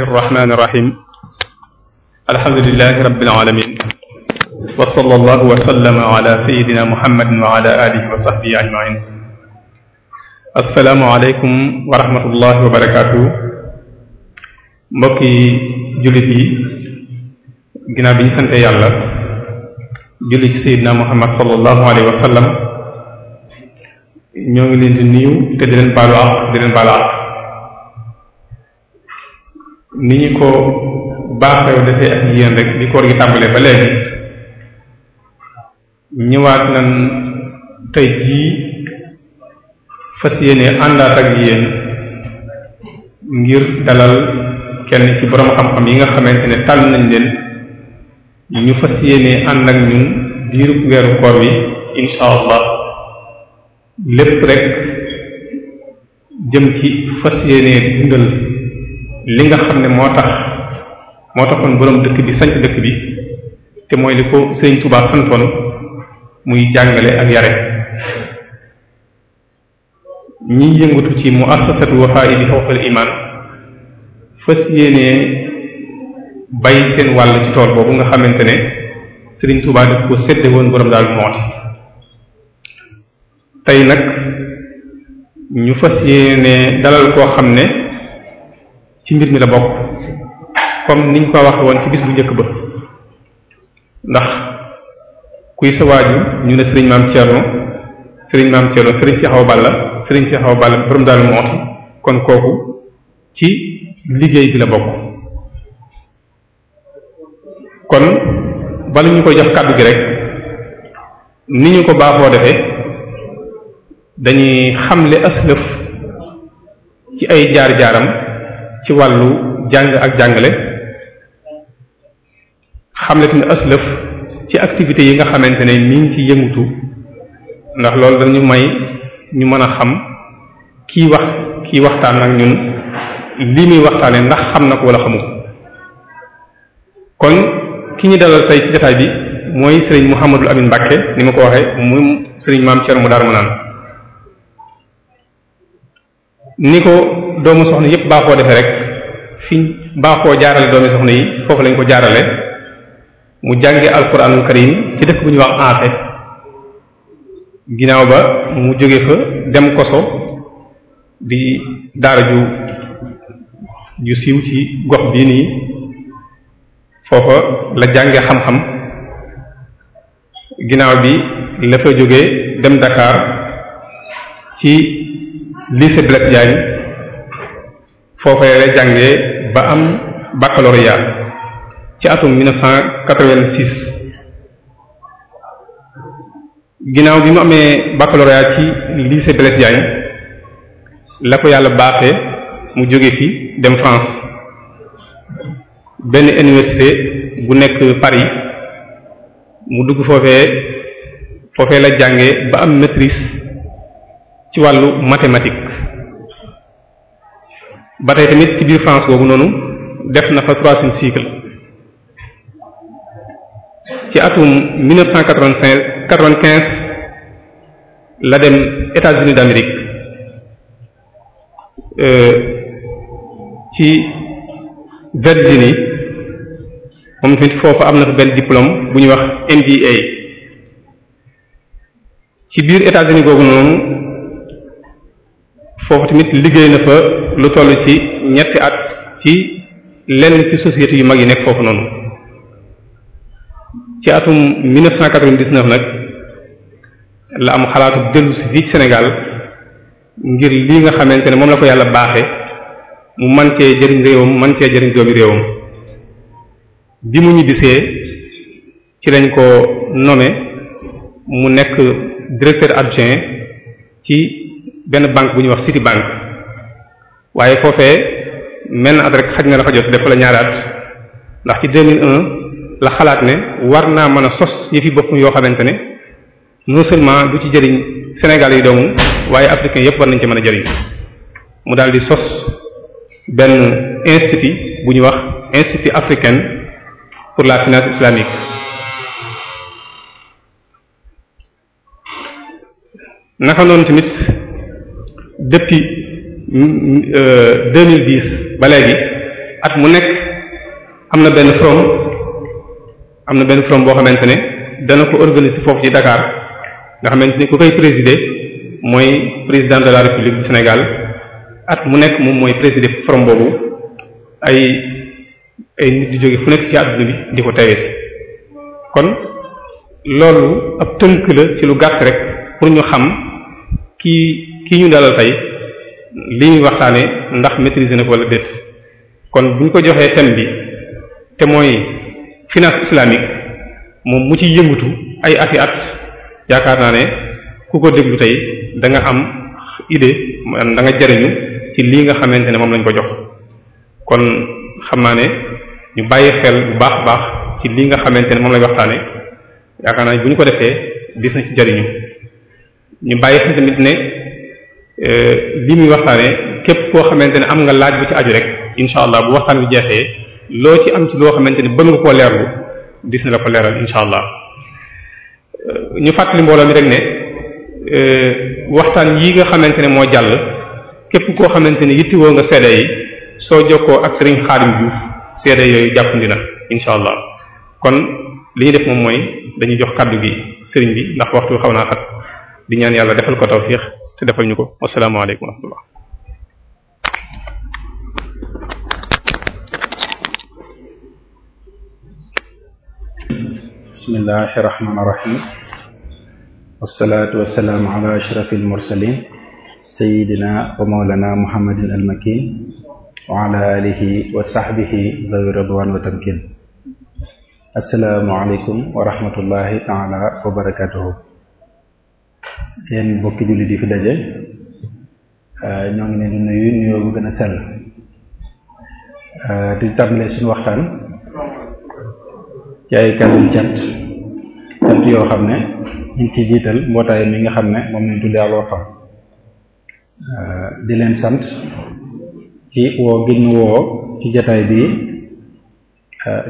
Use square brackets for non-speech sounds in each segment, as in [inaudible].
arrahmaani irrahim alhamdulilahi rabilalamin wasala allahu wasallama ala seyidina muhammadin wa ala alihi wa saxbihi ajmain asalaamualeykum wa rahmatullahi wa barakatuh mbokki jullit yi ginnaaw bi ñu sante yàlla julli ci seyidina muhammad sallallahu alayhi wa sallam ñoo ngi leen di nuyu te di leen baalu àq di leen baalu àq ni ñu ko baaxew defee ak yéen rek di koor gi tàmbalee ba léegi ñëwaat nan tey jii fas yéene àndaat ak yéen ngir dalal kenn ci boroom xam-xam yi nga xamante ne tànn nañ leen ñu fas yéene ànd ak ñun diirub weeru koor bi insha allah lépp rek jëm ci fas yéene dundal li nga xam ne moo tax moo tax taxoon boroom dëkk bi sanc dëkk bi te mooy li ko Sëriñ Tuubaa santoon muy jàngale ak yare ñi yëngatu ci muassasatu Wafa'i bi Hawqil Iman fas yéenee bay seen wàll ci tool boobu nga xamante ne Sëriñ Tuubaa daf ko sedde woon boroom daal mooti tey nag ñu fas yéenee dalal koo xam ne ci mbir mi la bokk comme niñ ko waxe woon ci bis bu njëkk ba ndax kuy sa waaju ñu ne sëriñ maam Thierno sëriñ maam Thierno sëriñ Cheikh Awa Balla sëriñ Cheikh Awa Balla borom daal moo kon kooku ci liggéey bi la bokk kon bala ñu ko jox kàddu gi rek ni ñu ko baaxoo defee dañuy xamle aslëf ci ay jaar-jaaram ci wàllu jàng ak jàngale xam ne tamit aslëf ci activités yi nga xamante ne mi ngi ci yëngutu ndax loolu dañu may ñu mën a xam kii wax kii waxtaan ak ñun lii muy waxtaane ndax xam na ko wala xamu kon ki ñu dalal tey ci bi mooy sëriñ Mouhamadou Amine Mbacke ni ma ko waxee mu sëriñ maam Thierno mu daar mu naan ni ko doomu soxna yépp baaxoo defee rek fi baaxoo jaarale doomi soxna yi foofu lañ ko jaarale mu jànge alquranul karim ci dëkk bu ñuy wax Anfe ginnaaw ba mu jóge fa dem koso di daara ju ju siiw ci gox bii nii foofa la jànge xam-xam ginnaaw bi la fa jóge dem ndakaar ci lycée Blaise Diagne foofee la jànge ba am baccalauréat ci atum 1986 ginnaaw bi mu amee baccalauréat ci lycée Blaise Diagne la ko yàlla baaxe mu jóge fi dem France benn université bu nekk Paris mu dugg foofee foofee la jànge ba am maîtrise ci wàllu mathématique ba tamit ci biir France boobu noonu def na fa troisième cycle ci atum 1985 95 la dem États-Unis d'Amérique euh, ci Virginie moom tamit foofu am na fa benn diplôme bu ñuy wax MBA ci biir États-Unis boobu noonu foofu tamit liggéey na fa lu toll ci ñetti at ci lenn ci société yu mag yi nekk foofu noonu ci atum 1999 nag la am xalaatu dellu si fii Sénégal ngir lii nga xamante ne moom la ko yàlla baaxe mu man cee jëriñ réewam man cee jëriñ doomi réewam bi mu ñibbisee ci lañ ko nommé mu nekk directeur adjoint ci benn banque bu ñuy wax Citibank waaye foofee menn at rek xaj na la fa jot def la ñaari at ndax ci 2001 la xalaat ne war naa mën a sos yëfi boppam yoo xamante ne non seulement du ci jëriñ Sénégal yi doomu waaye africain yépp war nañ ci mën a jëriñ mu daal di sos benn institut bu ñuy wax institut africain pour la finance islamique naka noonu tamit depuis mm, mm, euh, deux mille dix ba léegi at mu nekk am na benn forum am na benn forum boo xamante ne dana ko organiser foofu ci dakaar nga xamante ne ku koy présider mooy président de la République du Sénégal at mu nekk moom mooy présider forum boobu ay ay nit di jóge fu nekk ci àdduna bi di ko teewee kon loolu ab tënk la ci lu gàtt rek pour ñu xam. kii kii ñu dalal tey li ñuy waxtaane ndax maîtriser na ko wala déet kon bu ñu ko joxee thème bi te mooy finance islamique moom mu ci yëngatu ay ati at yaakaar naa ne ku ko déglu tey da nga am idée danga nga jariñu ci lii nga xamante ne moom lañ ko jox kon xam naa ne ñu bàyyi xel bu baax baax ci lii nga xamante ne moom lañ waxtaane yaakaar naa ne bu ñu ko defee gis na ci jariñu ñu bàyyi xel tamit ne euh, li muy waxtaane képp koo xamante ne am nga laaj bu ci aju rek incha allah bu waxtaan bi jeexee loo ci am ci loo xamante ne bëgg nga koo leerlu dis na la ko leeral incha allah euh, ñu fàttali mbooloo mi rek ne euh, waxtaan yi nga xamante ne moo jàll képp koo xamante ne yittewoo nga seede yi soo jokkoo ak Serigne Khadim Diouf seede yooyu jàppandi na incha allah kon li ñu def moom mooy dañuy jox kàddu gi Serigne bi ndax waxtu xaw naa xat di ñaan yàlla defal ko tawfiix te defal ñu ko wasalaamaaleykum wa rahmatullah bismillahi rahmaani rahim wasalaatu wasalaamu ala ashraf almursalin sayidina wa mawlana muhammadin almakin wa ala alihi wa sahbihi dhawi radwan wa tamkin assalaamu aleykum wa rahmatullahi taala wa barakatuhu yéen mbokki jullit yi fi daje euh, ñoo ngi leen di nuyu nuyoo bu gën a sell euh, di tàmbalee suñu waxtaan ci ay kàddu cant cant yoo xam ne ñu ngi ciy jiital mbootaay mi nga xam ne moom lañ tuddee Al Wafa euh, di leen sant ci woo gi ñu woo ci jataay bi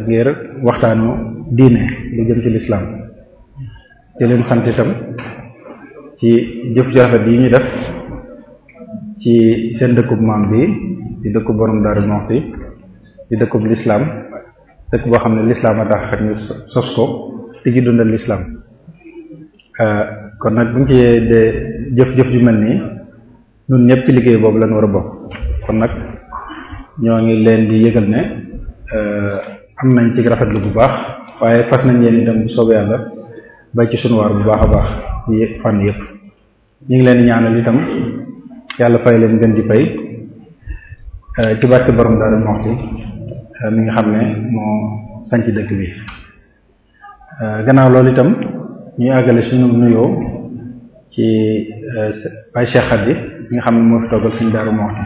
ngir waxtaanu diine lu jëm ci lislaam di leen sant itam ci jëf ju rafet yi ñu def ci seen dëkkub maam bi di dëkkub borom Daaru Muxti di dëkkub lislaam dëkk boo xam ne lislaam a tax ñu sos ko te ci dundal lislaam euh, kon nag buñ ci de jëf jëf mel nii ñun ñëpp liggéey boobu lañ war a bokk kon nag ñoo ngi leen di yëgal ne euh, am nañ ci rafetlu bu baax waaye fas nañ leen itam bu soobee yàlla ba ci sunu waar bu baax a baax ci fànn yëpp ñu ngi leen ñaanal itam yàlla fay leen gën di fay eh, ci barke borom Daaru Muxti eh, mi nga xam ne moo sanc dëkk bi eh, gannaaw loolu itam ñu àggale suñu nuyoo ci Baye Cheikh Khady bi nga xam ne moo fi toogal suñu Daaru Muxti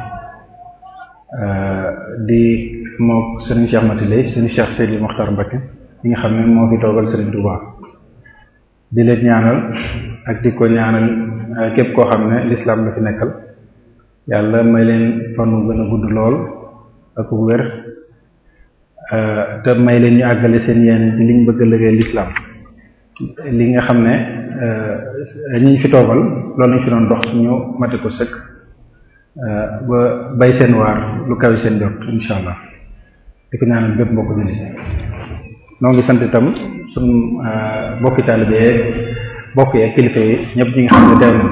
di moo Serigne Cheikh Matiley Serigne Cheikh Seydi Mokhtar Mbacké bi nga xam ne moo fi toogal Serigne Touba di leen ñaanal ak di ko ñaanal euh, képp koo xam ne lislaam la fi nekkal yàlla may leen fanu gën a gudd lool ak wér euh, te may leen ñu àggale seen yéene ci liñ bëgg a liggéey lislaam li nga xam ne euh, ñu fi toogal loolu lañ fi doon dox ñu mate ko sëkk ba bay seen waar lu kawe seen jot insha allah di ko ñaanal bépp mbokk jullit noo ngi sant itam sunu ah, mbokki taalibe yeeg mbokk yeeg kilifa yi ñëpp ñi nga xam ne teew nañ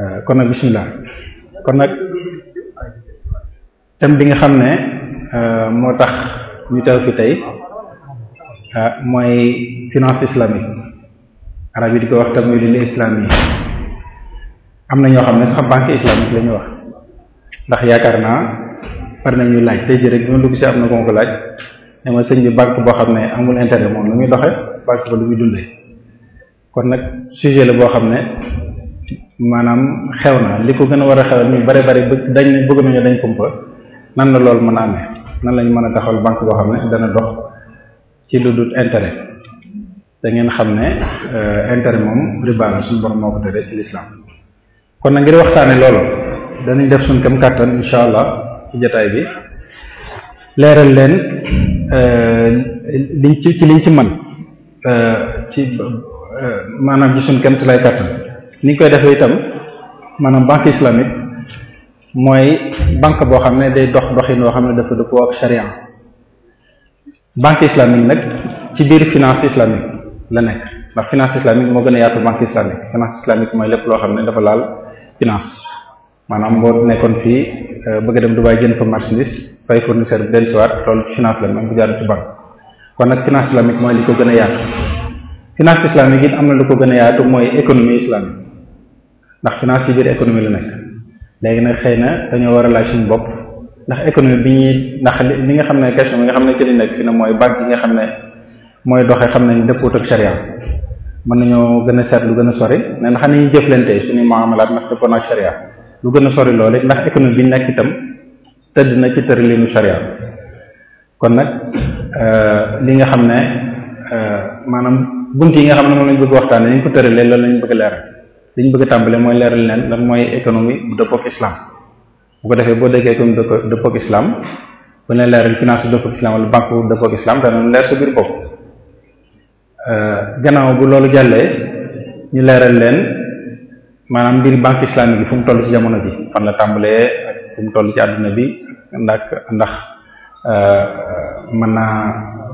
ah, kon nag bisimilah kon nag thème bi nga xam ne ah, moo tax ñu teew fi tey mooy finance islamique arab yi di ko wax tamwilul islami yi am na ñoo xam ne sax banque islamique la ñu wax ndax yaakaar naa par nañu laaj tey jii rek bi ma dugg si am na ko ko laaj ne ma bi banque boo xam ne amul intérêt moom lu muy doxe banque ba lu muy dundee kon nag sujet la boo xam ne maanaam xew na li ko gën a war a xew ñu bari bari dañ bëgg nañu dañ kumpa nan la loolu mën a amee nan lañ mën a taxawal banque boo xam ne dana dox ci lu dul intérêt da ngeen xam ne euh, intérêt moom riba la suñu borom moo ko tere ci lislaam kon nag ngir waxtaane loolu danañ def suñu kam kàttan incha allah ci jotaay bi leeral leen Euh, liñ ci liñ ci man euh, ci euh, maanaam ci suñ kemt lay kàttan ni ñu koy defee itam maanaam banque islamique mooy banque boo xam ne day dox doxin woo xam ne dafa dëppoo ak charia banque islamique nag ci biir finance islamique la nekk ndax finance islamique moo gën a yaatu banque islamique finance islamique mooy lépp loo xam ne dafa laal finance maanaam boo nekkoon fii bëgg a dem du Dubaï jënd fa marchandise fay fournisseur bi dellusiwaat loolu ci finance la même bu jaarul ci banque kon nag finance islamique mooy li ko gën a yaatu finance islamique it am na lu ko gën a yaatu mooy économie islamique ndax finance ci biir économie la nekk léegi nag xëy na dañoo war a laaj suñu bopp ndax économie bi ñuy ndax li nga xam ne question bi nga xam ne ci li nekk mooy banque yi nga xam ne mooy doxee xam nañ dëppoot ak sharia mën nañoo gën a seet lu gën a sori mais ndax nañuy jëflante suñu muamalaat ndax dëppoon ak sharia lu gën a sori loolu ndax économie bi ñu nekk itam tëdd na ci tërliinu sharia kon nag euh, li nga xam ne euh, maanaam bunt yi nga xam ne moom lañ bëgg waxtaan ni ñu ko tëralee loolu lañu bëgg leeral li ñu bëgg tàmbale mooy leeral leen lan mooy économie bu dëppook islam bu ko defee boo déggee économie dëppook islam bu ne leeral finance bu dëppook islam wala banque bu dëppook islam dana leer sa biir bopp euh, gannaaw bu loolu jàllee ñu leeral leen maanaam mbir banque islamique yi fu mu toll ci jamono ji fan la tàmbalee ak toll ci àdduna bi ndax ndax euh, mën naa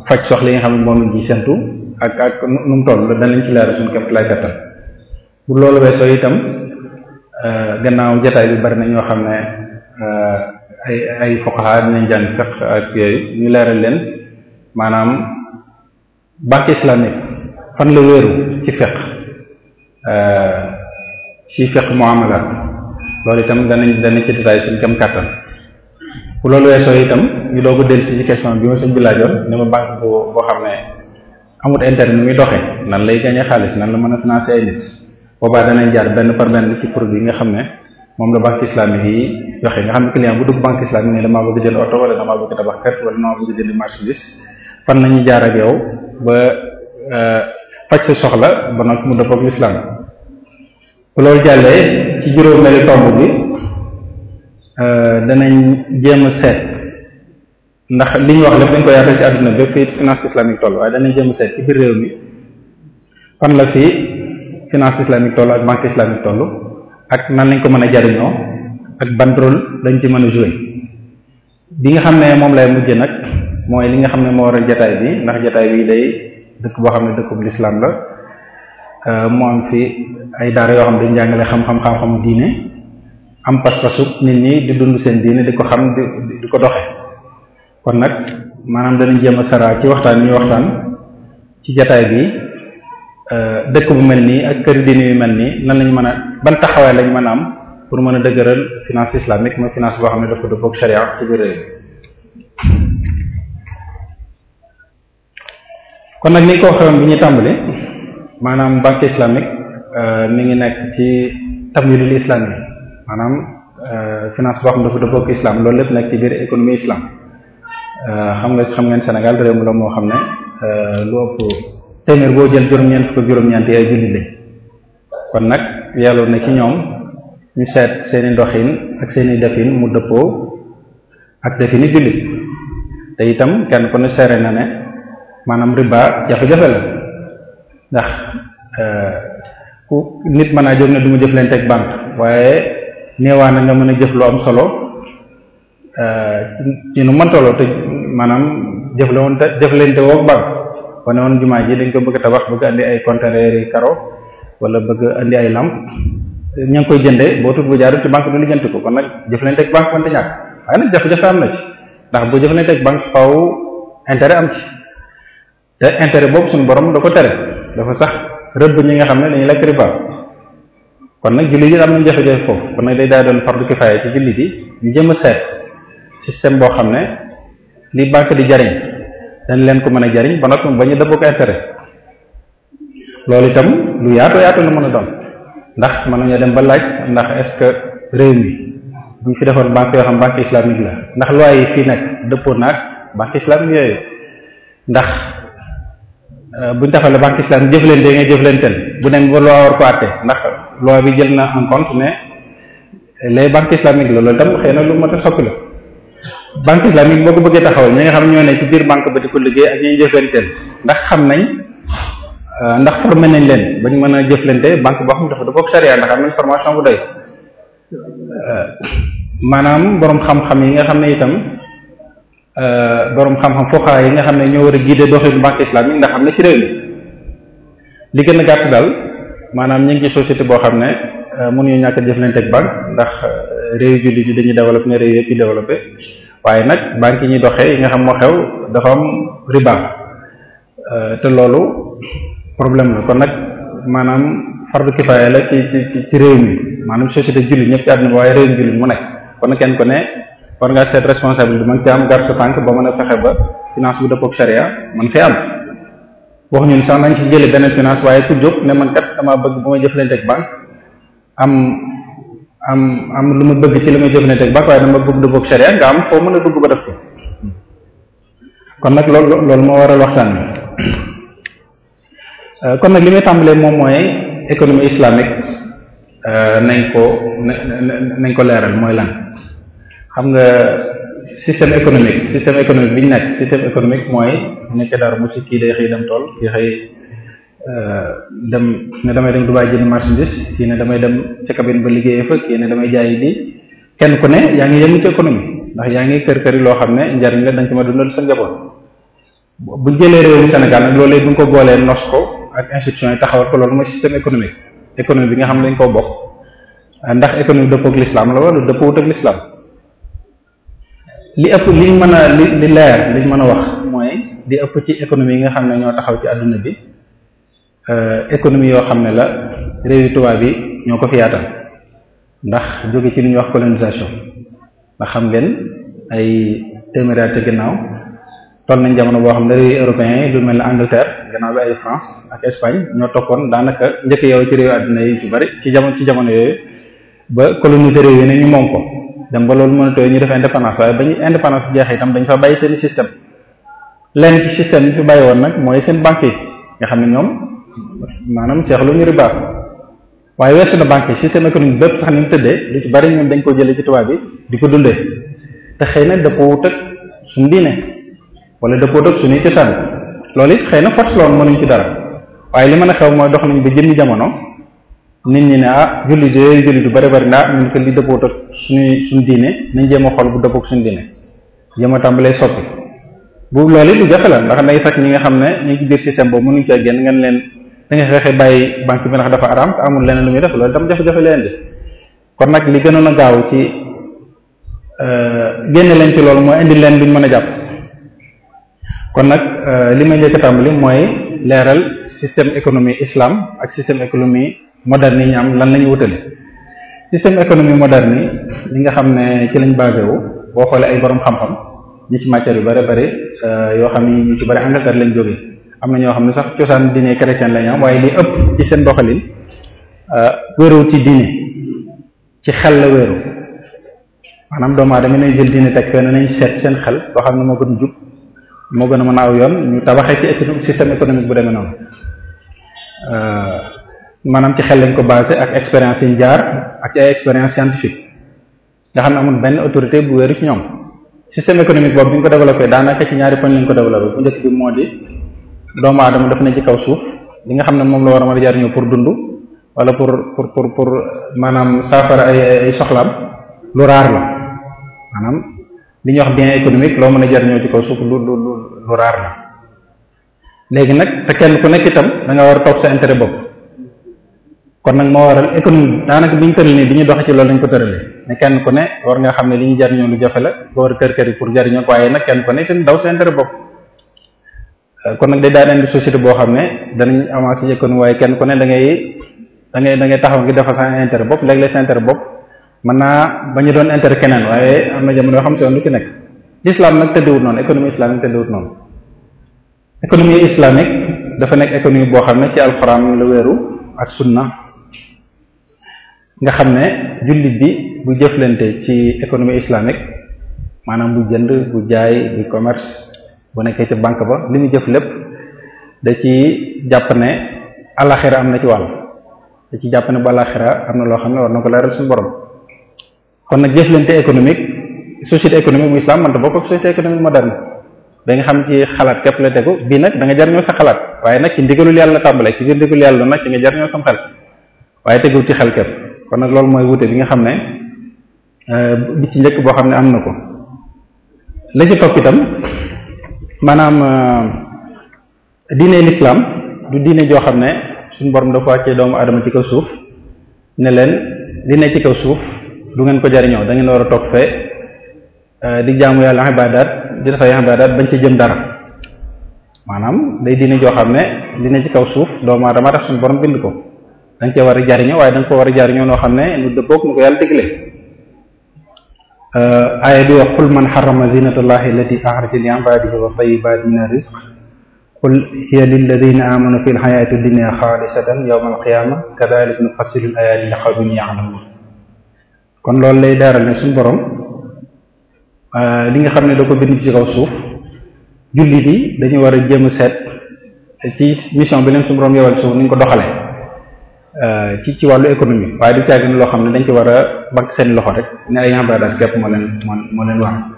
faj soxla yi nga xam ne moom lañ ci ak ak nu mu toll danañ ci leeral suñu képp lay kattan bu loolu weesoo itam euh, gannaaw jataay bi bari na ñoo xam ne euh, ay ay fuqaha dinañ jàng fiqh ak yooyu ñu leeral leen maanaam banque islamique fan la wéeru ci fiqh ci fiqh muamalat loolu itam danañ danañ ci détail suñ kam kàttan bu loolu weesoo itam ñu doog a dellusi ci question bi ma sëñ bi ne ma banque bu boo xam ne amut intérêt mi muy doxee nan lay gagné xaalis nan la mën a financer ay nit boobaa danañ jaar benn par benn ci produit yi nga xam ne moom la banque islamique yi joxe nga xam ne client bu dugg banque islamique ne damaa bëgg jënd oto wala damaa bëgg tabax kër wala damaa bëgg jënd marchandise fan nañu jaar ak yow ba euh, faj sa soxla ba nag mu dëppoo ak l'islam loolu bi Euh, danañ jéem a seet ndax li ñu wax lépp dañ ko yaatal ci àdduna bépp fii finance islamique toll waaye danañ jéem a seet ci biir réew mi fan la fi finance islamique toll ak banque islamique toll ak nan lañ ko mën a jariñoo ak ban rôle lañ ci mën a jouer bi nga xam ne moom lay mujj nag mooy li nga xam ne moo waral jataay bi ndax jataay bi day dëkk boo xam ne dëkkub lislaam la euh, mu am fi ay daara yoo xam ne dañ jàngale xam-xam xam-xamu diine am pas-pasu nit ñi di dund seen diine di ko xam di di ko doxe kon nag maanaam danañ jéem a saraa ci waxtaan ñuy waxtaan ci jataay bi euh, dëkk bu mel nii ak kër diine yu mel nii nan lañu mën a ban taxawaay lañ mën a am pour mën a dëgëral finance islamique mooy finance boo xam ne dafa dëppoo ak sharia ci biir réew kon nag ni ko waxee bi ñuy tàmbali maanaam banque islamique euh, mi ngi nekk ci tamwilul islamique maanaam euh, finance boo xam dafa dëppoo ak loolu lépp nekk ci biir économie islam euh, xam nga xam ngeen Sénégal réew mi la moo xam ne euh, lu ëpp téeméer boo jël juróom-ñeent fukk juróom-ñeent ay jullit lañ kon nag yàlla na ci ñoom ñu seet seen i ndoxin ak seen i mu dëppoo ak defini jullit te kenn ku ne seere na ne maanaam riba jafe-jafe la ndax ku nit mën naa jóg ne du mu jëflante ak banque waaye néewaa na nga mën a jëf lu am solo ci nu mën tolloo te maanaam jëf la woon jëf leen te woog banque wane woon jumaa ji dañ ko bëgg a tabax bëgg andi ay conteneur yi karo wala bëgg andi ay lamp ña ngi koy jëndee boo tut bu jaar ci banque du lijjanti ko kon nag jëflante ak banque man di ñàkk waaye nag jafe-jafe am na ci ndax boo jëflante ak banque faaw intérêt am ci te intérêt boobu suñu borom da ko tere dafa sax rëbb ñi nga xam ne dañu lekk riba kon nag jullit yi am nañ jafe-jafe foofu kon nag day daal doon fardu kifaaya ci jullit yi ñu jëm a seet système boo xam ne li banque di jariñ dañ leen ko mën a jariñ ba nag ba ñu dëpp ko intérêt loolu itam lu yaatu yaatu mën a doon ndax mën nañoo dem ba laaj ndax est-ce buñ fi defoon banque yoo xam banque islamique la ndax loi yi fii nag dëppoo naag banque islamique yooyu ndax euh, buñ taxalee banque islamique jëflante ngay jëflanteel bu nekk ba loi war ko àtte ndax. loi bi jël na en compte ne les banques islamiques la loolu tam xëy na lu ma a soppi la banque islamique boo ko bëggee taxawal ñi nga xam ne ñoo ne ci biir banque ba di ko liggéey ak ñuy jëflanteel ndax xam nañ euh, ndax formé nañ leen ba ñu mën a jëflante banque boo xam dafa dafa sharia ndax am nañ formation bu doy euh, maanaam borom xam-xam yi nga xam ne itam euh, borom xam-xam foxaay yi nga xam ne ñoo war a guider doxalin banque islamique ndax am na ci réew li gën a gàtt daal. maanaam ñu ngi ci boo xam ne euh, mënuñu ñàkk a jëflante ak banque ndax euh, réew jullit yi dañuy développé ne réew yi développé waaye nag banque yi ñuy doxee yi nga xam moo xew dafa am riba euh, te loolu problème la kon nag maanaam fardu kifaaya la ci ci ci réew mi maanaam société jullit ñëpp ci àdduna waaye réew jullit mu nekk kon kenn ku ne war ngaa seet responsabilité man ci am gar sa tànk ba mën a fexe ba finance bu dëppoo ak charia man fi am wax ñun sax nañ ci jële benn finance waaye ku jóg ne man kat dama bëgg bu may jëflante ak banque am am am lu ma bëgg ci li may jëflante ak banque waaye dama bëgg du bokk sharia nga am foo mën a dugg ba def ko kon nag loolu loolu moo waral waxtaan bi euh, kon nag li may tàmbalee moom mooy économie islamique euh, nañ ko nañ ko leeral mooy lan xam nga système économique système économique bi ñu nekk système économique mooy nekk dara mu si kii day xëy dem tool kii xëy euh, dem ne damay dem Dubaay jënd marchandise kii ne damay dem ca cabine ba liggéeyee fa kii ne damay jaayi kenn ku ne yaa ngi yëngu ci économie yaa ngi kër loo xam ne njariñ la da nga ma dundal sa njaboot bu jëlee réew mi Sénégal nag ñu ko boolee nos ko ak institution yi taxawal ko loolu mooy bi nga xam dañ koo bokk ndax économie dëppoo ak l'islam la wala dëppoo wut ak l'islam li ëpp liñ mën a li li leer liñ mën a wax mooy di ëpp ci économie yi nga xam ne ñoo taxaw ci àdduna bi euh, économie yoo xam ne la réewi tubaab bi ñoo ko fi ndax jóge ci li ñuy wax colonisation ndax xam ngeen ay téeméeri at ci ginnaaw toll nañ jamono boo xam ne réew européens yi lu mel ne Angleterre gannaaw bi ay France ak Espagne ñoo toppoon daanaka njëkk yow ci réew àdduna yi ci bari ci jamono ci jamono yooyu ba coloniser réew yi ne ñu moom ko dem ba loolu mënatoo ñu def indépendance waaye ba ñu indépendance jeex itam dañ fa bàyyi seen système lenn ci système yi fi bàyyi woon nag mooy seen banque yi nga xam ne ñoom maanaam seexlu ñu baax waaye weesu na banque yi système économique bépp sax ni mu tëddee ci bari ñoom dañ koo jëlee ci tubaab bi di ko dundee te xëy na dëppoowut ak suñu diine wala dëppoowut ak suñuy cosaan loolu it xëy na force lool woon mënuñ ci dara waaye li mën a xew mooy dox nañ ba jëmmi jamono nit ñi ne ah jullit yooyu jullit yu bare bari naa ñun ko li dëppoot ak suñuy suñ diine nañ jéem a xool bu dëppook suñ diine jéem a tàmbalee soppi bu loolu lu jafe la ndax day fekk ñi nga xam ne ñu ngi ci biir système boobu mënuñ caa génn ngeen leen da nga fexe bàyyi banque bi dafa araam amul leneen lu muy def loolu tam jafe-jafe leen kon nag li gënoon a gaaw ci euh, génne leen ci loolu mooy indi leen luñ mën a jàpp kon nag euh, li may njëkk a tàmbali mooy leeral système économie islam ak système économie moderne yi ñu am lan la ñu wutale système économie moderne yi li nga xam ne ci lañ basé wu boo xoolee ay borom xam-xam ñi ci matière yu bari bari euh, yoo xam ni ñu ci bari Angleterre lañ jógee am na ñoo xam ne sax cosaan diine chrétien lañ am waaye li ëpp ci seen doxalin euh, wéeru ci diine ci xel la wéeru maanaam doomu aadama nañ jël diine teg fenn nañ seet seen xel loo xam ne moo gën jub moo gën a mën a aw yoon ñu tabaxee ci système économique bu demee noonu euh, maanaam ci xel lañ ko basé ak expérience yiñ jaar ak ci ay expérience scientifique nga xam ne amul benn autorité bu wéeru ci ñoom système économique boobu bi ñu ko développé daanaka ci ñaari poñ lañ ko développé bu moo di doomu aadama daf ne ci kaw suuf li nga xam ne moom la war a mën a jariñoo pour dund wala pour pour pour pour maanaam saafara ay ay soxlaam lu raar la maanaam li ñuy wax bien économique loo mën a jariñoo ci kaw suuf lu lu lu raar la léegi nag te kenn ku nekk itam da war a toog sa intérêt bopp kon nag moo waral économie bi daanaka bi ñu tëralee bi ñu doxe ci loolu lañ ko tëralee ne kenn ku ne war nga xam ne li ñu jariñoo lu jafe la nga war a kër kër yi pour jariñoo ko waaye nag kenn ku ne itam daw euh, kon nag day daan indi société boo xam ne danañ avancer ci économie kenn ku ne da ngay da ngay da ngay taxaw ngi defal sa intérêt bopp léeg-léeg sa intérêt bopp mën naa bañu doon intérêt keneen waaye am na jamono yoo xam si woon lu ci nekk l'islam nag tëddiwut noonu économie islamique tëddiwut noonu économie islamique dafa nekk économie boo xam ne ci alxuraan la wéeru ak sunna nga xam ne jullit bi bu jëflante ci économie islamique maanaam bu jënd bu jaay bu commerce bu nekkee ci banque ba li ñu jëf lépp da ci jàpp ne alaxira am na ci wàll da ci jàpp ne bu alaxira am na loo xam ne war na ko leeral suñu borom kon nag jëflante économique société économique mu islam mënta bokk ak société économique moderne da nga xam ci xalaat képp la tegu bii nag da nga jarñoo sa xalaat waaye nag ci ndigalul yàlla tàmbale ci ndigalul yàlla nag ci nga jarñoo sam xel waaye tegul ci xel kon nag loolu mooy wute bi nga xam ne euh, bi ci njëkk boo xam ne am na ko la ci topp itam maanaam euh, diine lislaam du diine joo xam ne suñ borom dafa wàccee doomu aadama ci kaw suuf ne leen li ne ci kaw suuf du ngeen ko jariñoo da war a toog fee euh, di jaamu yàlla ibadat di dafay ibadat bañ ci jëm dara maanaam day diine joo xam ne li ne ci kaw suuf doomu aadama tax suñu borom bind ko da nga cee war a jariñoo waaye da nga ko war a jariñoo noo xam ne nu dëppoog nu ko yàlla digle euh, aaya bi wax qul man xarama zinatallahi allati axraja li ibaadihi wa tayibaati min arrisq qul hiya lilladina amanu fi lxayaati dunia xaalisatan yowma alqiyama kon loolu lay daaral ne suñu borom euh, li nga xam ne da ko bind ci kaw suuf jullit yi dañu war a jéem a ci mission bi leen suñu borom yowal suuf ni ñu ko doxalee Euh, ci ci wàllu économie waaye du caagin loo xam ne dañ ko war a bakk seen loxo rek ne ay xambara daal képp moo leen moo moo leen war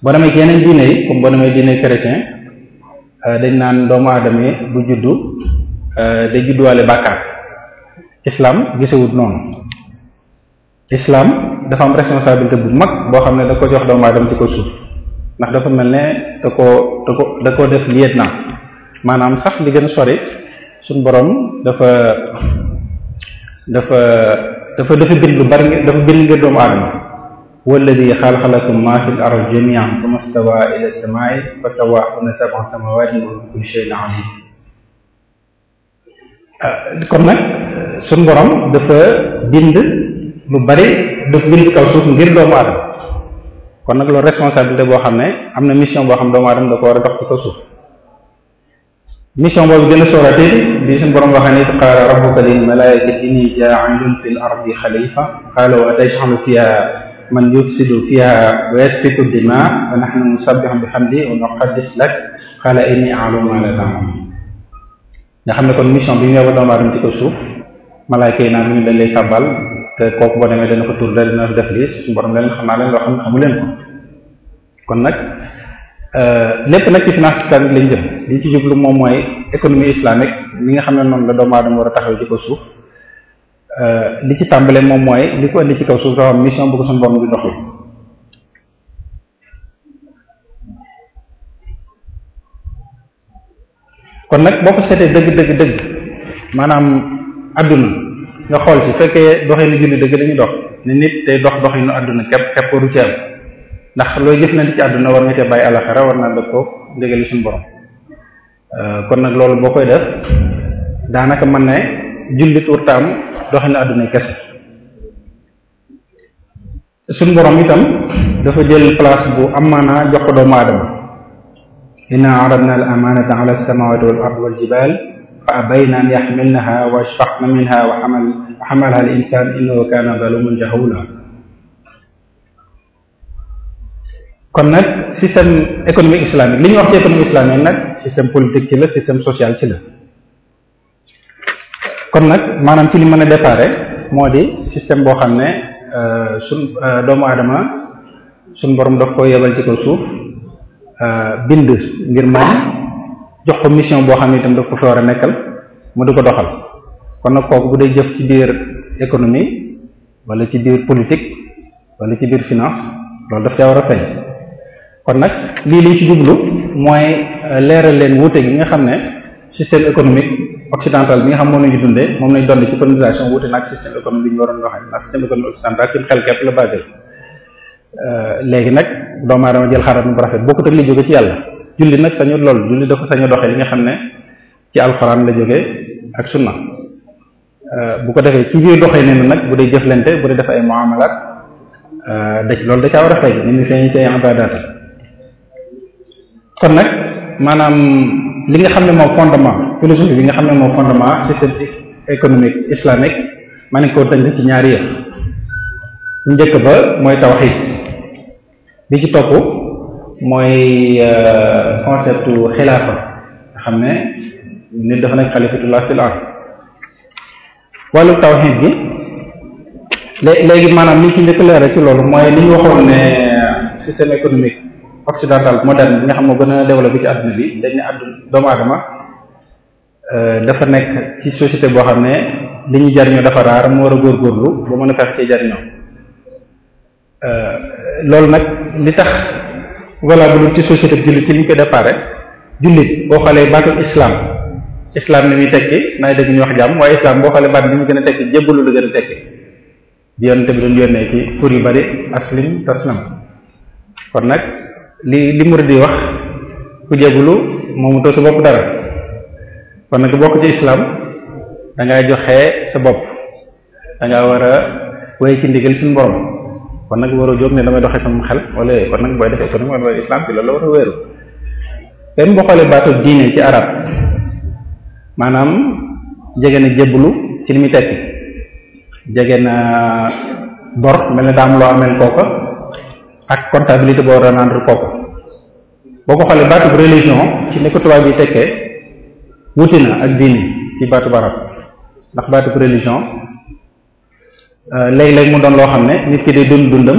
boo demee ci yeneen yi comme boo demee diine chrétien euh, dañ naan doomu aadama bu juddu euh, day judduwaale bàkkaar islam gisewut noonu islam dafa am responsabilité bu mag boo xam ne da ko jox doomu aadama ci ko suuf ndax dafa mel ne da koo da ko da koo def liet na maanaam sax li gën a sori suñ borom dafa dafa dafa dafa bind lu bari dafa bind ngir doomu aadama walladi xalaqalakum ma fi l ard jamian summa stawa ila samaai fa sawahunna sab'a samawaatin wa kullu shay'in alim ah, kon nag suñ borom dafa bind lu bari dafa bind kaw suuf ngir doomu aadama kon nag loolu responsabilité boo xam ne am na mission boo xam doomu aadama da ko war a dox ci kaw suuf mission boobu gën a sóorate bi suñu borom waxee ni qaala rabbuka lil malaa'ikati a jaa'ilun fil ardi xalifa qaalu ataj'alu fiha man yufsidu fiha wa yasfiku dima wa nahnu nusabbihu bihamdi wa nuqaddis lak qala inni a'lamu ma la ta'lamun nga xam ne kon mission bi ñu yóbbu doomu aadama ci ko suuf malaayka yi naan ñu dañ lay sàbbal te kooku boo demee dana ko tur dal dina def lii suñu borom leen xam naa leen loo xam ne amu leen ko kon nag Euh, lépp nag ci finance islamique lañ jëm li ci jublu moom mooy économie islamique li nga xam ne noonu la doomu aadama war a taxaw ci kaw suuf euh, li ci tàmbalee moom mooy li ko indi ci kaw suuf dafa am mission bu ko suñu borom di dox kon nag boo ko seetee dëgg dëgg dëgg maanaam adduna nga xool ci fekkee doxee nu julli dëgg dañuy dox ne nit day dox doxinu adduna képp képp waru ci ndax looy na jëflante ci àdduna war nga cee bàyyi alaxira war naa dëg ko njëgale suñu borom euh, kon nag loolu boo koy def daanaka mën ne jullit wurtaam doxe na àdduna kese suñu borom itam dafa jël place bu amaana jox ko doomu aadama inna aradna al amanata ala samawati xamal xamalaha al insan innahu kana zaluman jahula kon nag système économique islamique li ñu wax ci économie islamique nag système politique ci la système social ci la kon nag maanaam ci li mën a déparé moo di système boo xam ne euh, suñ euh, doomu aadama suñ borom daf ko yebal ci kaw suuf euh, bind ngir moom jox ko mission boo xam ne itam daf ko fi war a nekkal mu di ko doxal kon nag kooku bu dee jëf ci biir économie walla ci biir politique wala ci biir finance loolu daf caa war a feeñ kon nag lii liñ ci jublu mooy euh, leeral leen wuute gi nga xam ne système économique occidental bi nga xam moom la ñu dundee moom lañ doon ci colonisation wuute nag système économique ñu waroon waxee ndax système euh, nag doomu aadama jël xarat bu rafet bokkut ak li jóge ci yàlla julli nag sañu lool julli dafa sañu doxee li nga xam ne ci alxuraan la jóge ak sunna euh, bu ko defee ci biir doxee ne nag bu dee jëflante bu dee def ay muamalat da ci loolu da war a fay ni ñu feeñ ci ay ibadat kon nag maanaam li nga xam ne moo fondement philosophie bi nga xam ne moo fondement système économique islamique maa ne ko tënk ci ñaari yëf bu njëkk ba mooy tawhid li ci topp mooy euh, concept xilaafa nga xam ne nit dafa nekk xalifatullah fil ard wàllu tawhid bi léegi maanaam li ci njëkk leeral ci loolu mooy li ñu waxoon ne euh, système économique occidental moderne bi nga xam ne gën a développé ci adduna bi dañ ne addu doomu aadama euh, dafa nekk ci société boo xam ne li ñu jariñoo dafa raar mu war a góorgóorlu ba mën a fex ci jariñoo euh, loolu nag li tax valable ci société bi jullit ci li ñu ko déparé jullit boo xoolee baatul islaam islam ni muy tekki naay dégg ñu wax jàmm waaye islam boo xoolee baat bi mu gën a tekki jébbalu la gën a tekki bi bi doon yónnee ci pour yu bari aslim taslam kon nag li li murid yi wax ku jégulu moomu sa bopp dara kon nag bokk ci islam da joxe sa bopp da ngaa war a wéy ci ndigal suñu borom kon nag waroo jóg ne damay doxe sama xel wala yooyu kon nag booy def économie wala booy islam ci loolu la war a wéeru benn boo xoolee baatu diine ci arab maanaam jege na jébbalu ci li muy jege na bor mel ne daamuloo loo amel kooka ak comptabilité boo rendre kooku boo ko xoolee baatub religion ci ne ko tubaab yi tekkee wuti na ak diine ci baatub arab ndax baatub religion euh, léeg-léeg mu doon loo xam ne nit ki di dund dundam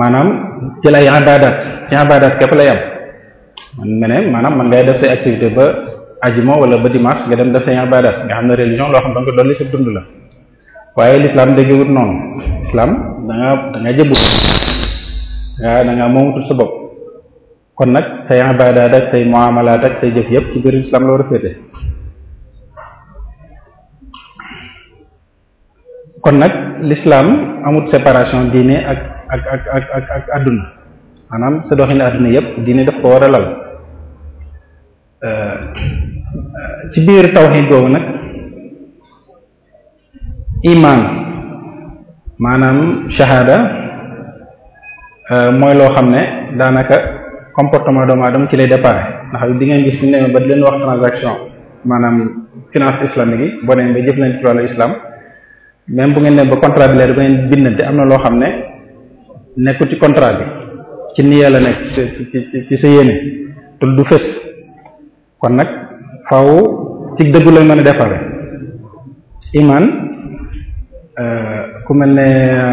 maanaam ci lay ibadat ci ibadat képp la am man mene maanaam man ngay def say activité ba ajuma wala ba dimanche nga dem def say ibadat nga xam ne religion loo xam ne danga ko dolli sa dund la waaye l'islam dégg wut noonu islam da nga waaye da ngaa moomutul sa bopp kon nag say ibaadaat ak say muamalaat ak say jëf yëpp ci biir islam la war kon nag l'islam amut séparation diine ak ak ak ak ak ak adduna maanaam sa doxin adduna yëpp diine daf ko war a lal euh, ci biir tawhid googu nag iman maanaam shahada Euh, mooy loo xam ne daanaka comportement doomu aadama ci lay départ ndax di ngeen gis ñu ne ba di leen wax transaction maanaam finance islamique yi boo nee ba jëflante ci wàllu islam même bu ngeen ne ba contrat bi leer ba ngeen bindante am na loo xam ne nekkul ci contrat bi ci nii yàlla nekk ci ci ci sa yéene te du fës kon nag faw ci dëggu lañ mën a départ iman euh, ku mel ne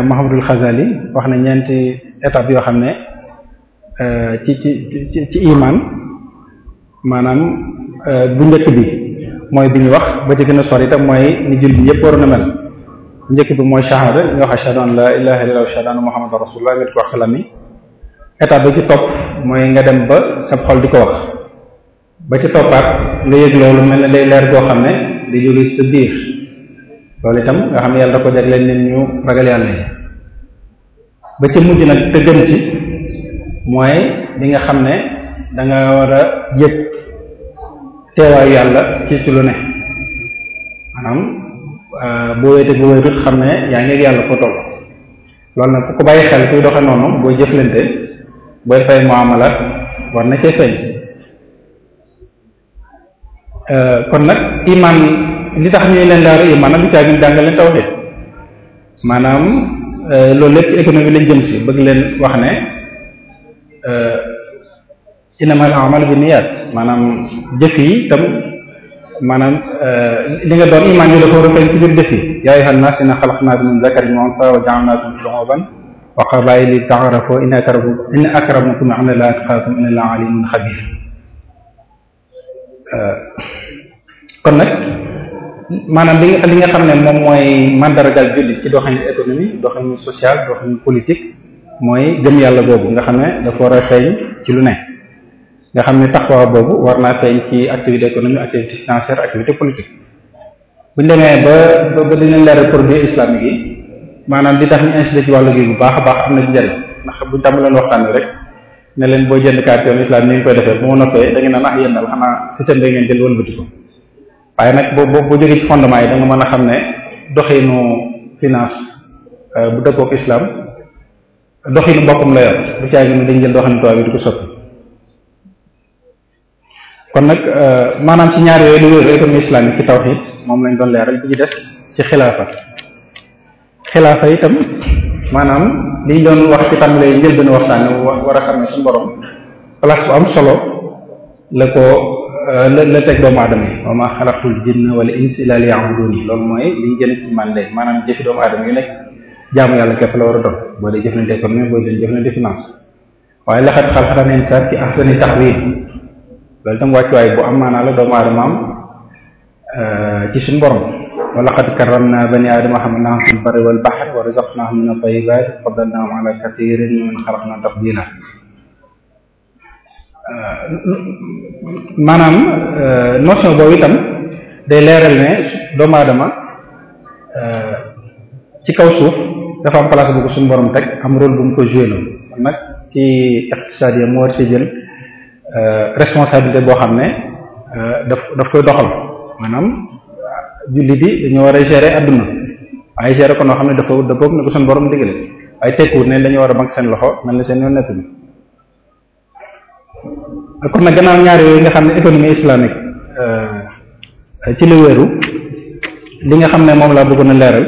Mahamadul Xazali wax na ñeenti. étape yoo xam ne euh, ci ci ci ci iman maanaam euh, bu njëkk bi mooy bi ñu wax ba ci gën a sori itam mooy ni jullit yëpp waroon a mel njëkk bi mooy shahada nga wax ashhadu an la ilaha illallah wa ashhadu anna muhammadan rasulullah nga di ko wax sa làmmiñ étape ci topp mooy nga dem ba sa xol di ko wax ba ci toppaat nga yëg loolu mel ne day leer goo xam ne di jóge sa biir loolu itam nga xam ne yàlla da ko jagleel nit ñu ragal yàlla ba ca mujj nag te gën ci mooy li nga xam ne danga war a yëg teewaayu yàlla ci ci lu ne maanaam euh, boo wéete boo wéetut xam ne yaa ngi yàlla ko toll loolu nag ku ko bàyyi xel kuy doxe noonu booy jëflante booy fay muamala war na feeñ euh, kon nag iman li tax ñuy leen daaru iman na du caa gi jàngale tawhid maanaam Euh, loolu lépp ci économie lañ bëgg leen wax ne euh, innamal a'malu binniyat maanaam jëf yi tam maanaam euh, li nga doon imaan yi la ko war a feeñ ci biir jëf yi yaa ayyuhan naas inna xalaqnaakum min zakarin wa unsaa wa ja'alnaakum inna akramakum inna akramakum 'inda Allaahi atqaakum inna Allaaha 'aliimun khabiir kon maanaam li nga li nga xam ne moom mooy mandargal jullit ci doxalin économie doxalin social doxalin politique mooy gëm yàlla boobu nga xam ne dafa war a feeñ ci lu ne nga xam ne taxawa boobu war naa feeñ ci activité économique activité financière activité politique bu ñu ba ba ba dinañ leeral produit islamique yi maanaam li tax ñu incité ci wàllu gi bu baax a baax am na ci njariñ ndax buñ tàmbalee waxtaan rek ne leen boo jënd carte yoon islam ni nga koy defee bu ma noppee da ngeen naan ah yéen daal xanaa waaye nag boobu boo boo jógee ci fondement yi da mën a xam ne doxinu finance euh, bu dëppook islam doxinu boppam la yor bu caay gi ne dañ jël doxinu tubaab yi di ko soppi kon nag euh, maanaam ci ñaar yooyu lu wéeru économie islamique ci tawxiid moom lañ doon leeral bi ci des ci xilaafa xilaafa itam maanaam liñ doon wax ci tam tàmbalee njëlbeenu waxtaan wa war a xam ne suñu borom place bu am solo la ko Euh, la la teg doomu aadama yi wa ma xalaqtul jinna wala insa illa liya'buduni loolu mooy li ñu jëlee ci man léegi maanaam jëfi doomu aadama yu nekk jaamu yàlla képp la war a doon boo dee jëflante économie boo dee jëflante finance waaye laxat xalaqal insaan fi ahsani taqwiim loolu itam wàccuwaay bu am maanaa la doomu aadama am euh, ci suñu borom wa laqad karramna bani aadama hamalnaahum fil barri wal bahri wa razaqnaahum min at-tayyibaati wa faddalnaahum ala kathiirin mimman xalaqnaa tafdiilaa Euh, maanaam euh, notion boobu itam day leeral ne doomu aadama euh, ci kaw suuf dafa am place bu ko suñu borom teg am rôle bu mu ko joué noonu kon nag ci iqtisaad mu war ci jël responsabilité boo xam ne daf daf koy doxal maanaam jullit yi dañoo war a gérer adduna waaye gérer ko noo xam ne dafa dëppoog ne ko suñu borom digale waaye tekkiwut ne dañoo war a bank seen loxo mel na seen yoon nekk bi kon na gannaaw ñaar yooyu nga xam ne économie islamique euh, ci la wéeru li nga xam ne moom laa bëggoon a leeral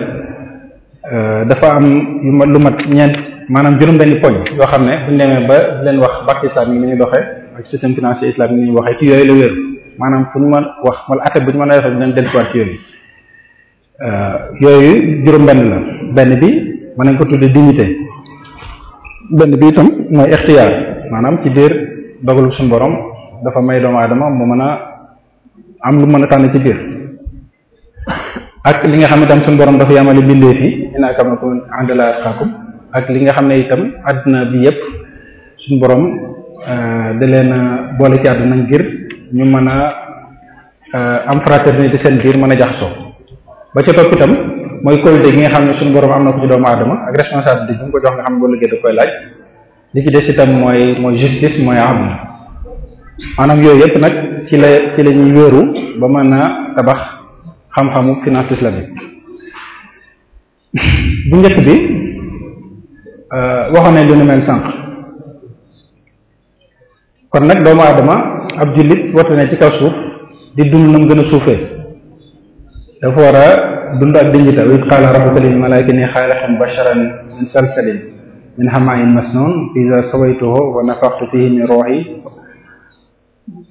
euh, dafa am yu ma lu ma ñeent maanaam juróom-benn poñ yoo xam ne bu ñu demee ba leen wax banque islamique ni ñu doxee ak système financier islamique ni ñu waxee ci yooyu la wéeru maanaam fu ñu mën wax wala atte bu ñu mën a defee dinañ dellusiwaat ci yooyu euh, yooyu juróom-benn la benn bi ma nañ ko tuddee dignité benn bi itam mooy ixtiyaar maanaam ci biir. dogalu suñu borom dafa may doomu aadama mu mën a am lu mën a tànn ci biir ak li nga xam ne tam suñu borom dafa yamale bindee fi inna akramakum indala ak li nga xam ne itam àddina bi yépp suñu borom euh, da leen a boole ci àdduna ngir ñu mën a euh, am fraternité seen biir mën a jaxasoo ba ca topp itam mooy kóolute gi nga xam ne suñu borom am na ko ci doomu aadama ak responsabilité bi mu ko jox nga xam ne boo liggéey da koy laaj. li ci des itam mooy mooy justice mooy adl maanaam yooyu yëpp nag ci la ci la ñuy wéeru ba mën a tabax xam-xamu la bi [laughs] bu njëkk bi euh, waxoon nañ lu sànq kon nag doomu aadama ab jullit woote ne ci kaw suuf di dund nam gën a suufee dafa war a dund ak dignité wa qaala rabbuka lil malaa'ikati inni xaaliqun basharan min salsalin min hama'in ma fa iza sawaytuhu wa nafakhtu fihi min ruhi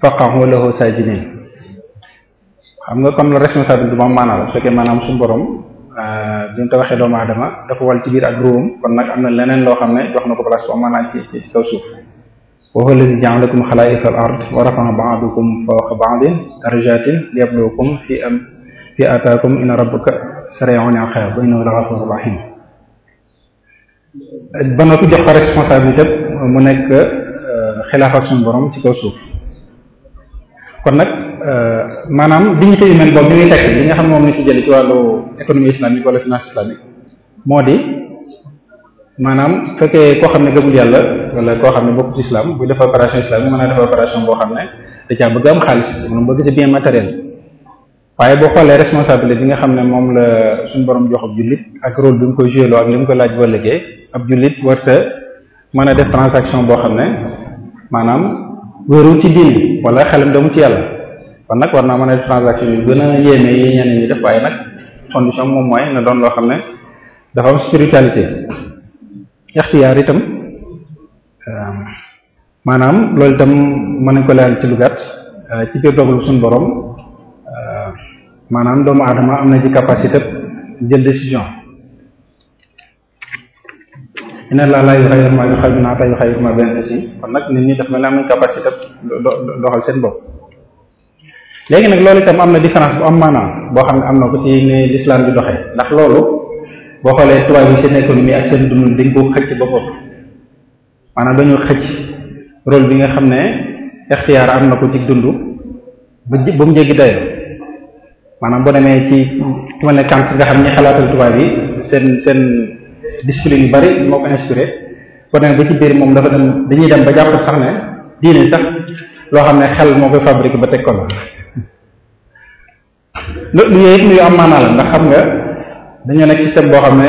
faqa'u lahu sajidin xam nga comme la responsabilité moom maanaam bu fekkee maanaam suñu borom euh, bi mu tabaxee doomu aadama dafa wal ci biir kon nag am na leneen loo xam ne jox ko place boo maanaam ci ci kaw suuf wa huwa allazi ja'ala lakum xalaa'ifa al-ard wa rafa'a ba'dakum fawqa ba'din darajatin liyabluwakum fi am fi ataakum inna rabbaka sari'ul iqaab wa innahu laghafurur rahim ba noppi jox ko responsabilité mu nekk euh, xilaaf ak suñu borom ci kaw suuf kon nag euh, maanaam dignité humaine boobu li muy tekk li nga xam moom ni ci jëlee ci wàllu économie islamique wala finance islamique moo di maanaam fekkee koo xam ne gëmul yàlla wala koo xam ne bokk ci islam buy def opération islamique mën naa def opération boo xam ne da caa bëgg am xaalis mën bëgg ci bien matériel waaye boo xoolee responsabilité bi nga xam ne moom la suñu borom jox ab jullit ak rôle bi mu koy joué loo ak li mu ko laaj wala ab jullit warta mën a def transaction boo xam ne maanaam wéeru ci wala xelam damu ci kon nag war naa mën a def transaction yu a yéeme yi ñeneen ñi def moom mooy na doon loo xam ne dafa am spiritualité euh, maanaam loolu itam mën nañ ko laal ci lu euh, ci biir dogalu suñu boroom maanaam doomu aadama am na ci capacité jël décision ina laa laa yu xayru maa yu xayru naa tey ma benn si kon nag nit ñi daf mel ne amuñ capacité doxal seen bopp léegi nag loolu itam am na différence bu am maanaam boo xam ne am na ko ci ne l'islam bi doxee ndax loolu boo xoolee tubaab yi seen économie ak seen dund dañ koo xëcc ba bopp maanaam dañoo xëcc role bi nga xam ne ixtiyaar am na ko ci dund ba ji ba mu jéggi dayoo maanaam boo demee ci ku mel ne Kant nga xam ne xalaatal tubaab yi seen seen discipline yu bari moo ko inspiré boo demee ba ci biir moom dafa dem dañuy dem ba jàpp sax ne diine sax loo xam ne xel moo koy fabriqué ba teg ko la lu yooyu it nuyu am maanaa la ndax xam nga dañoo nekk système boo xam ne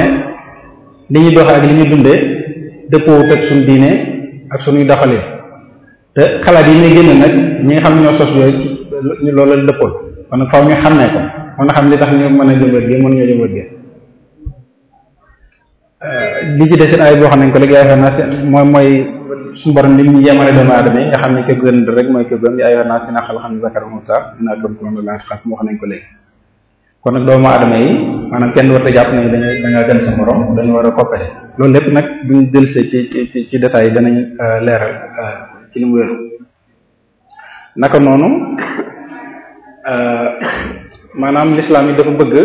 li ñuy doxee ak li ñuy dundee dëppoo teg suñu diine ak suñuy doxalee te xalaat yi ñuy génn nag ñi nga xam ñoo sos yooyu loolu la dëppoon kon nag faaw xam ne ko mën a tax ñu mën a jëmbat gi mën ñoo jëmbat gi li euh, boo xam nañ ko léegi yaakaar naa seen mooy mooy suñu borom li ñu yemale doomu aadama yi nga xam ne ko rek mooy ko gën di yaakaar naa seen xel xam ne zakar moom xam wax ko léegi kon nag doomu aadama yi maanaam kenn warta jàpp ne dañu da ngaa gën sa morom dañu war a loolu lépp nag duñ dëlse ci ci ci ci détails yi danañ euh, leeral euh, ci li wéru naka noonu Euh, [coughs] maanaam l'islam yi dafa bëgg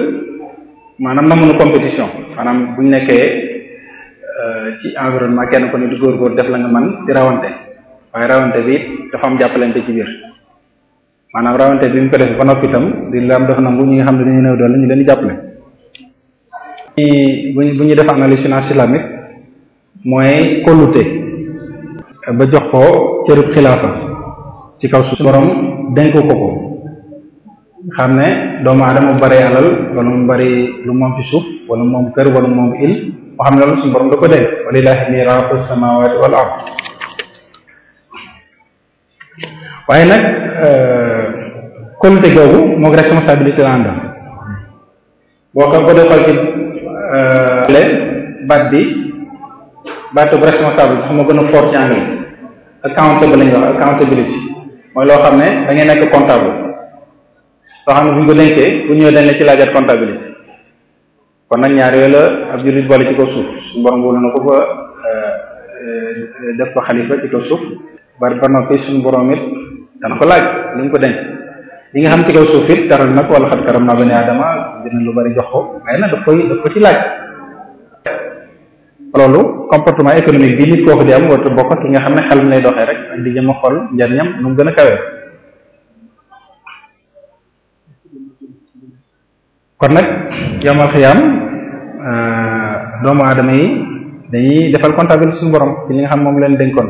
maanaam na namuñu compétition maanaam buñ nekkee euh, ci environnement kenn ko ne di góorgóor def la nga man di rawante waaye rawante bi dafa am jàppalante ci biir maanaam rawante bi mu ko def ba noppi itam di lam dafa nangu ñi nga xam ne dañu néew doole ñu leen jàppale bu ñu bu ñu def analyse finance mooy kollute ba jox ko cërub xilaafa ci kaw su borom dénk ko ko xam ne doomu aadama mu bari alal wala mu bari lu moom ci suuf wala moom kër wala moom il moo xam ne loolu suñu borom da ko dee walillahi miraatu samawati wal ard waaye nag comité euh, googu moog responsabilité euh, bi baatu responsable sax moo gën a fort ci anglais accountable accountability mooy loo xam ne da ngay nekk comptable soo xam ne bu ñu ko lenkee bu ñëwee dañ ci laajaat comptabilité kon nag ñaar yooyu la ab jullit boole ci ko suuf su borom wóolu ko ba euh, euh, def ko xalifa ci ko suuf bari ba noppi suñu borom it dana ko laaj li mu ko denc li nga xam ci kaw suuf it taral nag wala xat karam naa bani aadama lu bari jox ko waaye nag daf koy daf ko ci laaj loolu comportement économique bi nit kooku di am warta ki nga xam ne xel mi lay doxee rek ak jëm a xool njariñam nu mu gën a kawee kon nag yomal xiyaam euh, doomu aadama yi dañuy defal comptabilité suñu borom ci li nga xam moom leen dénkoon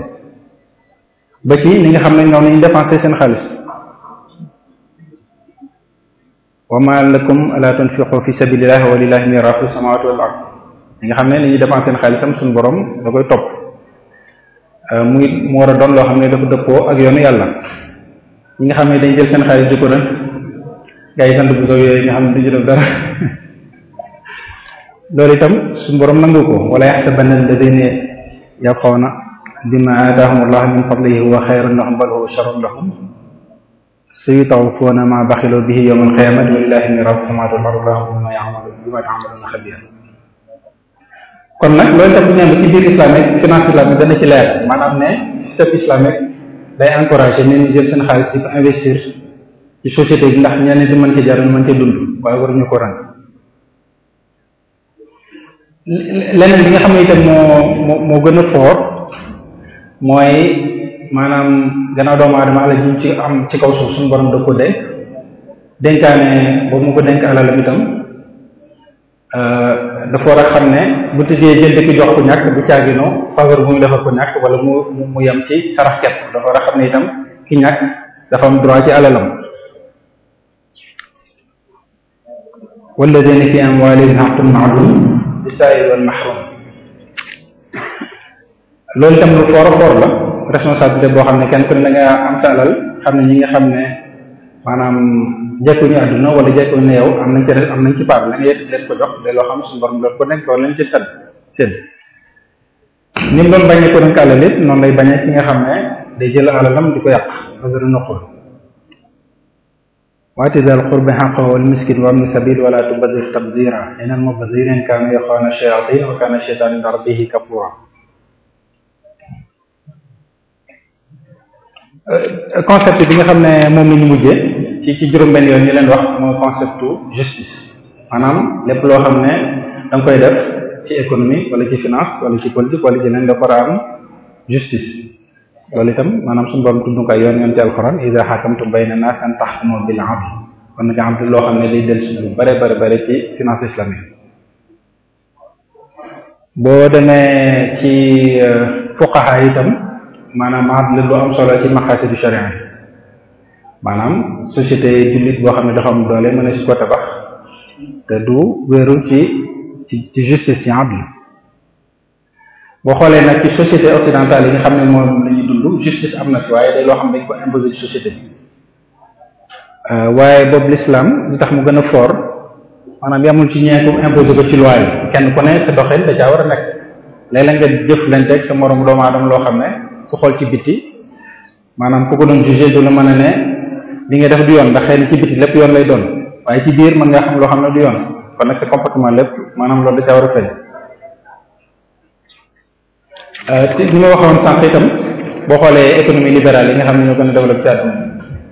ba ci li nga xam ne ñoom nañu dépensé seen xaalis wa ma lakum ala tunfiqu fi sabilillahi wa lillahi mirasu xam ne li ñuy dépensé seen suñu borom da koy topp euh, muy mu war a doon loo xam ne dafa dëppoo ak yoonu yàlla ñi nga xam ne dañ jël seen xaalis di nag gaa yi bu soo yooyu nga xam ne dara loolu itam suñu borom nangu ko wala yaxsabanna alladina yabxawna bima aataahum allah min fadlihi wa xayrun lahum bal huwa sharrun lahum sayutawafawna ma baxilu bihi yawma alqiyamati walillahi mirasu samawati wal ardi wallahu bima ya'maluna bima ta'maluna xabir kon nag loolu itam bu ñu ci biir islamique finance islamique dana ci leer maanaam ne système islamique day encouragé nit ko ci société bi ndax ñenn di mën ci jar mën ci dund waaye waruñu ko ran leneen bi nga xam ne itam moo moo gën a foor mooy maanaam gannaaw doomu aadama alal ji ci am ci kaw suuf suñu borom da ko denc denkaane boobu mu ko denk alalam itam euh, dafa war a xam ne bu tëjee jënd ki jox ku ñàkk bu caagino faveur bu mu defal ko ñàkk wala mu mu yem ci sarax kepp dafa war a xam ne itam ki ñàkk dafa am droit ci alalam walladina fi amwalihim xaqun maalum lisaa'il wal mahrum loolu itam lu foor a foor la responsabilité boo xam ne kenn ku ne am sa alal xam ne ñi nga xam ne maanaam jekkuñu àdduna wala jekkuñu ne yow am nañ ci am nañ ci part la nga yëpp ko jox de loo xam suñu borom loolu ko nekk loolu lañ ci sedd sedd ni mu doon bañee ko doon kàllal it noonu lay bañee ki nga xam ne day jël alalam di ko yàq azar naqul وآت ذا القرب حقه والمسكين وابن السبيل ولا تبذر تبذيرا إن المبذرين كانوا إخوان الشياطين وكان الشيطان عند ربه كفورا euh, concept bi nga xam ne moom la ñu mujjee ci ci juróom-benn yooyu ñu leen wax mooy conceptu justice maanaam lépp loo xam ne da koy def ci économie wala ci finance wala ci politique wala ci leen nga war justice loolu itam maanaam suñu borom tudd ko yoon yoon ci alxuraan iza hakamtum bayna nas an tahkumu bil adl kon nga xam loo xam ne day del si lu bare bare bare ci finance islamique boo demee ci euh, fuqaha itam maanaam adl lu am solo ci maanaam société jullit boo xam ne dafa am doole mën a si ko tabax te du wéeru ci ci ci justice ci adl boo xoolee nag ci société occidentale yi nga xam ne moom nekkul justice am na fi waaye day loo xam dañ ko imposer ci société bi euh, waaye boobu l'islam li tax mu gën a fort maanaam yamul ci ñeeku imposer ko ci loi bi kenn ku ne sa doxin da caa war a nekk léeg-léeg lañ jëflanteeg sa moroom doomu aadama loo xam ne ku xool ci bitti maanaam ku ko doon jugé du la mën a ne li nga def du yoon ndax xëy na ci bitti lépp yoon lay doon waaye ci biir mën nga xam loo xam ne du yoon kon nag sa comportement lépp maanaam loolu da caa war boo xoolee économie libérale yi nga xam ne ñoo gën a développé ci àdduna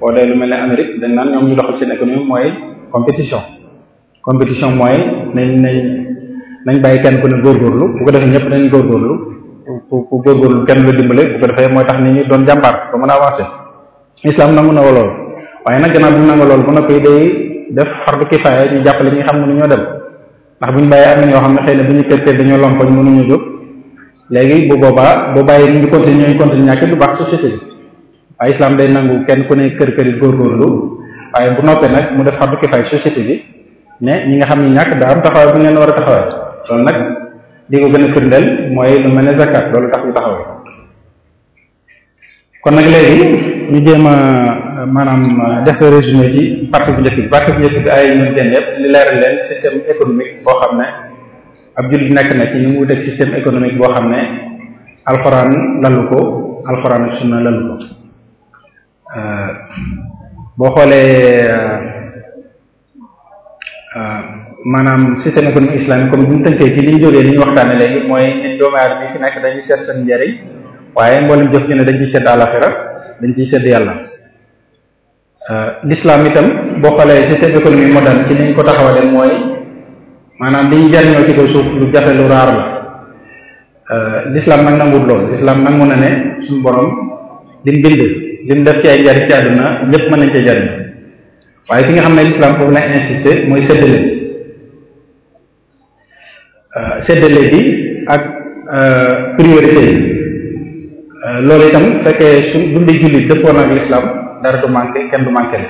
boo dee lu mel ne Amérique dañ naan ñoom ñu doxal seen économie mooy compétition compétition mooy nañ nañ nañ bàyyi kenn ku ne góorgóorlu bu ko defee ñëpp nañ góorgóorlu ku ku góorgóorlu kenn la dimbale bu ko defee mooy tax nit ñi doon jàmbar ba mën a avancer islam nangu na lool waaye nag gannaaw bi nangu lool bu noppi day def fardu kifaaya ñu jàppale ñi xam mënu ñoo ndax bu ñu bàyyee am na ñoo xam ne xëy bu ñu kër kër dañoo lompoñ mënuñu jóg léegi bu boobaa boo bàyyi ñu continuer ñu continuer ñàkk du baax société bi ay islam day nangu kenn ku ne kër kër yi góorgóorlu waaye bu noppee nag mu def fardu kifaay société bi mais ñi nga xam ne ñàkk daa am taxawaay bu ngeen war a taxawaay loolu nag li ko gën a firndeel mooy lu mel ne zakat loolu tax ñu taxawee kon nag léegi ñu jéem a maanaam def résumé ci parti bu njëkk bi partie bu njëkk bi ay ñu génn yëpp li leeral leen système économique boo xam ne ab jullit nekk na ci ñu mu def système économique boo xam ne alxuraan lalu ko alxuraan ak na lalu ko euh, boo xoolee euh, euh, maanaam système économique islamique comme bu ñu tënkee ci li ñu jógee li ñu waxtaane léegi mooy nit doomu aadama bi fi nekk dañuy seet seen njëriñ waaye mboolem jëf ñu ne dañ sedd seet àllaxira dañ ciy seet yàlla l'islam itam boo xoolee système économique moderne ci ni ñu ko taxawale mooy maanaam li ñu jariñoo ci kaw suuf lu jafe lu raar la euh, lislaam nag nanguwul lool l'islam nangu na ne suñu borom lim bind def ci ay njariñ ci àdduna lépp mën nañ cee jariñ waaye fi nga xam ne l'islam foofu lay insister mooy séddale euh, bi ak euh, priorité yi loolu itam fekkee dëppoon ak l'islam dara du manqué kenn du manqué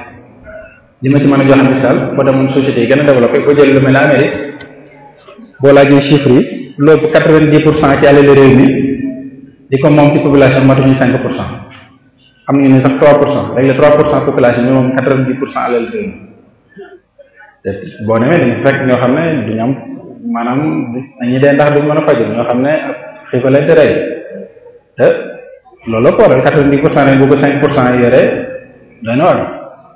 li ma ci mën a joxe misaal boo demoon société yi gën a développé boo jël lu mel ne Amérique bool laajee chiffres yi lu ëpp quatre-vingt-dix pour cent ci alal réew mi di ko moom ci population matuñu cinq pour cent am nañu ne sax trois pour cent léegi trois boo demee dañu fekk ñoo xam ne du am maanaam dañuy dee ndax duñ mën a faju ñoo xam ne xiifa leen di rey te loolu la ko waral quatre-vingt-dix pour cent bu ko cinq pour cent yore na war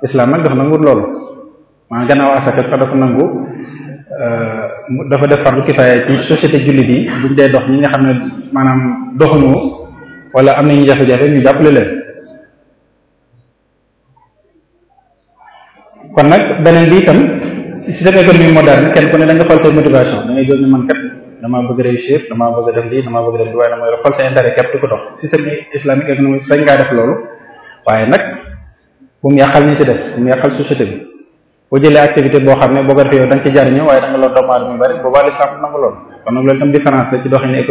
islam nag dafa nangu loolu maanaam gannaaw asaka sax dafa nangu Euh, dafa def fardu kifaaya ci société jullit yi buñ dee dox ñi nga xam ne maanaam doxuñu wala am na nañu jafe-jafe ñu jàppale leen kon nag beneen bi itam ci système économique moderne kenn ku ne da nga xool say motivation da ngay jóg ne man damaa bëgg réussir damaa bëgg def lii damaa bëgg def lii waaye damay xool sa intérêt képp di ko dox système islamique économique sañ ngaa def loolu waaye nag bu mu yàqal ñi ci des bu mu yàqal société bi boo jëlee activité boo xam ne boo ko defee yow da ci jariñu waaye da nga lool doomu aadama yu bari boobaa nangu lool kon nag loolu tam différence la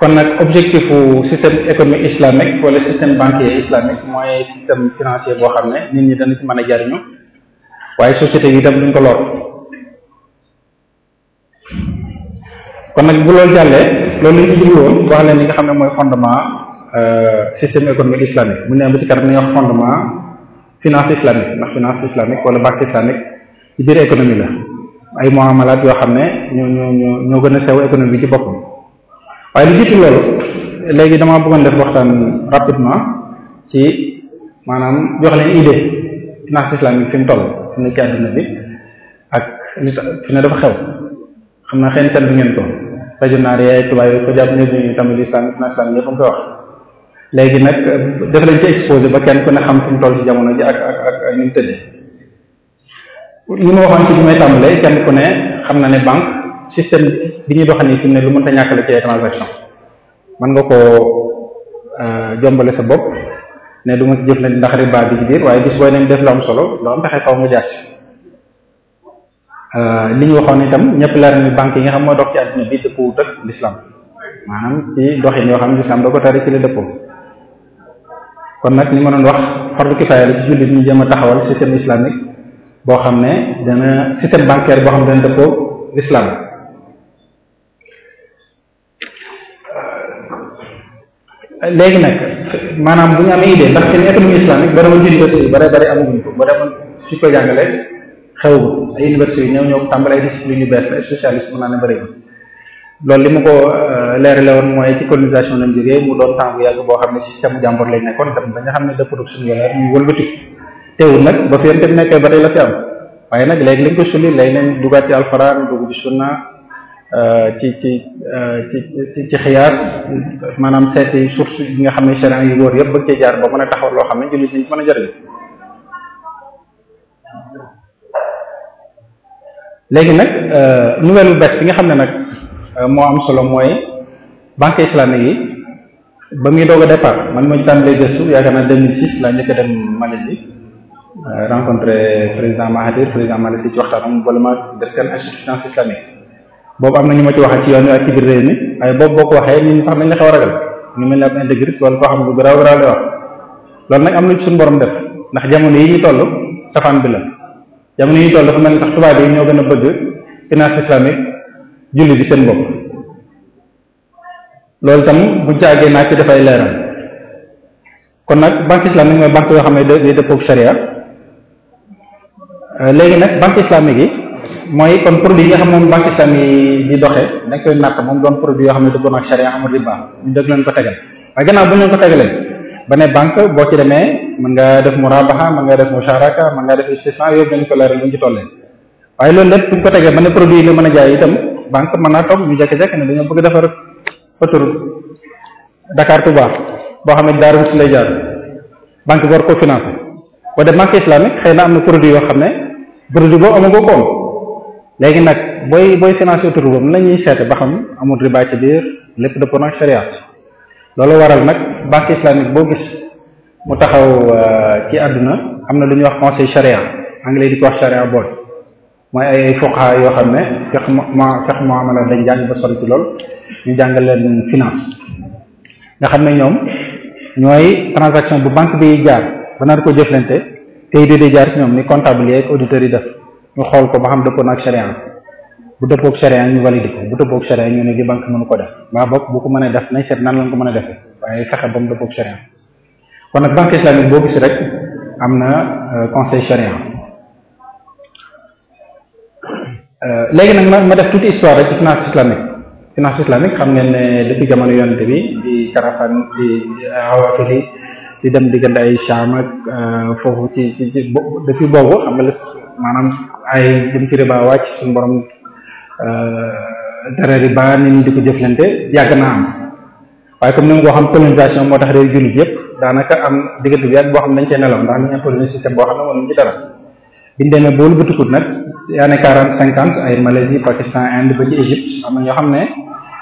kon nag objectif u système économique islamique wala système bancaire islamique boo xam ne nit ñi dana ci mën a jariñu waaye société tam duñ ko lor kon nag bu loolu jàllee loolu lañ ci wax leen li nga xam ne mooy fondement euh, système économique islamique bu ne ba ci kanam ni fondement finance islamique ndax finance islamique wala banque islamique ci biir économie la ay muamalaat yoo xam ne ñoo ñoo ñoo ñoo gën a sew économie bi ci boppam waaye lu jiitu loolu léegi damaa bëggoon def waxtaan rapidement ci maanaam jox leen idée finance islamique fi toll fi mu nekk ci àdduna bi ak li tax fi dafa xew xam na xëy na seen bi ngeen ko rajo naar yaay tubaab yi ko jàpp ne ñu tamit islam finance islamique yëpp a ngi koy wax léegi nag euh, def lañ ci exposé ba kenn ku ne xam fu mu toll ci jamono ji ak ak ak ni mu tëddee li ma waxoon ci bi may tàmbalee kenn ku ne xam na ne banque système bi ñuy doxal nii fi ne lu mënta ñàkk la ci mën nga koo euh, jombale sa bopp ne du ma ci jëf lañ ndax riba bi ci waaye bis booy dem def la am solo loo am pexe faw mu jaar ci euh, li ñu waxoon itam ñëpp leer ni banque yi nga xam moo dox ci àdduna bi dëppoo wut ak l'islam maanaam ci doxin yoo xam l'islam da ko tari ci la dëppoo kon nag ni ma doon wax fardu kifaaya la ci jullit ñu jëm a taxawal système islamique boo xam ne dana système bancaire boo xam ne dana dëppoo l'islam léegi nag maanaam bu ñu amee idée ndax seen économie islamique bari ma université yu bare bari amaguñ ko ba demoon fi ko jàngale xew ay université ñëw ñëw tàmbalee discipline yu bees ay socialiste mën naa ne bëri loolu li mu ko euh, leer woon mooy ci colonisation lañ jógee mu boo xam ne système jàmbur lañ nekkoon dem ba nga xam ne de production yooyu ñu wëlbati teewul nag ba fi yonte bi nekkee ba tey la fi am waaye nag léegi lañ ko sulli léegi nañ dugaat ci alxuraan dugg ci sunna euh, ci ci euh, ci ci xiyaas maanaam seeti source yi nga xam ne charia yi wóor yëpp bëgg cee jaar ba mën a taxaw loo xam ne a jëriñ léegi nag nouvelle bu bees nga xam ne nag Euh, moo am solo mooy banque islamique yi ba muy doog a départ man ma tàmbalee gëstu yaakaar naa 2006 laa njëkk a dem Malaisie euh, rencontré président Mahathir président Malaisie ci waxtaan am boole ma def kan institution islamique boobu am na ñu ma ci waxal ci yoon wi ak ci biir réew mi waaye boobu boo ko waxee nit ñi sax nañ la xaw a ragal ñu mel ne ab intégriste wala koo xam lu garaaw garaaw lay wax loolu nag am na ci suñu borom def ndax jamono yi ñu toll safaan bi la jamono yi ñu toll dafa mel a bëgg julli di seen bopp loolu itam bu jaagee naa ci dafay leeral kon nag banque islamique mooy banque yoo xam ne de dëppoog sharia euh, léegi nag banque islamique yi mooy kon produit yi nga xam moom banque islamique yi di doxee dañ koy natt moom doon produit yoo xam ne dëppoon ak sharia amul riba ñu dëgg leen ko tegal waaye gannaaw bu ñu leen ko tegalee ba ne banque boo ci demee mën nga def murabaha mën nga def musharaka mën nga def istisna yooyu dañ ko leeral bu ñu ci banque mën naa toog ñu jekki-jekki ne dañoo bëgg defar autoroute Dakar Touba boo xam ne daaru si lay jaar banque war ko financé boo def banque islamique xëy na produit yoo xam ne produit boobu amu ko léegi nag booy booy financé autoroute boobu la ñuy seete ba xam amul riba ci biir lépp dëppoo nag sharia loolu waral nag banque islamique boo gis mu taxaw euh, ci àdduna am na lu ñuy wax conseil sharia anglais di ko wax sharia board mooy ay fuqaha yoo xam ne fiqh ma fiqh muamala dañ jàng ba sori ci lool ñu jàngal leen finance nga xam ne ñoom ñooy transaction bu banque bi jaar ba nar ko jëflante tey de jaar ci ñoom ni comptable yi ak auditeurs yi def ñu xool ko ba xam dëppoo na ak sharia bu dëppoo ak sharia ñu validé ko bu dëppoo ak ñu ne di banque mënu ko def mbaa bokk bu ko mën def nañ seet nan lañ ko mën a defee waaye fexe ba mu dëppoo ak kon nag banque islamique boo gis rek am na euh, conseil sharia Euh, léegi nag ma ma def toute histoire rek ci finance islamique finance islamique xam ngeen ne depuis jamono yonte bi di Karafan di Awafili di dem diggante ay Sham ak euh, foofu ci ci ci depuis boobu xam nga maanaam ay jëm ci riba wàcc suñu borom dara euh, riba nit ñi di ko jëflante yàgg naa am waaye comme ni ma ko xam colonisation moo tax réew jullit yëpp daanaka am diggante bi yàgg boo xam ne dañ cee nelaw ndax dañu imposé système boo xam ne moom ci dara biñ année quarante cinquante ay Malaisie Pakistan Inde ba ci Égypte am na ñoo xam ne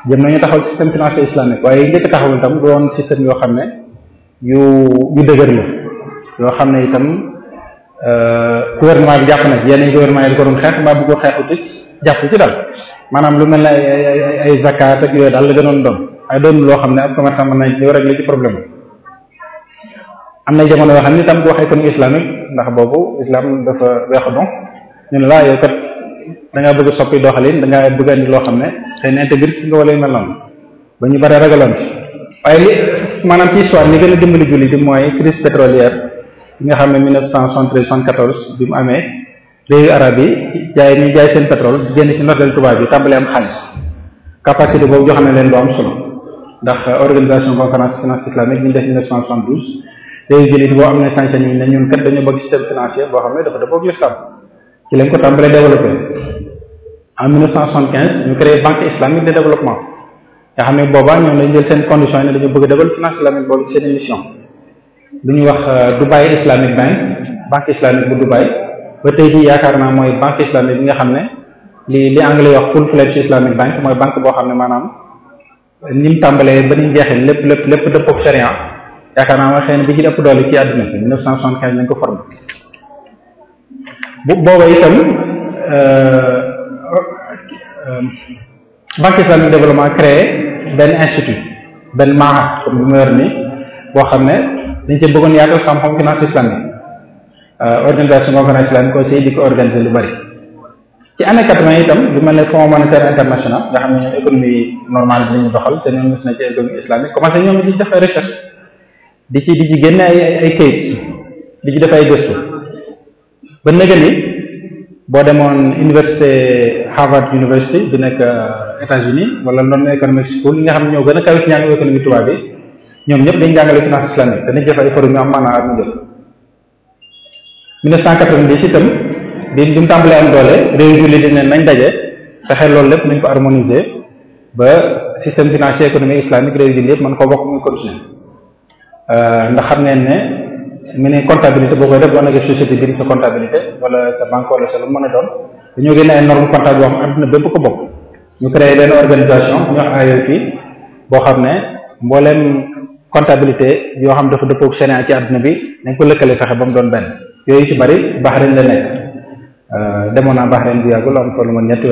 jëm nañu taxawal système financier islamique waaye njëkk taxawal itam doon système yoo xam ne yu yu dëgër la yoo xam ne itam euh, gouvernement bi jàpp na yeneen gouvernement yi di ko doon xeex mbaa bu ko xeexu tëj ci daal maanaam lu mel ne ay ay zakat daal la gënoon doon ay doon loo xam ne ab commerçant mën nañ ñëw ci problème am na jamono yoo xam ne itam boo waxee économie islamique ndax boobu islam dafa weex donc ñu ne laa yow kat da ngaa bëgg a soppi doxalin da ngaa bëgg a indi loo xam ne xëy na intégriste nga wala yu mel noonu ba ñu bare ragaloon ci waaye li maanaam ci histoire li gën a dimbali julli di mooy crise pétrolière bi nga xam ne bi mu amee réewu arab yi jaay ñu jaay seen pétrole génn ci ndoxdel tubaab yi tàmbalee am xaalis capacité boobu jox na leen lu am solo ndax euh, organisation conférence finance islamique bi ñu def 1972 ne ñun kat ne ci lañ ko tàmbalee développé en 1975 ñu créé banque islamique de développement nga xam ne boobaa ñoom dañ jël seen condition yi ne dañu bëgg a développé finance islamique boobu seen mission bu ñu wax euh, Dubai Islamic Bank banque islamique bu Dubai ba tey jii yaakaar naa mooy banque islamique bi nga xam ne li li anglais wax full fledged islamic bank mooy banque boo xam ne maanaam euh, ni tàmbalee ba ni jeexee lépp lépp lépp dëppoo ak sharia yaakaar naa mooy bi ci ëpp doole ci àdduna bi 1975 lañ ko formé bu booba itam Banque islamique de développement benn institut benn maat comme bi ma yor ni boo xam ne dañ ci bëggoon yaatal xam-xam finance islamique euh, organisation conférence islamique aussi di ko lu bari ci année quatre-vingt itam lu mel ne fonds monétaire international nga xam ne ñoom économie normale bi la ñu doxal te ñoom gis na ci économie islamique commencé ñoom di def ay recherche di ci di ci génne ay ay kayit di def ay gëstu ba nëgë ni boo demoon université Harvard University bi nekk euh, États-Unis wala London Economic School ñi nga xam ne ñoo gën a kawit ñaangu économie tubaab bi ñoom ñëpp dañ jàngale finance islamique danañ def ay forum am maanaa at mu jël 1990 itam bi bi mu tàmbalee am doole réew julli di ne nañ daje fexe loolu lépp nañ ko harmoniser ba système financier économique islamique réew julli yëpp man ko bokk muy continuer euh, ndax xam ne ne mu ne comptabilité boo koy def war na def société bi sa comptabilité wala sa banque wala sa lu mën a doon dañoo génne ay norme comptable yoo xam ne adduna bépp boo xam ne mbooleem comptabilité yoo xam dafa dëppoo ak Sénégal ci adduna bi dañ ko lëkkale fexe ba mu doon benn yooyu ci bari Bahreïn la nekk euh, demoon naa Bahreïn bu yàggul am fa lu mën ñetti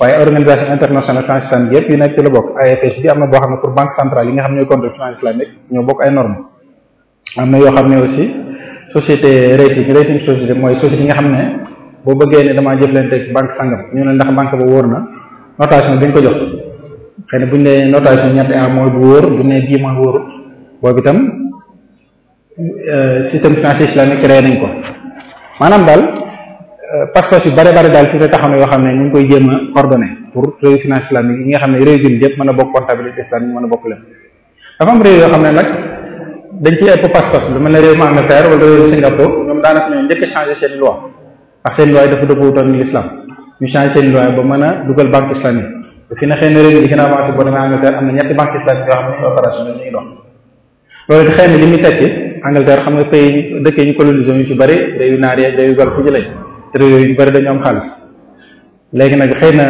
waaye organisation internationale finance islamique yu nekk ci la bokk AFS bi am na boo xam ne pour banque ay normes am na yoo xam ne aussi société rating rating société mooy société yi nga xam ne boo bëggee ne damaa jëflanteeg banque sangam ñu ne ndax banque ba wóor na notation bi ñu ko jox xëy na bu ñu nee notation ñetti A mooy bu wóor bu ñu nee bii mooy wóorul boobu itam euh, système financier islamique créé nañ ko maanaam daal euh, passeport yu bare bare daal fi nga taxaw ne yoo xam ne ñu ngi koy jéem a ordonné pour réew finance islamique yi nga xam ne réew jun yëpp mën a bokk comptabilité islamique mën a bokk leen dafa am dañ ci ëpp pas-pas lu mel ne réew mu Angleterre wala réew Singapour ñoom daanaka ñooy njëkk changé seen loi ndax seen loi dafa dëppoo wutoon l'islam ñu changé seen loi ba mën a dugal banque islamique bu fi na xëy na réew yi gën a avancé boo demee am na ñetti banque islamique yoo xam ne ñu opération ñuy dox loolu xëy na li muy tekki Angleterre xam nga pays dëkk yi ñu colonisé ñu ci bari réew naar yi réew yu na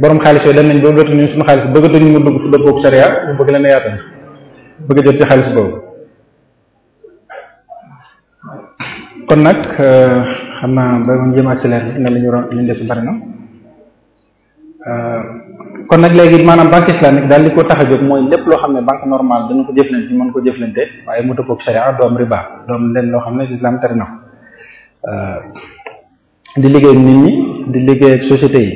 borom xaalis yooyu ba dootuñu fu dëppoog a yaatal bëgg kon nag euh, xam naa ba moom jëmaat si leer ne la ñu des bari na euh, kon nag léegi maanaam banque islamique daal di ko tax a jóg mooy lépp loo xam ne banque normale dañu ko jëflante ñu mën ko jëflante waaye mu tëkkoog sharia doom riba doom leen loo xam ne islam tere na ko euh, di liggéey ak nit ñi di liggéey ak société yi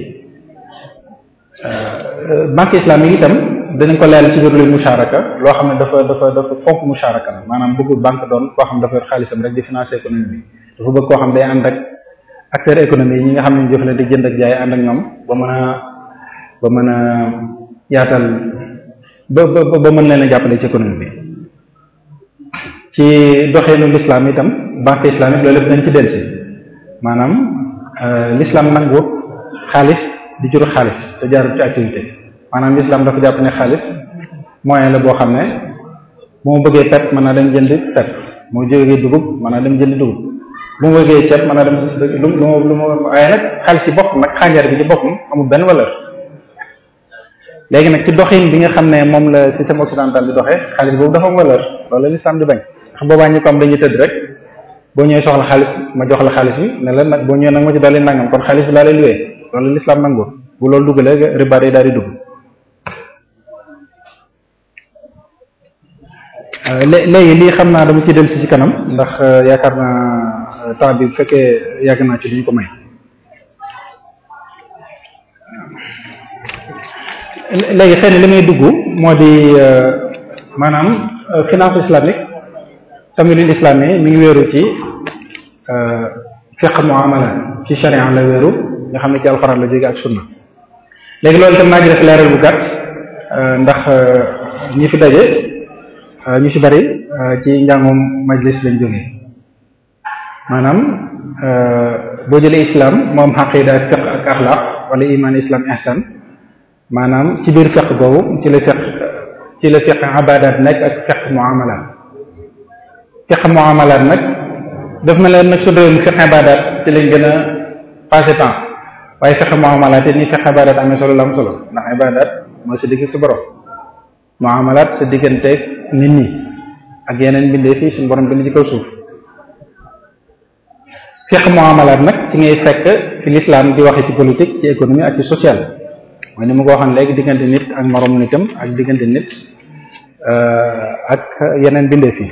banque islamique itam danañ ko leeral ci biir luy musharaka loo xam ne dafa dafa dafa fonk musharaka la maanaam bëggul banque doon koo xam dafa yor xaalisam rek di financer économie bi dafa bëgg koo xam day ànd ak acteur économie yi ñi nga xam ne jëf na di jënd ak jaay ak ñoom ba mën a mën a yaatal ba ba ba mën leen a jàppale ci économie bi ci doxeenu l'islam itam banque islamique loolu lépp dañ ci delsi maanaam euh, l'islam nangu xaalis di jur xaalis sa jaarul ci activité maanaam lislaam dafa jàpp ne xaalis moyen la boo xam ne bu mu bëggee pepp mën naa dem jëndi pepp bu mu jógee dugub mën naa dem jënd dugub bu mu bëggee ceeb mën naa dem lu mu lu mu waaye nag xaalis yi bopp nag xànjar bi ci boppam amul benn valeur léegi nag ci doxin bi nga xam ne moom la système occidental di doxee xaalis boobu dafa am valeur loolu la lislaam di bañ ndax boobaa ñi ko am dañuy tëdd rek boo ñëwee soxla xaalis ma jox la xaalis bi ne la nag boo ñëwee nag ma ci daal di nangam kon xaalis bi laa lay luwee loolu lislaam bu loolu dugg léegi riba day daal Euh, léegi lii xam naa dama ci dellu si ci kanam ndax euh, yaakaar naa euh, temps bi bu fekkee yàgg naa ci duñ ko may. léegi xëy na li may dugg moo di maanaam finance islamique tamwilul islami mi ngi wéeru ci fiqh muamala ci sharia la wéeru nga xam ne ci alxuraan la jóge ak sunna léegi loolu tam naa ci def leeral bu gàtt ndax ñi fi daje. Euh, ñu ci bari euh, ci njàngoom majlis lañ jógee maanaam euh, boo jëlee islam moom xaqida ak fiq ak axlaq wala iman islam ihsan maanaam ci biir fiq googu ci la fiq ci la fiq abadat nekk ak fiq muamalat fiq muamalat nag daf na leen nag su doon fiq abadat ci lañ gën a passé temps waaye fiq muamalat yi ni fiq abadat amee solo la am solo ndax ibadat mooy sa digg sa borom muamalat sa digganteeg nit ñi ak yeneen bindee fii suñu borom bind ci kaw suuf fiq muamalat nag ci ngay fekk fi lislaam di waxee ci politique ci économie ak ci social mooy ni mu ko waxoon léegi diggante nit ak moroom ak diggante nit euh, ak yeneen bindee fii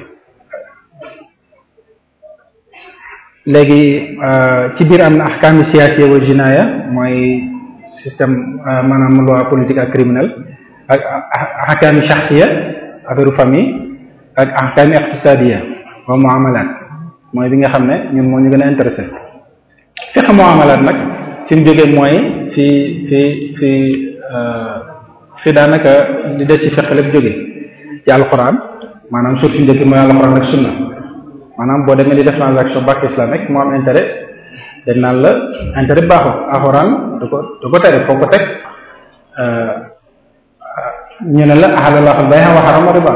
léegi euh, ci biir am na ahkaami siyaasiya wa jinaaya mooy système euh, maanaam loi politique ak criminel ahkaami shaxsiya affaire famille ak ahkam iqtisadiya wa muamalat mooy bi nga xam ne ñoom moo ñu gën a intéressé fiq muamalat nag fi jógee mooy fi fi fi euh, daanaka li des ci fiq lépp jógee ci alquran maanaam suuf si njëkk mooy alquran ak sunna maanaam boo demee di def transaction banque islamique moo am intérêt dañ naan la intérêt baaxul alquran du ko du ko tere foo ko teg euh, ñu ne la ahalallaahu al-bay'a wa harrama riba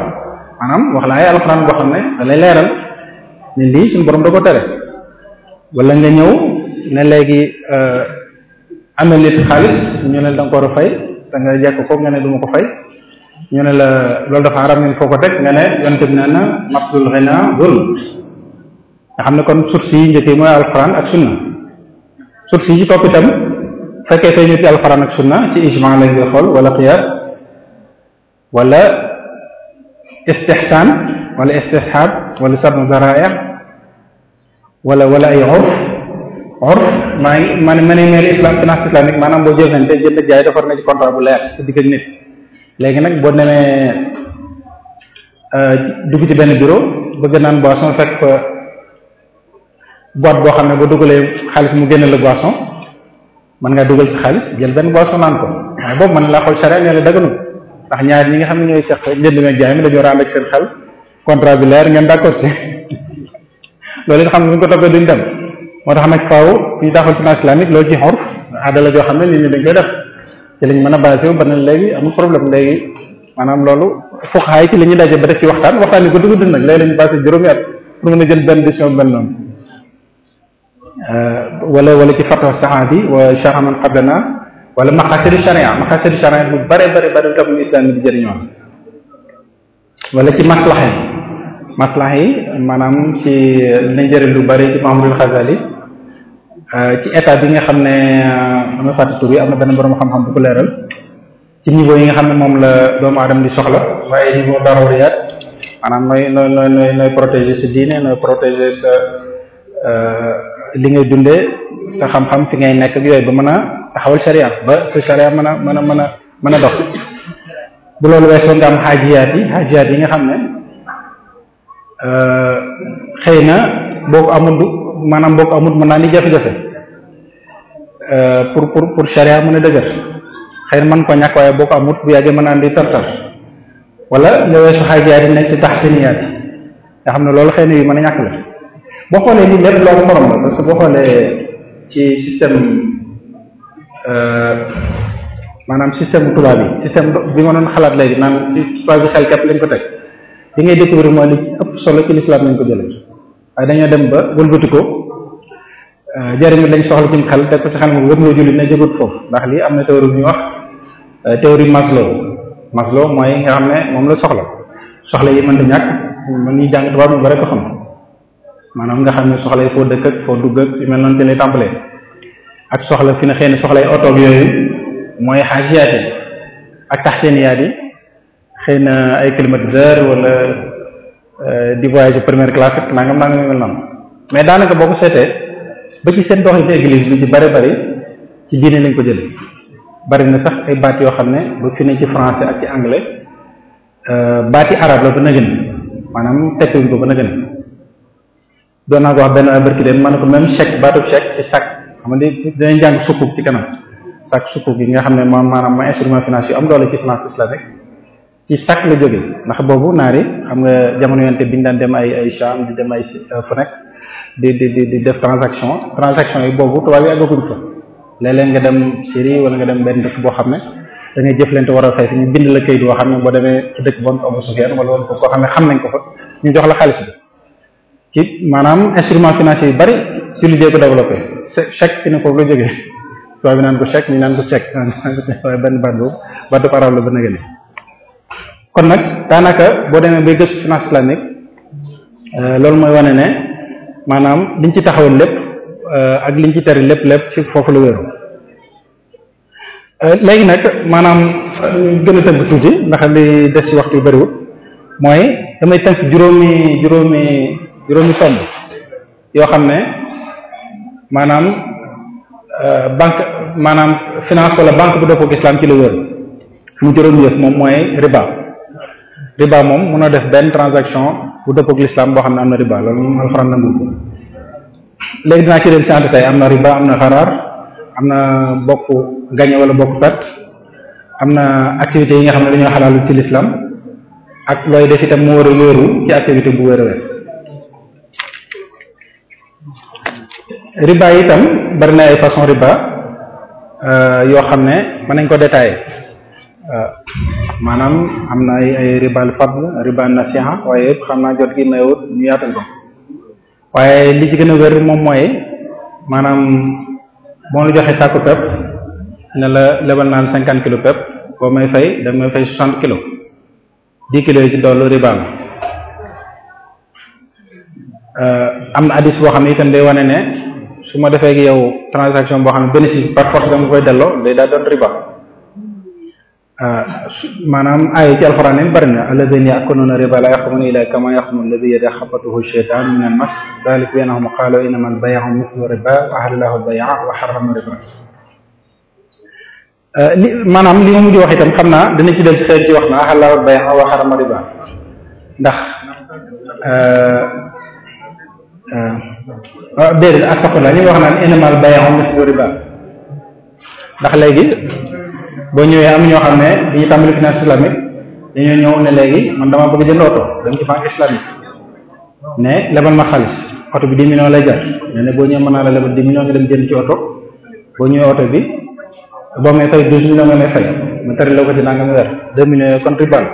maanaam wax la ay alxuraan boo xam ne da lay leeral ne lii suñu borom da ko tere wala nga ñëw ne léegi euh, amel nit xaalis ñu ne la da nga ko war a jekk ko nga ne du ko fay ñu ne la loolu dafa haram ñun foo ko teg nga ne yonte bi nee na maqtul ghina zulm nga xam ne kon source yi njëkk yi mooy alxuraan ak sunna source yi ci topp itam fekkee feeñu ci alxuraan ak sunna ci ijma lañ koy xool wala qiyaas wala istihsaan wala istishab wala sabnu daraaya wala wala ay urf urf maa ngi ma ne ma ne meel islam finance islamique maanaam boo jëlante jënd jaay defar na ci contrat bu digg nit léegi nag boo demee euh, dugg ci benn bureau bëgg naan boisson fekk fa boo xam ne boo dugalee xaalis mu génne la boisson mën ngaa dugal ci xaalis jël benn boisson naan ko waaye boobu mën laa xool charia ne la daganul ndax ñaar ñi nga xam ne ñooy seq njënd meeg jaay mi dañoo rànd ak seen xel contrat bi leer ngeen d'accord ci loolu it xam ne suñ ko toppee duñ dem moo tax nag faaw ñu taxul finance islamique loolu ci xor aada la joo xam ne nit ñi dañ koy def ci lañ mën a basé ba ne léegi amul problème léegi maanaam loolu fuqaay ci li ñuy daje ba def ci waxtaan waxtaan yi gudd gudd nag léegi lañu basé juróomi at pour mën a jël benn décision bu mel noonu euh, wala wala ci fatwa saxaat yi wa chahaman qablana wala maqasidu sharia maqasidu sharia bu bare bare bare lu tax mu islam bi di jëriñoo wala ci maslaxa yi maslaxa yi maanaam ci dina lu bari ci Muhammadul Xasali euh, ci état bi nga xam ne euh, am na fàtte tur na benn borom xam-xam bu ko leeral yi nga xam ne moom la doomu aadama di soxla waaye niveau daruriyaat maanaam nooy nooy nooy nooy protéger sa diine nooy protéger sa euh, li ngay dundee sa xam-xam fi ngay nekk ak yooyu ba mën a taxawal sharia ba sa sharia mën a mën a mën a mën a dox bu loolu weesoo nga am xaajiyaat yi xaajiyaat yi nga xam ne euh, xëy na boo ko amul maanaam boo ko amul mën naa ni jafe euh, pour pour pour sharia mën a dëgër xëy na ko ñàkk waaye boo ko amul bu yàggee mën naa di tartar wala nga weesu xaajiyaat yi nekk ci taxsiniyaat yi nga xam ne loolu xëy na yu mën a ñàkk la boo xoolee ni lépp loolu xorom la parce que boo xoolee ci système Euh, maanaam système bu tubaab yi système bi ma doon xalaat léegi naan ci tubaab xel kat lañ ko teg li ngay découvrir mooy li solo ci lislaam ko jëlee dem ba wëlbati ko euh, jëriñu lañ soxla ci xel teg ko ci xel moom wër nga jullit ne jógut foofu ndax lii am na théorie bu ñuy wax euh, théorie Maslow Maslow mooy nga xam ne moom la soxla soxla yi mënta ñàkk mën ñuy jàng tubaab mu bare ko xam soxla yi foo dëkk ak foo dugg ak mel noonu ci lay ak soxla fi na xëy na soxlay otoog yooyu mooy xaasiyaat yi ak taxsiniyaat yi xëy na ay climatiseur wala euh, di voyage première classe ak nangam nangam yu mel noonu mais daanaka boo ko seetee ba ci seen doxin ci église bi ci bari bari ci diine lañ ko jël bari na sax ay baat yoo xam ne ba fi ne ci français ak ci anglais euh, baati arab la ba na gën maanaam tekkiwuñ ko ba na gën doon naa ko wax benn barki dem ma ne ko même chèque baatub chèque ci sac xam nga dinañ jàng sukuk ci kanam sac sukuk yi nga xam ne moom maanaam mooy instrument finance yu am doole ci finance islamique ci sac la jóge ndax boobu naari xam nga jamono yonte biñu daan dem ay ay Sham euh, nga dem benn dëkk boo xam ne da ngay jëflante war a fay fi ñu bind la kayit boo xam ne boo demee ci dëkk bon ko Abu Sufyan wala woon ko koo xam ne xam nañ ko fa ñu jox la xaalis bi ci maanaam instrument financier yu bari si liggéey ko développé chèque ne foofu la jógee tubaab bi naan ko chèque ni naan ko chèque [laughs] waaye benn baat boobu baatu arab la ba nagane kon nag daanaka boo demee bay gëstu finance islamique euh, loolu mooy wane ne maanaam liñ ci taxawoon lépp euh, ak liñ ci tari lépp lépp ci foofu la wéeru euh, léegi nag maanaam gën a tënk tuuti ndax li def ci waxtu yu bariwul mooy damay tënk juróomi juróomi juróomi tomb yoo xam ne maanaam euh, banque maanaam finance wala banque bu dëppoo ak islam ci la wër mu juróom yëf moom mooy riba riba moom mun a def benn transaction bu dëppoo ak l'islam boo xam ne am na riba loolu moom alxuraan nangu ko léegi dinaa ci dem tey am na riba am na xaraar am na bokk gañe wala bokk perte am na activités yi nga xam ne dañoo xalaalu ci l'islam ak looy def itam mu war a wéru ci activité bu wér a wér riba itam bari na ay façon riba euh, yoo xam ne mën nañ ko détailler euh, maanaam am na ay ay ribal fadl riba nasiha waaye xam naa jot gi mayewut ñu yaatal ko waaye li ci gën a wér moom mooy maanaam boo la joxee sàkku pepp ne la lebal naan cinquante kilo pepp boo may fay da may fay soixante kilo dix kilo yi ci dollu euh, am na addis boo xam ne itam day wane ne su ma defee ak yow transaction boo xam ne bénéfice par force dama koy delloo day daa doon riba euh, maanaam ay ci alxuraan yi bari na alladhina ya'kuluna riba la yaqumuna illa kama yaqumu alladhi yataxabbatuhu shaytan min al mas dhalika bi annahum qalu innama al bay'u mithlu riba wa ahalla llahu al bay'a wa harrama riba euh, li maanaam li ma mujj wax itam xam naa dana ci del ci xeet ci wax na ahalla llahu al bay'a wa harrama riba ndax euh, waaw euh, ah, déedéet astaxfirullah ñu ngi wax naan innamal bay'u mithlu riba ndax léegi boo ñëwee am ñoo xam ne dañuy tàmbali finance islamique dañoo ñëw ne léegi man dama bëgg jënd oto dem ci banque islamique ne lebal ma xaalis oto bi 10 millions lay jar ne ne boo ñëwee mën naa la lebal 10 millions nga dem jënd ci oto boo ñëwee oto bi boo may fay 12 millions nga may fay ma tere la ko ci nangam weer 2 millions yooyu contre bal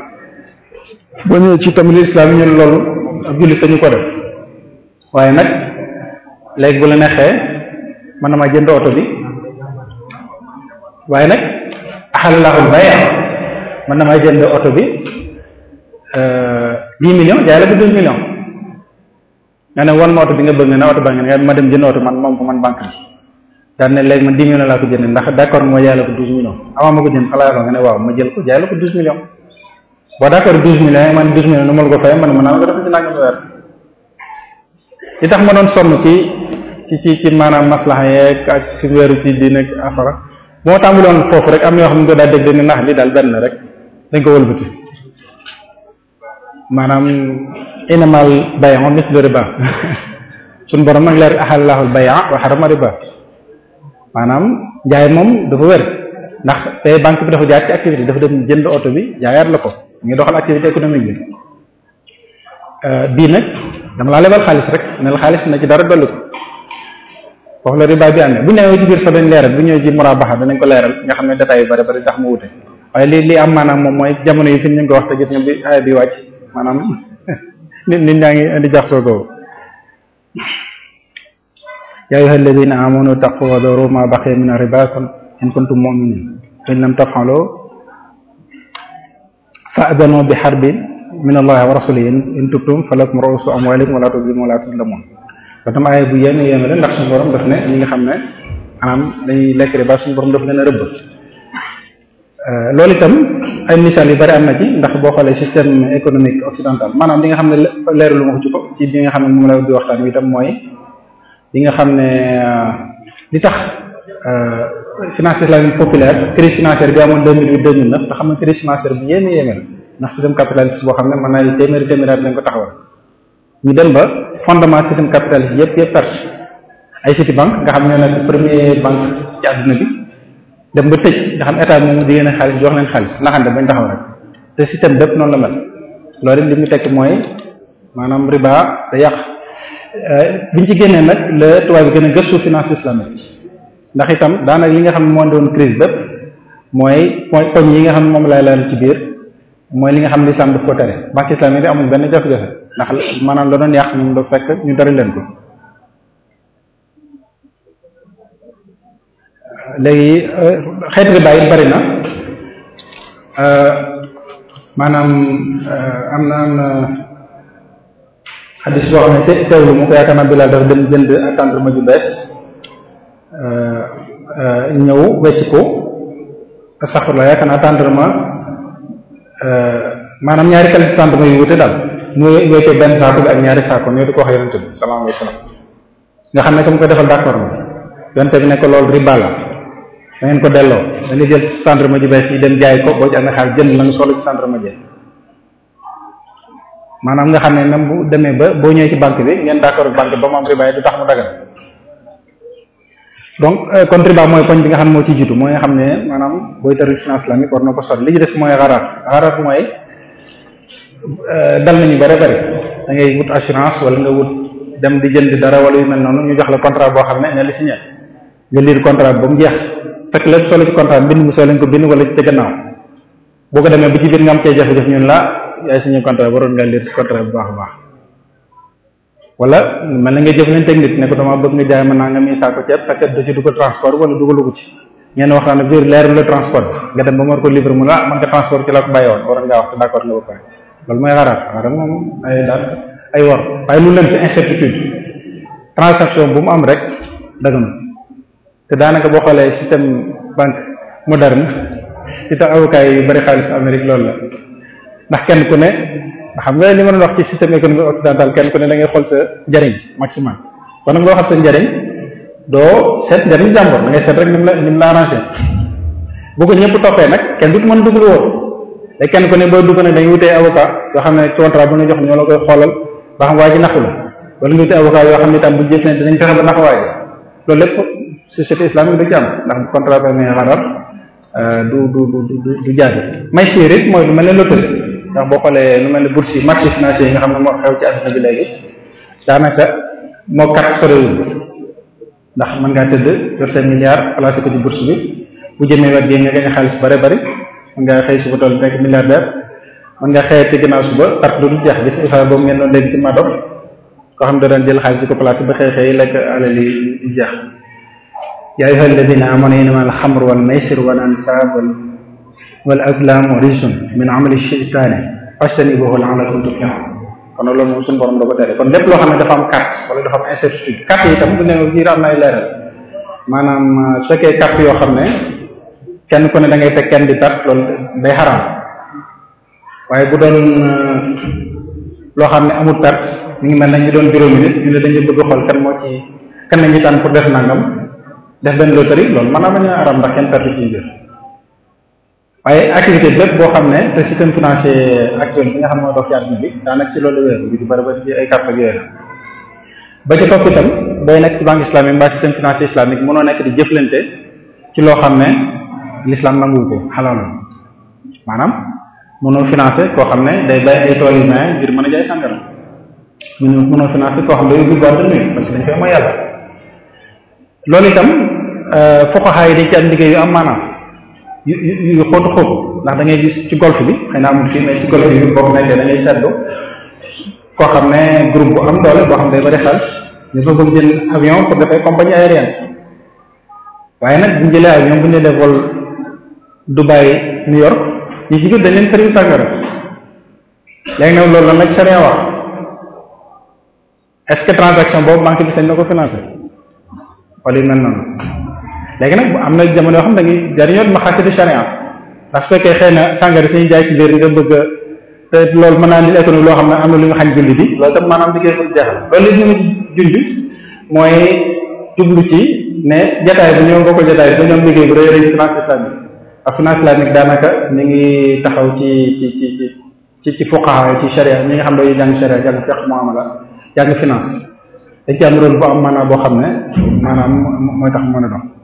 boo ñëwee ci tàmbali islam ñun loolu ab jullit waaye nag léegi bu la neexee man dama jënd oto bi waaye nag axallahul bay' man dama jënd oto bi euh, dix millions jaay la bi deux millions nga ne wan ma oto bi nga bëgg na oto baa ngi ne ma dem jënd oto man moom ko man banque bi daan ne léegi man dix millions laa ko jënd ndax d'accord moo jaay la ko douze millions avant ma ko jënd xalaat nga ne waaw ma jël ko jaay la ko douze millions boo d'accord douze millions man douze ma la ko man mën naa li tax ma doon sonn ci ci ci maanaam maslaha yee ak ci wéeru ci diin ak afara moo tàmbuloon foofu rek am na yoo xam ne daal dégg ni ndax li daal benn rek dañ ko wëlbati maanaam inamal bayon mislu riba [laughs] suñ borom nag leer ahallahul baya wa harama riba maanaam njaay moom dafa wér ndax te banque bi dafa jaar ci activité dafa dem jënd oto bi jaayaat la ko ñu doxal activité économique bi euh, bii dama laa lebal xaalis rek ne xaalis na ci dara dolli ko foofu la riba bi amee bu ñëwee ci biir sax dañ leeral bu ñëwee ci murabaha danañ ko leeral nga xam ne détails yu bari bari tax ma wute waaye li li am maanaam moom mooy jamono yi fi ñu ko wax te gis nga bi ay bi wàcc maanaam [laughs] nit nit ñaa ngi indi jaxasoo googu ya ayyuha alladina amanu taqu wa daru ma baqiya min riba in kuntum mu'minin fa in lam taf'alu fa'danu min allahi wa rasulihi in tubtum falakum ru'usu amwalikum wala tuzlimu wala tuzlamun kon tam aaya bu yéeme yéeme la ndax suñu borom daf ne ñi nga xam ne maanaam dañuy lekk riba suñu borom daf leen euh, loolu itam ay misaal yu bari am na ci ndax boo xoolee système économique occidental maanaam li nga xam ne leeru lu ma ko ko ci bi nga xam ne moom la di waxtaan wi itam mooy li nga xam ne euh, li tax euh, finance islamique populaire crise financière bi amoon deux mille huit deux mille neuf nga xam ne crise financière bi yéeme yéeme la ndax système capitaliste boo xam ne man naa ni téeméeri téeméeri at lañ ko taxawal ñu dem ba fondement système capitaliste yëpp yëpp perte ay Citibank nga xam ne nag premier banque dem ba tëj nga xam état moomu di yéene xaalis jox leen xaalis naxande bañ taxaw rek te système bépp noonu la mel loolu li mu tekk mooy maanaam riba da yàq euh, biñ ci génnee nag la tubaab bi gën a gëstu finance islamique ndax itam daanaka li nga xam ne moo doon crise bépp mooy poñ yi nga xam ne moom lay leen ci biir mooy li nga xam ne islam daf ko tere banque islamique yi benn jafe-jafe ndax maanaam la doon yàq ñun ñu dari leen ko léegi eh, xeetu riba eh, eh, am na am na xaddis boo xam ne te teewlu mu ko yaakaar naa dafa dem jënd tàndarma ju bees ñëw wecc ko la yaakaar naa tàndarma Eh, maanaam ñaari qualité tànt mooy wute daal mooy wéete benn saako bi ak ñaari saako ñoo di ko wax yonente bi sallallahu alayhi nga xam ne comme ko defal d'accord na yonente bi ne lool loolu riba la da ngeen ko delloo da jël jël gendarme ji ba yi dem jaay ko boo ci amee xaalis jënd la nga soxla ci gendarme ji maanaam nga xam ne même bu demee ba boo ñëwee ci banque bi ngeen d'accord banque ba mu am riba yi du tax mu dagal donc euh, contriba mooy poñ bi nga xam ne moo ci jiitu mooy nga xam ne maanaam booy tari finance islamique war na ko sori li ci des mooy xaraar xaraar mooy euh, dal nañu bare bare da ngay wut wala nga dem di jënd dara wala yu mel noonu ñu jox la contrat boo xam ne ne li signé nga liir contrat jeex fekk lépp solo ci contrat bind mu soo lañ ko bind wala boo ko demee ba ci biir nga am cee jafe-jafe ñun la yaay signé waroon nga liir contrat bu baax a baax wala mën na nga jëflante ak nit ne ko dama bëgg nga jaay ma naa nga mi ceeb takat da ci dugal transport wala ko ci ngeen waxtaan ne biir leeru la transport nga dem ba mar ko livre mu ne ah man nga transport ci la ko bàyyi wax nga ba pare loolu mooy xaraat xaraat mu am rek daganu te daanaka boo xoolee système banque moderne ci tax avocats yi bari xaalis Amérique loolu la ndax kenn ku ne xam nga li ma doon wax ci système économique occidental kenn ku ne da ngay xool sa njariñ maximum kon nag xam sa njariñ doo seet njariñ jàmbur da ngay seet rek ni mu la ni mu la arrangé bu nag kenn du mën dugg woon te kenn ku ne boo dugg nag da ngay wutee avocat yoo xam ne contrat bu ñu jox ñoo la koy xoolal ba xam waa ji naxu la wala nga wutee avocat xam ne itam bu jëf ne dinañ fexe ba nax waaye loolu lépp société islamique du ci am ndax contrat permis xarar euh, du du du du du jaadu may séeréer mooy lu mel ne ndax boo xoolee lu mel ne bourse yi marché financier yi nga xam ne moo xew ci àdduna bi léegi daanaka moo kat sorewul ndax mën ngaa tëdd yor seen milliard placé ko ci bourse bi bu jëmee wet gi nga gañ xaalis bare bari mën ngaa xëy suba tool nekk milliardaire mën ngaa xëyati ginnaaw suba part lu dul jeex gis effort boobu ngeen doon léegi ci Madoff koo xam ne daan jël xaalis di ko placé ba xëy xëy lekk alal yi jeex yaa ayyuhal ladina amanu innamal xamru wal maysir wal ansab wal azlaamu rijsun min amali sheytaani fajtanibuhu la'allakum tuflihun kon loolu moom suñu borom da ko tere kon lépp loo xam ne dafa am carte wala dafa am incertitude carte yi tam bu ne biir am nay leeral maanaam euh, su fekkee yoo xam ne kenn ku ne da ngay teg kenn di tat loolu day xaraam waaye bu doon euh, loo xam ne amul tat mu ngi mel ne ñu doon juróomi nit ñu ne bëgg xool kan moo ci kan la ñuy tànn pour def nangam def benn loterie loolu maanaam dañu xaraam ndax kenn perte ci biir waaye activité bépp boo xam ne te système financier actuel bi nga xam ne moo dox ci bi daanaka ci loolu wéeru bi di bëri bëri ci ay carte yooyu ba ca topp itam day nekk ci banque islamique mbaa système financier islamique mënoo nekk di jëflante ci loo xam ne l'islam nanguwu ko xalaal maanaam mënoo financer koo xam ne day bay ay tool yu maye ngir mën a jaay sàngara mënoo mënoo financer koo xam ne day ubbi boîte parce que dañ koy mooy yàlla loolu itam euh, am liggéey yu yu yu xóotu xóotu ndax da ngay gis ci golf bi xëy na amul fii ci golf bi yu bokk nekkee da koo xam ne groupe bu am doole boo xam ne day bari xaalis ñu fa bëgg jël avion pour dafay compagnie aérienne waaye nag bu bu ñu jëlee vol Dubai New York ñu ci biir dañ leen service sangara léegi nag loolu lan la ci sariya wax est-ce que transaction boobu banque bi sañ na ko financer wala yu noonu. léegi nag bu am na jamono yoo xam ne da ngay jariñoo maxaasidi sharia ndax su fekkee xëy na sàngari suñu jaay ci biir nga bëgg a te loolu mën naa indil économie loo xam ne am na lu ñu xañ julli bi loolu tam maanaam liggéey bu jeex la loolu li ñu junj mooy jublu ci ne ñoom liggéey bu rëy rëy finance islamique daanaka ñu ngi taxaw ci ci ci ci ci fuqaha ci nga xam ne dañuy jàng sharia jàng fiqh muamala jàng finance dañ ci am maanaam boo xam ne maanaam mooy tax mën a dox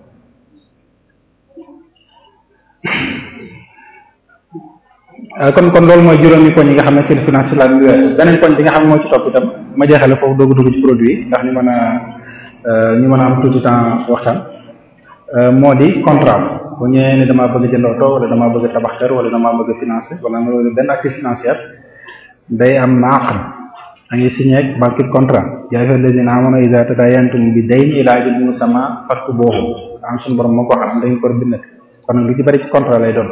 Euh, kon kon loolu mooy juróomi koñ yi nga xam ne ci finance islam bi weesu beneen koñ bi nga xam ne moo ci topp itam ma jeexale foofu doogu dugg ci mën a ñu mën a euh, euh, moo di contrat bu ñëwee ne damaa bëgg jënd oto dama damaa bëgg tabax kër wala damaa bëgg financé wala ma bëgg benn actif financière day am naaqam da ngay signé ak banque contrat yaa ayyuhal lazina amanu idza tadayantum bi dayn ila ajalin musamma faktubuhu am suñu borom moo ko xam dañ ko bind kon nag lu ci bari ci lay doon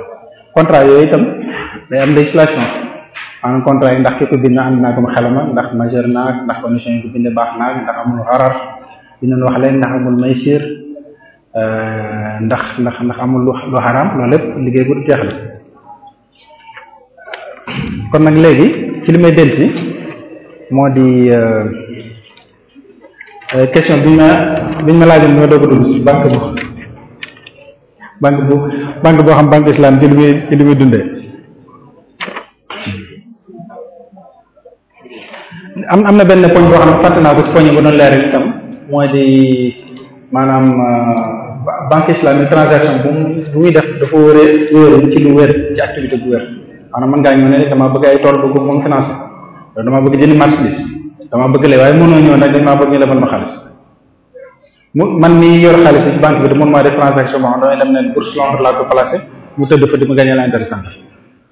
contrat yooyu itam day am législation maanaam contrat yi ndax ki ko bind ànd naa ko xelama ndax majeur naag ndax condition yi ko bind baax naag ndax amul xarar dinañ wax leen ndax amul maysir euh, ndax ndax ndax amul lu lu xaraam loolu lépp liggéey bu jeex la kon nag léegi ci li may si moo di euh, euh, question bi ñu ma bi ñu laa laajoon bi ma doog a si banque bi banque bu banque boo xam banque islam ci li muy ci li dundee am am na benn poñ boo xam ne fàtte naa ko ci poñ bu doon leeral itam mooy di maanaam euh, banque islamique transaction bu muy def dafa wéree wéeru ci lu wér ci activité bu wér maanaam mën ngaa ñëw ne damaa bëgg ay tool bëgg moom financé damaa bëgg jënd marchandise damaa bëgg lee waaye mënoo ñëw nag damaa bëgg ñu lebal ma xaalis mu man mii yor xaalis bi ci banque bi de mun maa def transaction boo xam damay dem ne mu tëdd fa di ma gagné la intéressant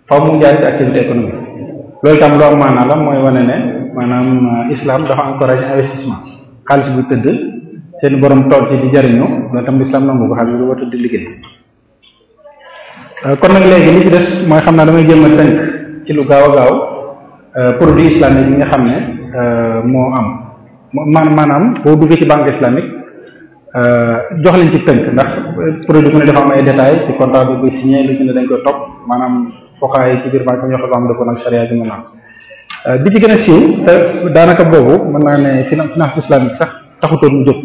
faw mu jaar ci activité mooy wane ne maanaam euh, islam dafa encouragé investissement xaalis bu tëdd seen borom toog ci di jariñoo loolu tam islam nangu ko xaalis bi war tëdd liggéey euh, kon nag léegi li ci mooy xam naa damay jéem a ci lu gaaw a gaaw euh, produit islamique yi nga xam ne moo am maanaam boo duggee ci banque islamique Euh, jox leen ci tënk ndax produit bu ne dafa am ay détails ci contrat bi koy signé lu ci dañ koy topp maanaam foxaay ci biir banque bi ñoo xam ne am dëkkoon ak charia bi daanaka boobu mën naa ne finance islamique sax taxutoon mu jóg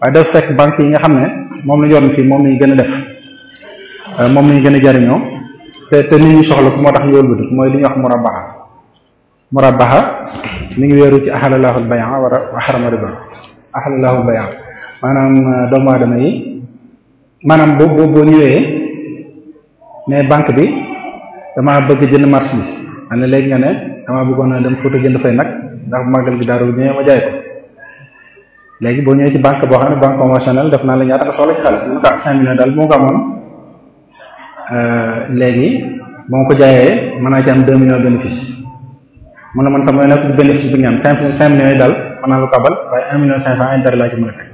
waaye dafa fekk banque yi nga xam ne moom la yoon fii moom la gën a def euh, moom la gën a jariñoo te te nit ñi soxla ko moo tax ñu wëlbati mooy li ñuy wax murabaha murabaha mi ngi wéeru ci ahalallahu al bay'a wa harrama riba ahalallahu al bay'a maanaam euh, doomu aadama yi maanaam boo boo boo ñëwee ne banque bi damaa bëgg jënd marchandise am na léegi nga ne damaa bëggoon a dem Fuuta jënd fay nag ndax màggal bi ñëwee ma jaay ko léegi boo ñëwee ci banque boo xam ne banque conventionnelle def naa la ñaata nga soxla ci xaalis mu ko cinq millions daal euh, bu ma ko amoon man yi daal mën naa la ko abal waaye un million cinq cent intérêt laa ci mën a teg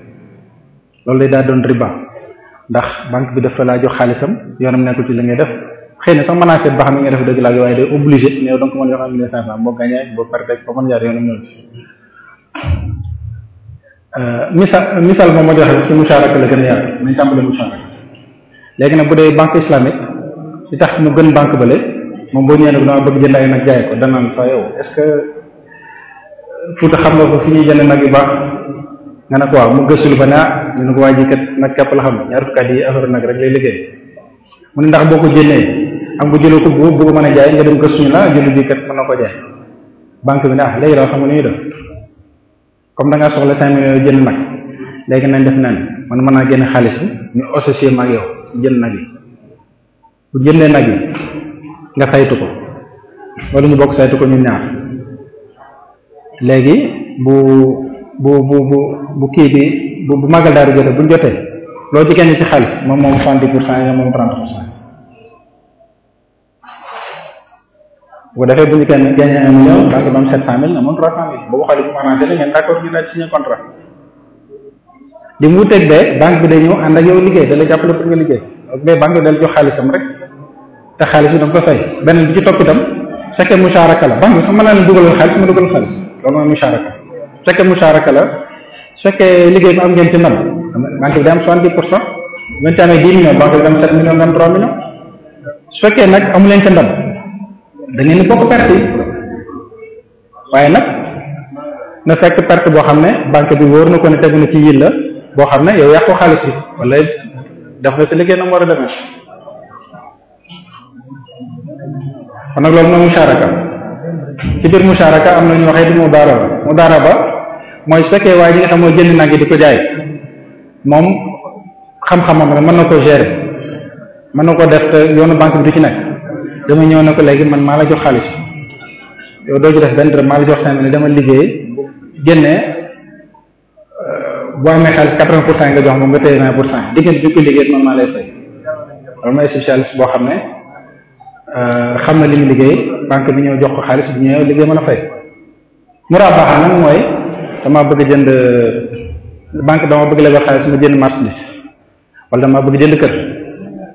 loolu lay daal doon riba ndax banque bi dafa laa jox xaalisam yoonam nekkul ci li ngay def xëy na sax mën naa seet ba xam ne nga def dëgg laa waaye day obligé néew donc mën a jox mille cinq cent ma euh, joxe ci musharaka la gën a léegi nag bu dee banque islamique li tax mu gën banque bële moom boo ñëwee nag dama bëgg jënd jaay ko danaan sa yow est-ce que Fuuta xam nga ko fi ñuy jënd nag yu baax nga ne ko waaw mu gëstu ba naa ah. ñu ne ko waa ji kat nag képp la xam ñaar fukki at yi affaire nag rek lay liggéey mu ne ndax boo ko jëndee am nga jëloo ko bu bu mën a jaay nga dem gëstu ñu la ah, jëlu bi mën na ko jaay banque bi ne ah léegi daal xam nga ni ñuy def comme da ngaa soxla cinq millions jënd léegi nañ def naan man mën naa génn xaalis ñu associé ma ak yow jënd nag yi bu jëndee nag yi nga saytu ko wala ñu bokk saytu ko ñu ñaar léegi bu bu bu bu bu kii bi bu bu màggal daal di jotee buñ jotee loo ci génne ci xaalis moom moom soixante-dix pour cent yi moom trente pour cent defee bu ñu kenn gagné un million banque bi am sept cent mille amoon trois cent mille boobu xaalis bu mu arrangé la ngeen d'accord ñu contrat li mu wuteeg de banque bi day ñëw ànd ak yow liggéey da la jàppale pour nga liggéey mais banque bi dal jox xaalisam rek te xaalis bi da ko fay beneen bi ci topp itam fekkee musharaka la banque bi sax dugalal xaalis ma dugalal xaalis loolu mooy musharaka su fekkee musaaraka la su fekkee liggéey bi am ngeen ci ndam banque bi day am pour cent ngeen ci amee dix millions banque bi day am sept millions ngeen su fekkee nag amu leen ndam da ngeen bokk perte waaye nag na fekk perte boo xam ne banque bi wóor na ko ne tegu na ci yil la boo xam ne yow yàqu xaalis yi wala def na si liggéey na mu war a demee kon nag loolu mooy musaaraka ci biir musaaraka am na ñu waxee di mu daaral mu dara ba mooy su fekkee waaye ñi nga xam mooy jënd nag yi di ko jaay moom xam-xamam rek mën na ko gérer mën na ko def te yoonu banque bi du ci nekk dama ñëw ne ko léegi man maa la jox xaalis yow doo ci def benn dërëm maa la jox cinq dama liggéey génnee euh, boo amee xaalis quatre-vingts jox moom nga téye vingt pour cent diggante bi ko liggéey man maa lay fay loolu mooy spécialiste boo xam ne euh, xam na li mu liggéey banque bi ñëw jox ko xaalis bi ñëw liggéey mën a fay murabaax ah nag mooy dama bëgg jënd banque dama bëgg lebal xaalis ma jënd marchandise wala dama bëgg jënd kër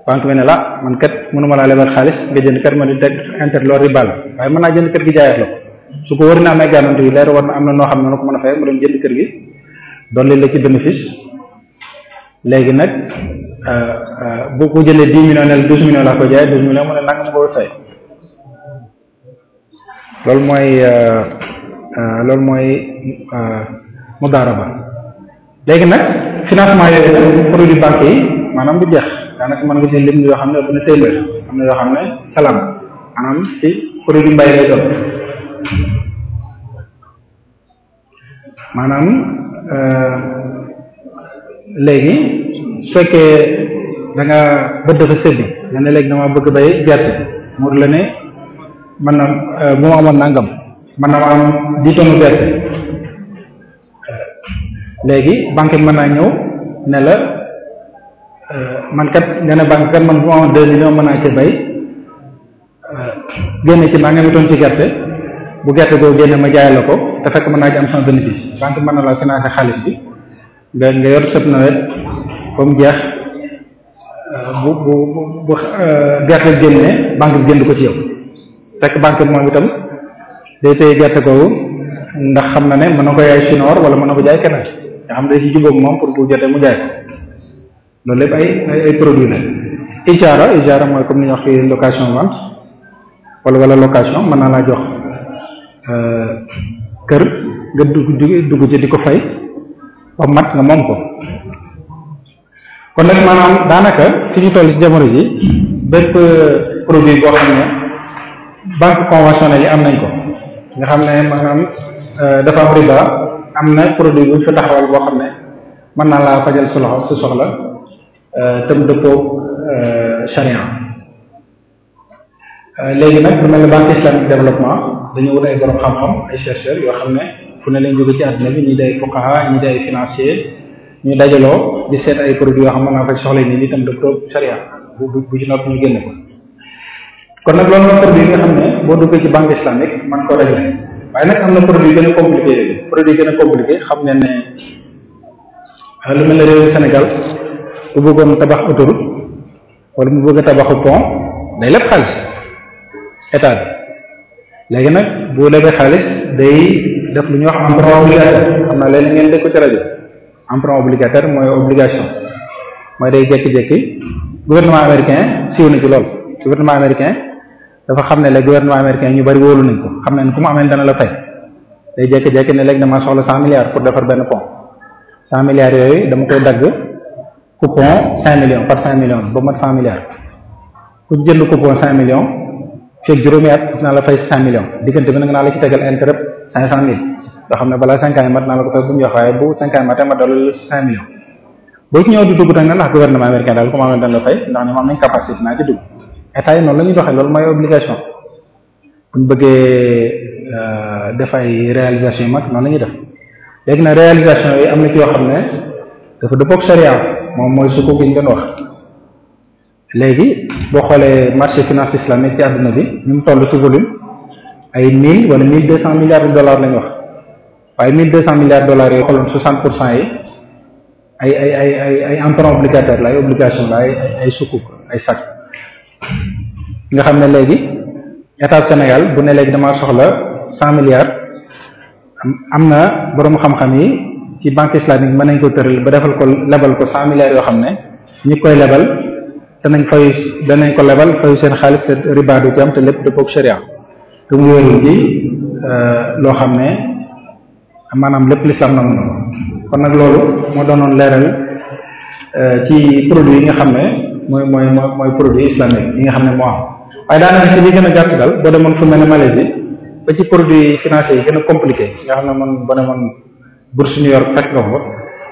banque bi ne la man kat mënuma laa lebal xaalis nga jënd kër ma di teg inter kër gi jaayaat la wër na amee garantie leer war na am na noo xam ne ko mën a fay nag euh, euh, bu ko jëlee dix millions nel douze loolu mooy euh, Euh, loolu mooy euh, mudaaraba léegi nag financement yooyu produit banque yi maanaam bu jeex daanaka mën nga ci lim yoo xam ne bu ne téeméer am na yoo xam ne salam maanaam ci produit mbay lay doon maanaam euh, léegi su fekkee da nga bëgg dafa sëddi nga ne léegi bëgg bay gerte mu la ne man na bu ma amoon nangam man na am dix tonnes gerte léegi banque bi mën naa ñëw ne la euh, man kat nga ne banque kat man bu ma deux millions mën naa ci bay euh, génne ci maa ngi tonne ci gerte bu gerte goo génne ma jaay la ko te fekk mën naa ci am sans bénéfice banque mën na laa financer xaalis bi nga nga yor sëb nawet ba mu jeex euh, bu bu bu gerte génne banque bi jënd ko ci yow fekk banque bi moom itam day téye gerte googu ndax xam na ne mën na ko yaay sinoor wala mën na ko jaay keneen nga xam ne day ci moom pour bu jotee mu jaay ko loolu lépp ay ay produit la ijaara ijaara mooy comme ni ñu wax fi location vente wala wala location mën naa laa jox euh, kër nga dugg dugg di ko fay ba mat nga moom ko kon nag maanaam daanaka fi ñu toll ci jamono ji bépp produit boo xam ne banque conventionnelle yi am nañ ko nga xam ne maanaam euh, dafa am riba am na produit bu fi taxawal boo xam ne mën naa laa fajal su loxo su soxla euh, tam dëppoo charia euh, léegi nag lu mel ne banque islamique développement dañu wut ay borom xam-xam ay chercheurs yoo xam ne fu ne lañ jóge ci àdduna bi ñi day fuqaha ñi day financier ñu dajaloo di seet ay produits yoo xam mën naa faj soxla nii ñi tam dëppoo charia bu bu ci nopp ñu génne ko kon nag lool mooy produit nga xam ne boo duggee ci banque islamique man ko réglé waaye nag am na produit gën a compliqué yooyu produit gën a compliqué xam ne ne ah, lu mel ne réew Sénégal bu bëggoon tabax autoroute wala mu bëgg a tabaxu pont day leb xaalis état bi léegi nag bu lebee xaalis day def lu ñuy wax emprunt obligataire xam naa léeg li ngeen dégg ko ci rajo emprunt mooy obligation mooy day jékki-jékki gouvernement américain siiw na ci lool gouvernement américain dafa xam ne le gouvernement américain ñu bari wóolu nañ ko xam nañ ku mu amee dana la fay day jékki-jékki ne léegi dama soxla cent milliards pour defar benn pont cent milliards yooyu dama koy dagg coupon cinq millions par cinq millions ba mat cent milliards la fay diggante bi nag naa la ci tegal intérêt cinq cent mille nga xam ne balaa cinq ans yi mat naa la ko fay bu ñu waxee bu cinq ans yi matee ma dalal la cinq millions dugg nag ndax gouvernement américain état yi noonu la ñuy doxee loolu mooy obligation bu ñu bëggee euh, def ay réalisation yi mag noonu lañuy def léegi nag réalisation yi am na ci yoo xam ne dafa dëppook sharia moom mooy sukuk gi ñu doon wax léegi boo xoolee marché finance islamique ci àdduna bi ñu mu toll ci volume ay mille wala mille deux cent milliards de dollars la wax waaye mille deux cent milliards de dollars yooyu xooloon soixante pour cent yi ay ay ay ay ay emprunt obligataire la ay obligation la ay ay ay sac nga xam ne léegi état Sénégal bu ne léegi damaa soxla cent milliards am na borom xam-xam yi ci banque islamique mën nañ ko tëral ba defal ko lebal ko cent milliards yoo xam ne ñi koy lebal danañ fay danañ ko lebal seen xaalis te riba du ci am te lépp dëppoo ak sharia te mu wéeru ci euh, loo xam ne maanaam lépp lislam na mun kon nag loolu moo doonoon leeral euh, ci produit yi nga xam ne mooy mooy mooy produit islamique yi nga xam ne moo am waaye daanaka ci li gën a gàtt daal boo demoon fu mel ne Malaisie ba ci produit financier yi gën a compliqué nga xam ne man boo demoon bourse New York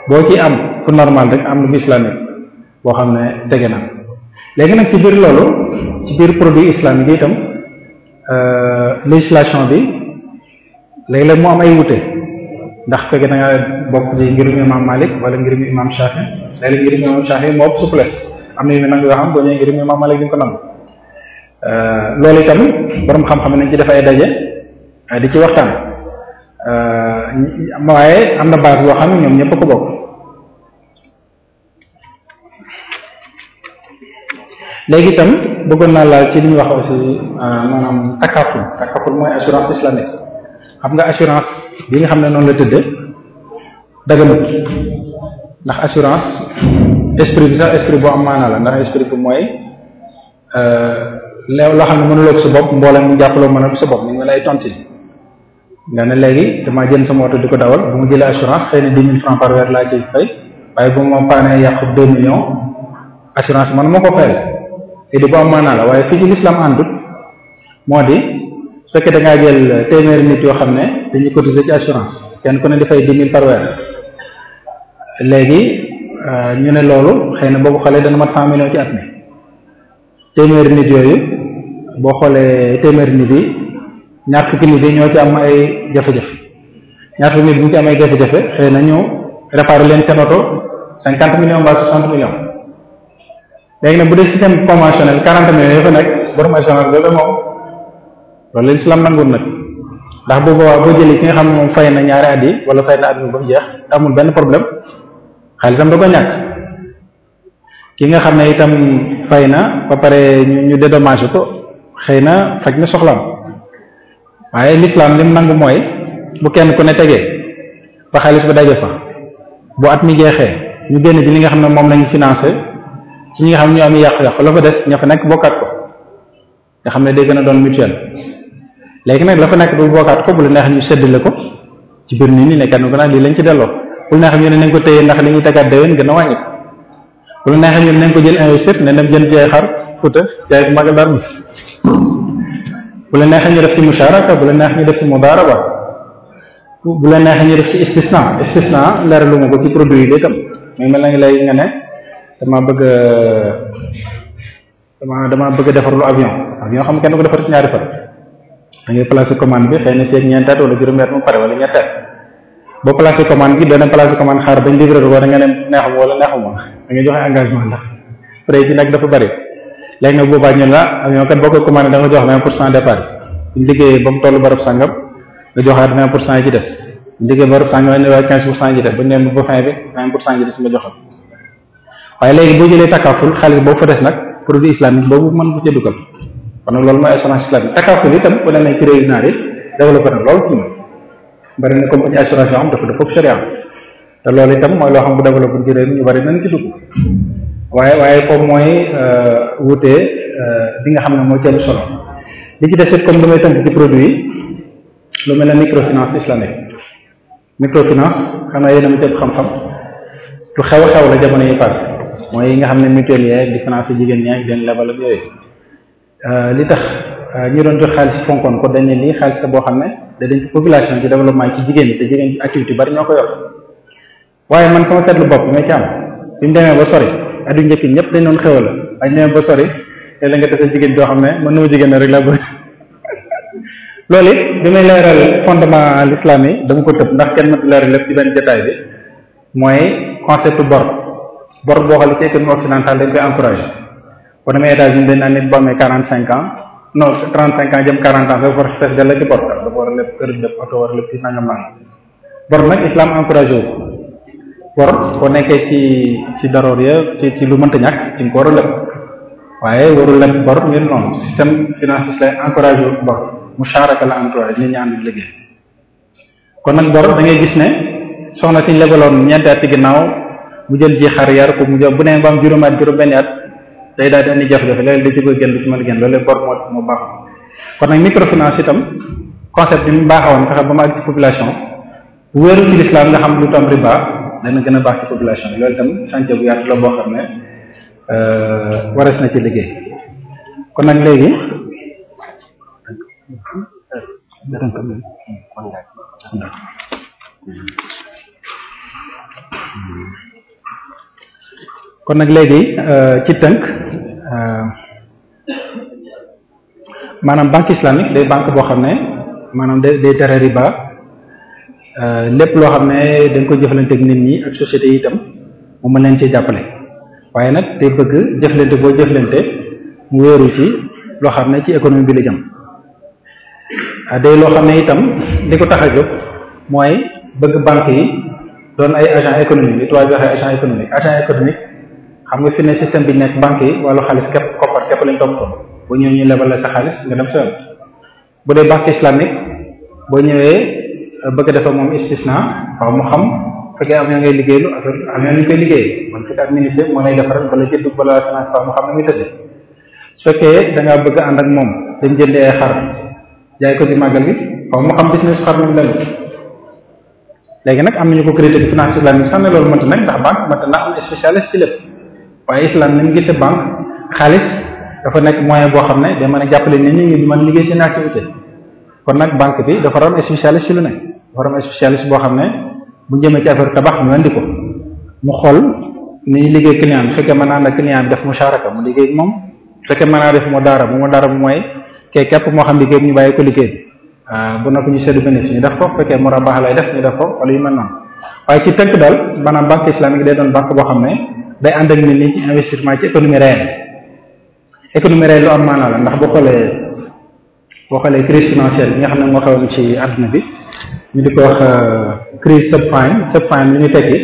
boo ciy am pour normal rek am lu bu islamique boo xam ne tege na léegi nag ci biir loolu ci biir produit islamique yi itam euh, législation bi léeg-léeg mu am ay wute ndax fekk da nga bokk ci ngir mu imam Malik wala ngir mu imam Shafi léeg-léeg ngir mu imam Shafi moo ëpp souplesse am na yu nangu yoo xam boo ñëwee ngir mi Imaam Maalik duñ ko nangu euh, loolu itam borom xam-xam nañ ci def ay daje euh, di ci waxtaan euh, waaye am na base boo xam ne ñoom ñëpp ko bokk. léegi itam bëggoon naa laal ci li ñu wax aussi maanaam takaful takaful mooy assurance islamique xam nga assurance bi nga xam ne noonu la tëdd daganut ndax assurance. esprit bi sax esprit bu am maanaa la ndax esprit bi mooy euh, loo xam ne mënuloo ko sa bopp mboole mu jàppaloo a ko sa bopp ñu ngi lay tonti nga ne léegi damaa jën sama oto di ko dawal bu ma jëlee assurance xëy na dix mille par weer laa ciy fay waaye bu ma paanee yàqu deux millions assurance man moo ko fayal te di bu am maanaa la waaye fii ci l'islam àndut moo di su fekkee da jël téeméeri nit yoo xam ne dañuy cotiser ci assurance kenn ku n di fay dix mille Euh, ñu ne loolu xëy na boobu ko xoolee dana mat cent millions ci at mi téeméeri nit yooyu boo xoolee téeméeri nit yi ñaar fukki nit yi ñoo ci am ay jafe-jafe ñaar fukki nit ñu ci am ay jafe-jafe xëy na ñu réparé leen seen oto cinquante millions mbaa soixante millions léegi nag bu dee système conventionnel quarante millions yoo fa nekk borom assurance loolu moom loolu l'islam nanguwul nag ndax bu boobaa boo jëlee ki nga xam ne moom fay na ñaari at yi wala fay na amul benn problème. xaalisam da ko ñàkk ki nga xam ne itam fay na ba pare ñu dédommagé ko xëy na faj na soxlaam waaye l'islam lim nangu mooy bu kenn ku ne tegee ba xaalis ba daje fa boo at mi jeexee ñu génn ci li nga xam ne moom lañu financé ci ñi nga xam ne ñu am yàqu-yàqu la fa des ña fa nekk bokkaat ko nga xam ne day gën a doon mutuel léegi nag la fa nekk bu bokkaat ko bu la neex ñu séddale ko ci biir nit nii ne kenn ku ne lii lañ ci delloo bu la neexee ñu ne nañ ko téye ndax li ñuy tegaat déwén gën a wàññi bu la neexee ñu ne nañ ko jël investir ne dem jël jaay xar futa jaay ko magal dar mis bu la neexee ñu def ci musharaka bu la neexee ñu def ci mudaraba bu la neexee ñu def ci istisna istisna leeralu ma ko ci produit yi tam muy mel na lay nga ne dama bëgg dama dama bëgg defar lu avion avion xam kenn ko defar ci ñaari fan da ngay placer commande bi xëy na ci ñeentaat wala juróom-ñaar mu pare wala ñettaat boo placé commande bi dana placé commande xaar nga ne neexuma wala neexuma da nga joxe engagement ndax prix nag dafa bari léegi nag boobaa ñu la avion kat boo koy commandé da nga jox vingt pour cent départ bi ñu barab sangam nga joxaat vingt pour cent yi ci des ñu liggéey barab sangam ñu ne waaye quinze pour cent yi ci des ba ñu dem fin bi yi boo jëlee takaful xaalis boobu fa des nag produit islamique boobu mën ko ca dugal kon nag loolu mooy assurance islamique takaful itam bu demee ci réew yu naar yi développé na loolu bari na comme une assurance yoo xam dafa dafa sharia te loolu itam mooy loo xam bu développé ci réew mi ñu bari nañ ci dugg waaye waaye comme mooy euh, wuute euh, bi nga xam ne mooy ceeb solo li ci def it comme lu may tënk ci produit lu mel ne microfinance islamique microfinance xanaa yéen a mu ceeb xam-xam lu xew a xew la jamono yi pass mooy yi nga xam ne mutuelle yi di financé jigéen ñi ak leen lebal ak yooyu euh, li tax Euh, ñi doon jox xaalis fonkoon ko dañ ne lii xaalis sa boo xam ne da dañ ci population ci développement ci jigéen te jigéen ñi activité bari ñoo ko yor waaye man sama seetlu bopp ma ci am bi mu demee ba sori addu ñëpp dañ doon xewal bañ ba sori la nga dese jigéen joo xam ne mën na ma jigéen rek laa bëgg [laughs] loolu it bi may leeral fondement l'islam dama ko tëb ndax kenn mënut leeral lépp di benn jotaay bi mooy concept bor bor boo xam ne ci économie occidentale dañ koy encouragé boo demee États-Unis dañ naan nit boo quarante cinq ans non trente cinq ans jëm quarante ans dafa war a fees ci bor dafa war a lépp kër lépp oto war a lépp ci nangam nangam bor nag islam encouragé wu bor boo nekkee ci ci daroor ya ci ci lu mënta ñàkk ci nga ko war a lépp waaye warul lépp bor ngeen noonu système finance islam encouragé wu bor musharaka la encouragé nit ñi ànd liggéey kon nag bor da gis ne soxna siñ lebaloon ñeenti at ci ginnaaw mu jël ji xar yar ko mu jël bu nee ba am juróomaat juróom benni day daal di andi jafe-jafe léeg da ci koy génn du ci mën a génn loolu bor moo moo baaxoon kon nag microfinance itam concept bi mu baaxawoon nga xam ba mu àgg ci population wéeru ci lislaam nga xam lu tam riba dana gën a baax ci population bi loolu tam chantier bu yaatu la boo xam ne euh, warees na ci liggéey kon nag léegi kon nag léegi euh, ci tënk euh, maanaam banque islamique day banque boo xam ne maanaam day day tere riba euh, lépp loo xam ne dañ ko jëflante ak nit ñi ak société yi itam mu mën leen ci jàppale waaye nag day bëgg jëflante boo jëflante mu wéeru ci loo xam ne ci économie bi la jëm day loo xam ne itam di ko tax a jóg mooy bëgg banque yi doon ay agent économique li tubaab bi waxee agent économique agent économique xam nga fi ne système bi nekk banque yi wala xaalis képp koppar képp lañ topp bu ñëwee ñu lebal la sa xaalis nga dem sa bu dee banque islamique boo ñëwee euh, bëgg dafa moom istisna waaw mu xam fekkee am na ngay liggéeylu ak am na liggéey man fekk ak ministère moo lay defaral bala jënd bala finance waaw mu xam ne muy tëdd su fekkee bëgg ànd ak moom dañ jëndee ay xar jaay ko mu xam business xar am nañu ko crédit finance islamique sax ne loolu ndax banque ci lépp waaye islam ni mu gisee banque xaalis dafa nekk moyen boo xam ne day mën a jàppale ni ñi ngir ñu mën liggéey seen activité kon nag banque bi dafa ram spécialiste ci lu ne dafa ram spécialiste boo xam ne bu jëmee ci affaire tabax ñu andi ko mu xool ni ñuy liggéey client bi fekkee man naa ne client bi def musharaka mu liggéey moom fekkee mën def mu daara bu mu daara bu mooy kee képp moo xam liggéey bi ñu bàyyi ko liggéey bi ah, bu na ko ñu seddu bénéfice ñu def ko fekkee mu rabax lay def ñu def ko wala yu mel noonu waaye ci tënk daal maanaam banque boo xam ne day ànd ak ne liñ ci investissement ci économie réelle économie réelle lu am maanaa la ndax boo xoolee boo xoolee crise financière bi nga xam ne moo xewoon ci àdduna bi ñu di ko wax euh, crise subprime subprime li ñu tekki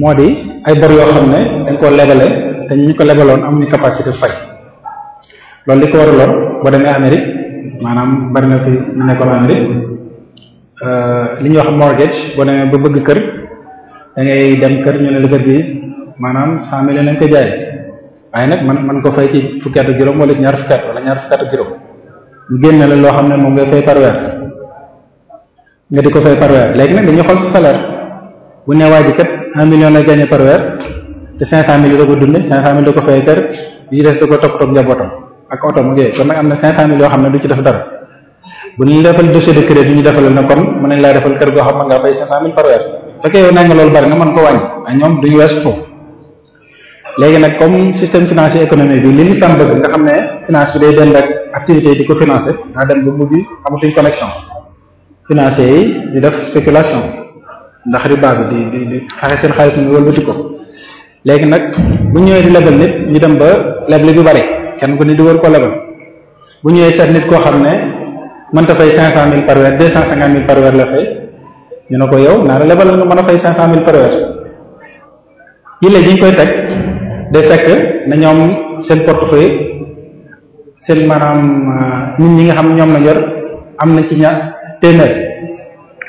moo di ay bor yoo xam ne dañ koo lebale te ñu ko lebaloon amuñu capacité fay loolu li ko war a lool boo demee Amérique maanaam barina na fi ñu nekkoon Amérique euh, li ñuy wax mortgage boo demee ba bëgg kër da ngay dem kër ñu ne la kër bi maanaam cent mille lañ ko jaay waaye nag man man ko fay ci juróom wala ñaar fukki at wala ñaar fukki at ak juróom ñu loo xam ne moom ngay fay par weer ko par weer léegi nag dañuy xool sa par weer te cinq cent mille da ko dunde cinq cent mille da ko fay kër bi yoo xam ne du ci def dara bu ñu defal dossier de crédit ñu defalal na kon mën nañ laa defal kër goo xam ne nga fekkee yow naa nga loolu bari nga mën ko wàññi ak ñoom ñu wees foofu léegi nag comme système financier économique bi li lislam bëgg nga xam ne finance bi day dend ak activité yi di ko financer daa dem ba mujj amatuñ connexion financier yi di def spéculation ndax riba bi di di di fexe seen xaalis ñu wëlbati ko léegi nag bu ñëwee di lebal nit ñu dem ba leble bi bari kenn ku ne di wër ko lebal bu ñëwee seet nit koo xam ne mënta fay cinq cent mille par weer deux cent cinquante mille par weer la fay ñu ne ko yow naa lebal nga a fay cinq cent mille par weer yile ji koy teg de fekk ne ñoom seen portefeuille seen maanaam euh, nit ñi nga xam ñoom la yor am na ci ña téeméer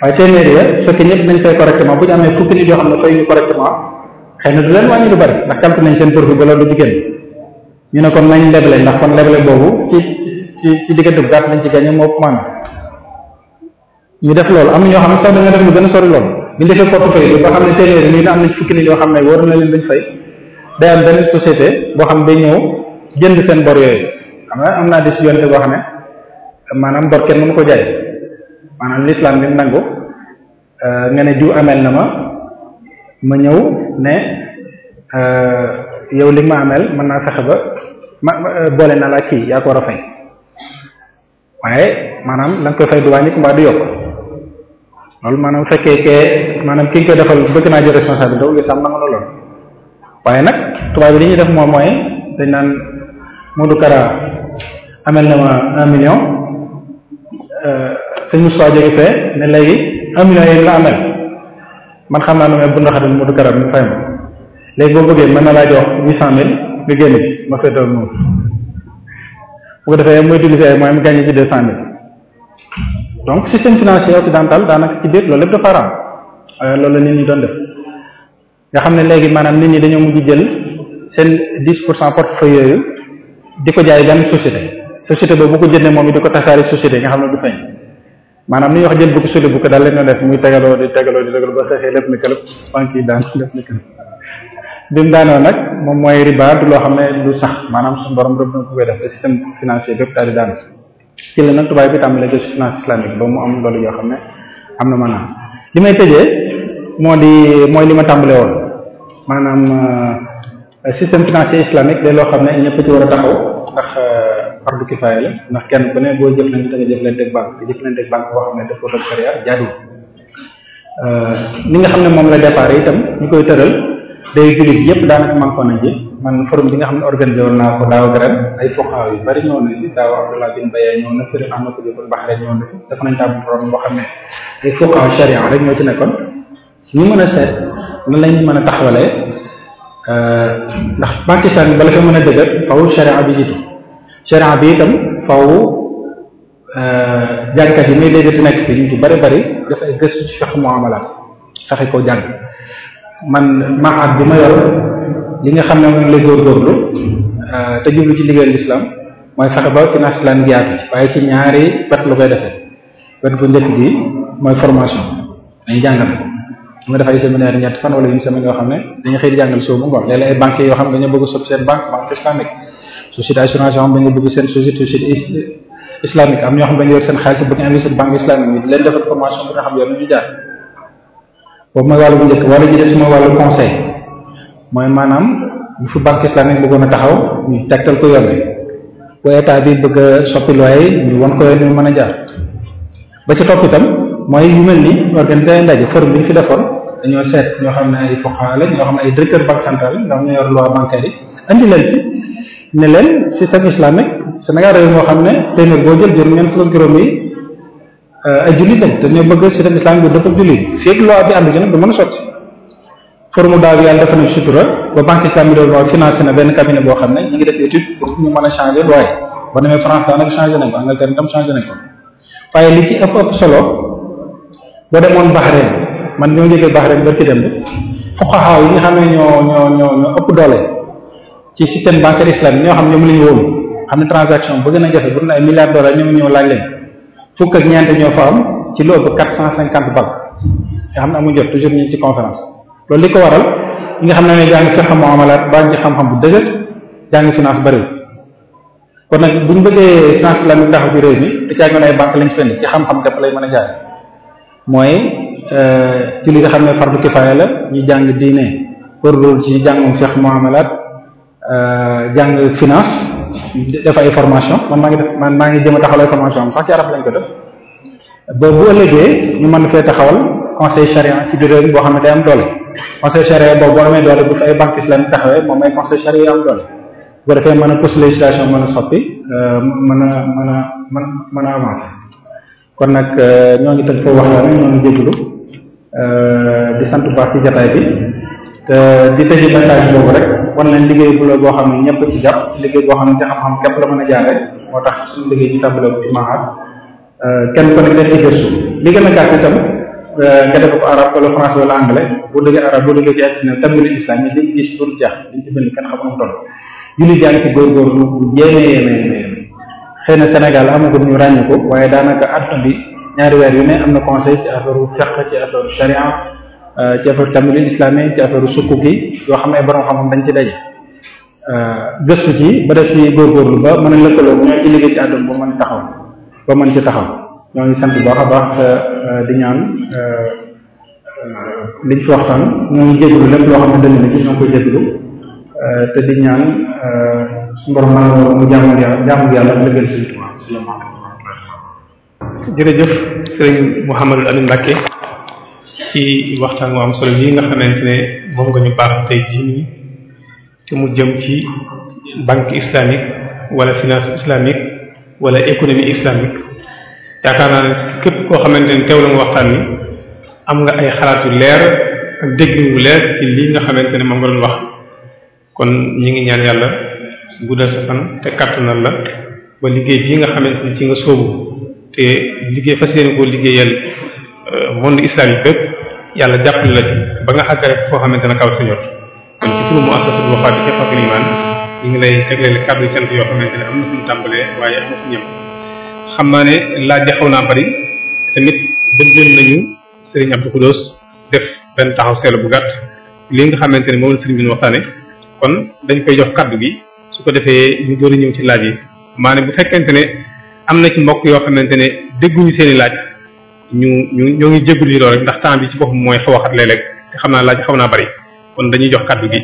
waaye téeméer ya fekkee ñëpp nañ fay correctement bu ñu amee fukki nit yoo xam ne fay ñu correctement xëy na du leen wàññi lu ndax seen profil ba loolu du ñu ne kon nañ ndax kon leble boobu ci ci ci diggante bu gàtt nañ ci gagné moo man ñu def loolu am na ñoo xam ne sax dañoo def lu gën a sori loolu bi ñu defee portefeuille bi ba xam ne téeméer nii na am na ci fukki nit yoo xam ne wóor na leen dañ fay day am benn société boo xam day ñëw jënd seen bor yooyu xam nga am naa décision boo xam ne maanaam bor kenn mënu ko jaay maanaam l'islam bi mu euh, ne jiw amel na ma ma ñëw ne euh, yow li ma amel mën naa fexe ba ma euh, boole na laa kii yaa ko war waaye maanaam la koy fay du wàññi ko mbaa du yokk loolu maanaam fekkee kee maanaam ki nga koy defal bëgg naa jël responsabilité wu l'islam nangu na lool waaye nag tubaab bi li ñuy def moom mooy dañ naan du Kara amel na ma un million euh, sëñ Moussa jóge fee ne léegi un million yéen la amel man xam naa ne mooy bu ndaxatal Modou Kara mi na laa jox huit cent génn ci ma féetewal moom bu ko defee muy utiliser ay moyens mu gagné ci deux cent mille donc système financier occidental daanaka ci biir loolu lépp dafa raam euh, loolu nit ñi doon def nga xam ne léegi maanaam nit ñi dañoo mujj jël seen dix pour cent portefeuille yooyu di ko jaay benn société société boobu bu ko jëndee moom it di ko tasaari société nga xam ne du feeñ maanaam li wax jël bu ko soli bu ko daal leen def muy tegaloo di tegaloo di tegaloo ba xeexee lépp ni kalab daan lépp bi mu daanoo nag moom mooy riba du loo xam ne du sax maanaam suñu borom rëbb na ko koy système financier bépp daal di daan ci nag tubaab bi tàmbalee gëstu finance islamique ba mu am loolu yoo xam ne am na maanaam li may tëjee moo di mooy li ma tàmbalee woon maanaam euh, Euh, système financier islamique day loo xam ne ñëpp ci war a taxaw ndax euh, fardu kifaaya la ndax kenn ku ne boo jëflante da nga jëflante ak banque nga ne ko sharia jaaduwul ni euh, nga xam ne moom la départ itam ñu koy tëral day jullit yëpp daanaka man ko nañ ji man forum bi nga xam ne organisé woon naa ko daaw gërëm ay foqaaw yu bari ñëw na fi daaw Abdullah bin Baye ñëw na fi am na ko jógoon baax rek ñëw na def nañ tam forum boo xam ne ay foqaaw sharia rek ñoo ci nekkoon ñu mën a seet nan lañ mën a taxawalee ndax Pakistan bala ko mën a dëgër faw sharia bi jiitu sharia bi itam faw euh, jàngkat yi muy léegi te nekk fii ñu bari bari dafay gëstu ci fiqh muamalat fexe ko jàng man maat bi ma yor li nga xam ne moom lay góorgóorlu euh, te jublu ci liggéeyal lislaam mooy fexe ba finance lan giyaatu ci waaye ci ñaari wet lu koy defee wet bu njëkk bi mooy formation dañuy jàngale mu def ay séminaire ñett fan wala une semaine yoo xam ne dañu xëy jàngal soo bu ngoon léeg ay banques yoo xam ne bëgg a soppi seen banque banque islamique société assurance yoo xam ne dañoo bëgg seen société société islamique am seen banque islamique bi leen defal formation bi nga xam yoon ñu jaar boobu mooy wàllu bu njëkk wàllu ji des mooy wàllu conseil mooy maanaam bu fi banque islamique bëggoon a taxaw ñu tegtal ko yoon bu état bi bëgg a soppi loi ñu won ko yoon ñu mën a jaar mooy yu mel ni organiser ay ndaje forum bi ñu fi defoon dañoo seet ñoo xam ne ay foqaale ñoo xam ne ay directeur banque centrale ñoo xam ne boo jël jël ñeent fukk juróom yi euh, ay jullit lañ dañoo bëgg système islamique bi dëpp jullit fii ak loi bi ànd ci du mën a sotti forum daaw yàlla dafa nañ sutura ba banque islamique doon waaw financé na benn cabinet boo xam ne ñu ngi def étude pour ñu mën a changer loi ba demee France daanaka changé nañ ko Angleterre itam changé nañ ko waaye li ci ëpp ëpp solo ba demoon Bahreïn man ñoo jógee Bahreïn ba ci dem fuqaha yi nga xam ne ñoo ñoo ñoo ñoo ëpp doole ci système bancaire islamique ñoo xam ñoom la ñu wóolu xam ne transaction bu gën a jafe bu ne ay milliards dollars ñoom ñoo laaj leen fukk ak ñeent ñoo fa ci lu ëpp quatre cent cinquante banque nga xam ne jot toujours ci conférence loolu li ko waral nga xam ne ne jàng fiqh muamalat baa ci xam-xam bu dëgër jàng finance bëriw kon nag buñ bëggee finance islamique taxaw ci réew mi da caa gën ay banque lañ fenn ci xam-xam def lay mën a jaay mooy euh, ci li nga xam ne fardu kifaaya la ñu jàng diine góorgóorlu ci jàngum fiqh muamalat euh, jàng finance def ay formation man maa ngi def man maa ngi jëm a taxawal ay formation am sax ci arab lañ ko def ñu mën fee taxawal conseil charia boo xam ne day am doole conseil charia boobu boo amee doole bu fi ay banque islamique taxawee moom mooy conseil charia am doole bu defee mën a pousse législation mën a soppi euh, mën a mën a mën mën a avancer kon nag euh, ñoo ngi tëj foofu waxtaan wi ñoo ngi jéglu euh, di sant bu baax ci jotaay bi te di tëjee message boobu rek wan leen liggéey bu boo xam ne ñëpp ci jàpp liggéey boo xam ne ci xam a moo tax suñu liggéey ñu tàmbalee ko ci maaxaat euh, kenn ku ci gëstu li gën a gàtt itam nga def ko arabe wala français wala anglais boo déggee arabe boo déggee ci àddina tamit islam yi dañ gis pour jeex dañ ci bind kenn xam am toll julli jàng ci góorgóorlu bu yéeme yéeme xëy na Sénégal amagum ñu ràññee ko waaye daanaka àdduna bi ñaari weer yu ne am na conseil ci affaire fiqh ci affaire sharia euh, ci affaire tamil islami ci affaire sukuk gi yoo xam ne borom xam-xam dañ ci daje euh, gëstu ci ba def ci góorgóorlu ba mën a lëkkaloo ñoo ci liggéey ci àdduna ba mën taxaw ba mën ci taxaw ñoo ngi sant bu baax a baax euh, di ñaan liñ fi waxtaan ñoo ngi jégalu lépp loo xam ne dañu ne ñoo koy jégalu Eh, te di ñaan eh, suñu borom man loolu mu jàmm jàmm yàlla ak dëggal si jërëjëf sëriñ Mouhamadou Amin Mbacké ci waxtaan wu am solo yi nga xamante ne moom nga ñu baax tey jii te mu jëm ci banque islamique walla finance islamique wala économie islamique yaakaar naa ne képp koo xamante ne teew la nga waxtaan ni am nga ay xalaat yu leer ak dégg leer ci lii nga xamante ne moom nga doon wax kon ñu ngi ñaan yàlla guddal sa fan te kàttanal la ba liggéey bii nga xamante ni ci nga soobu te liggéey fas yéene koo liggéeyal euh, monde islamique bépp yàlla jàppale la ci ba nga àggale foo xamante ne kaw sa ñor ngi lay tegleel kàddu yoo xamante ne am na fu mu tàmbalee waaye am na xam naa ne laaj xaw naa bari tamit bëggoon nañu Serigne Abdou Khoudoss def benn taxaw seelu bu gàtt li nga xamante ne moom la Serigne waxtaane kon dañ koy jox kàddu gi su ko defee ñu door a ñëw ci laaj yi maanaam bu fekkente ne am na ci mbokk yoo xamante ne dégguñu seen i laaj ñu ñu ñoo ngi jégalu yi loolu rek ndax temps bi ci bopp mooy xaw a xat léeg-léeg te xam naa laaj xaw naa bari kon dañuy jox kàddu gi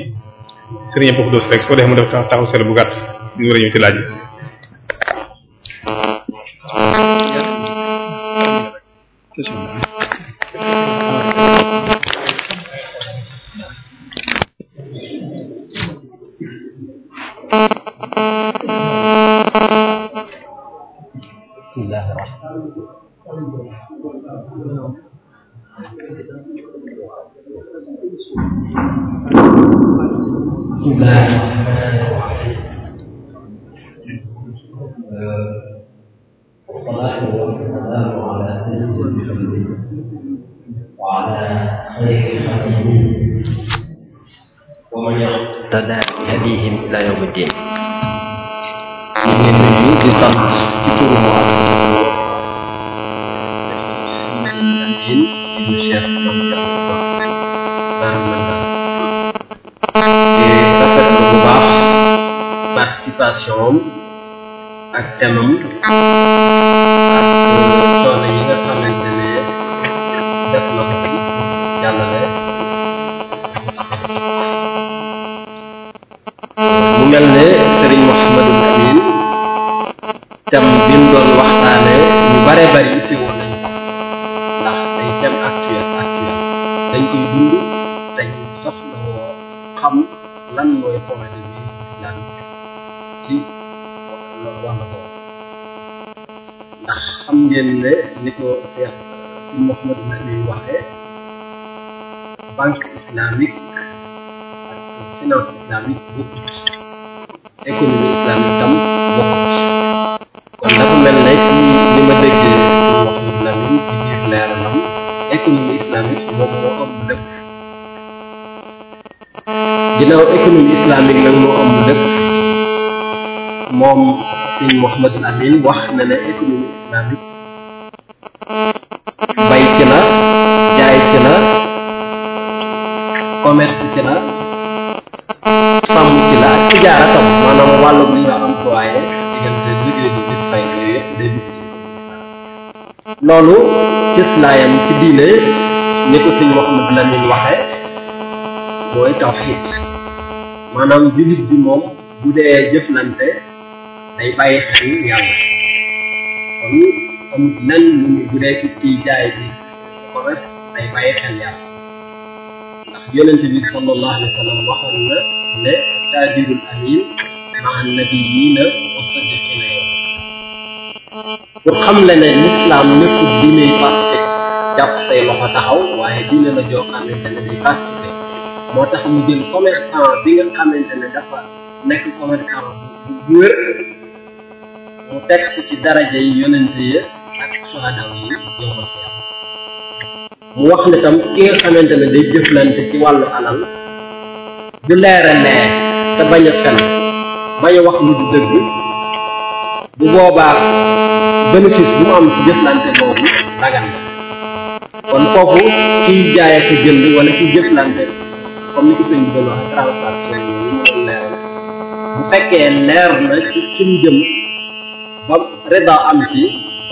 sëriñ Abdou Khoudoss rek su ko defee mu def taxaw seetlu bu gàtt ñu war a ñëw ci laaj yi. والصلاة والسلام على سيد المرسلين وعلى خير خاتمين ومن يقتدى بهديهم إلى يوم الدين di sant ci turu Ibnu Cheikh bu baax participation am ak thème am coono yi nga xamante ne def na ko fi jàllale mu mel ne sëriñ Mouhamadou mu doon waxtaane ko xam lan mooy problème xam ngeen ne ni ko Cheikh si Mouhamadou Nabi waxee banque islamique ak finance islamique bokkut économie islamique tam bokkut kon dafa mel ne si li ma déggee si Mouhamadou Nabi ci biir leeralam économie islamique moom moo am lépp ginnaaw économie islamique nag moo am lépp moom Sëñ Mouhamadou Amine wax na ne économie islamique bay ci la jaay ci la commerce ci la sàmm ci la ak tijaara tam maanaam wàllu bu ñu la employé diggante liggéey bi nit fay yooyu loolu gis ci diine ni ko suñ Mouhamed Lamine waxee mooy tawxiid maanaam jullit bi moom bu dee jëflante day bàyyi xel yàlla amut lan lu muy bu dee ci jaay bi ko rek day xel yàlla ndax yonente bi sallallahu alayhi wa ne taajirul amin maa nabiyyiina wa sadiqiina pour xam le ne loxo taxaw waaye diine la joo xamante ne day fàtte moo tax mu jël commerçant bi nga xamante ne dafa nekk commerçant bu wér mu teg ko ci daraja yi mu wax ne tam ki nga xamante ne day jëflante ci wàllu alal du leere leer te bañ a fen wax lu du dëgg bu boobaa bénéfice mu am ci jëflante boobu dagan kon foofu kiy jaay ak jënd wala kiy jëflante comme ni ko sëñ bi doon wax mu fekkee leer na ci mu jëm ba reda am ci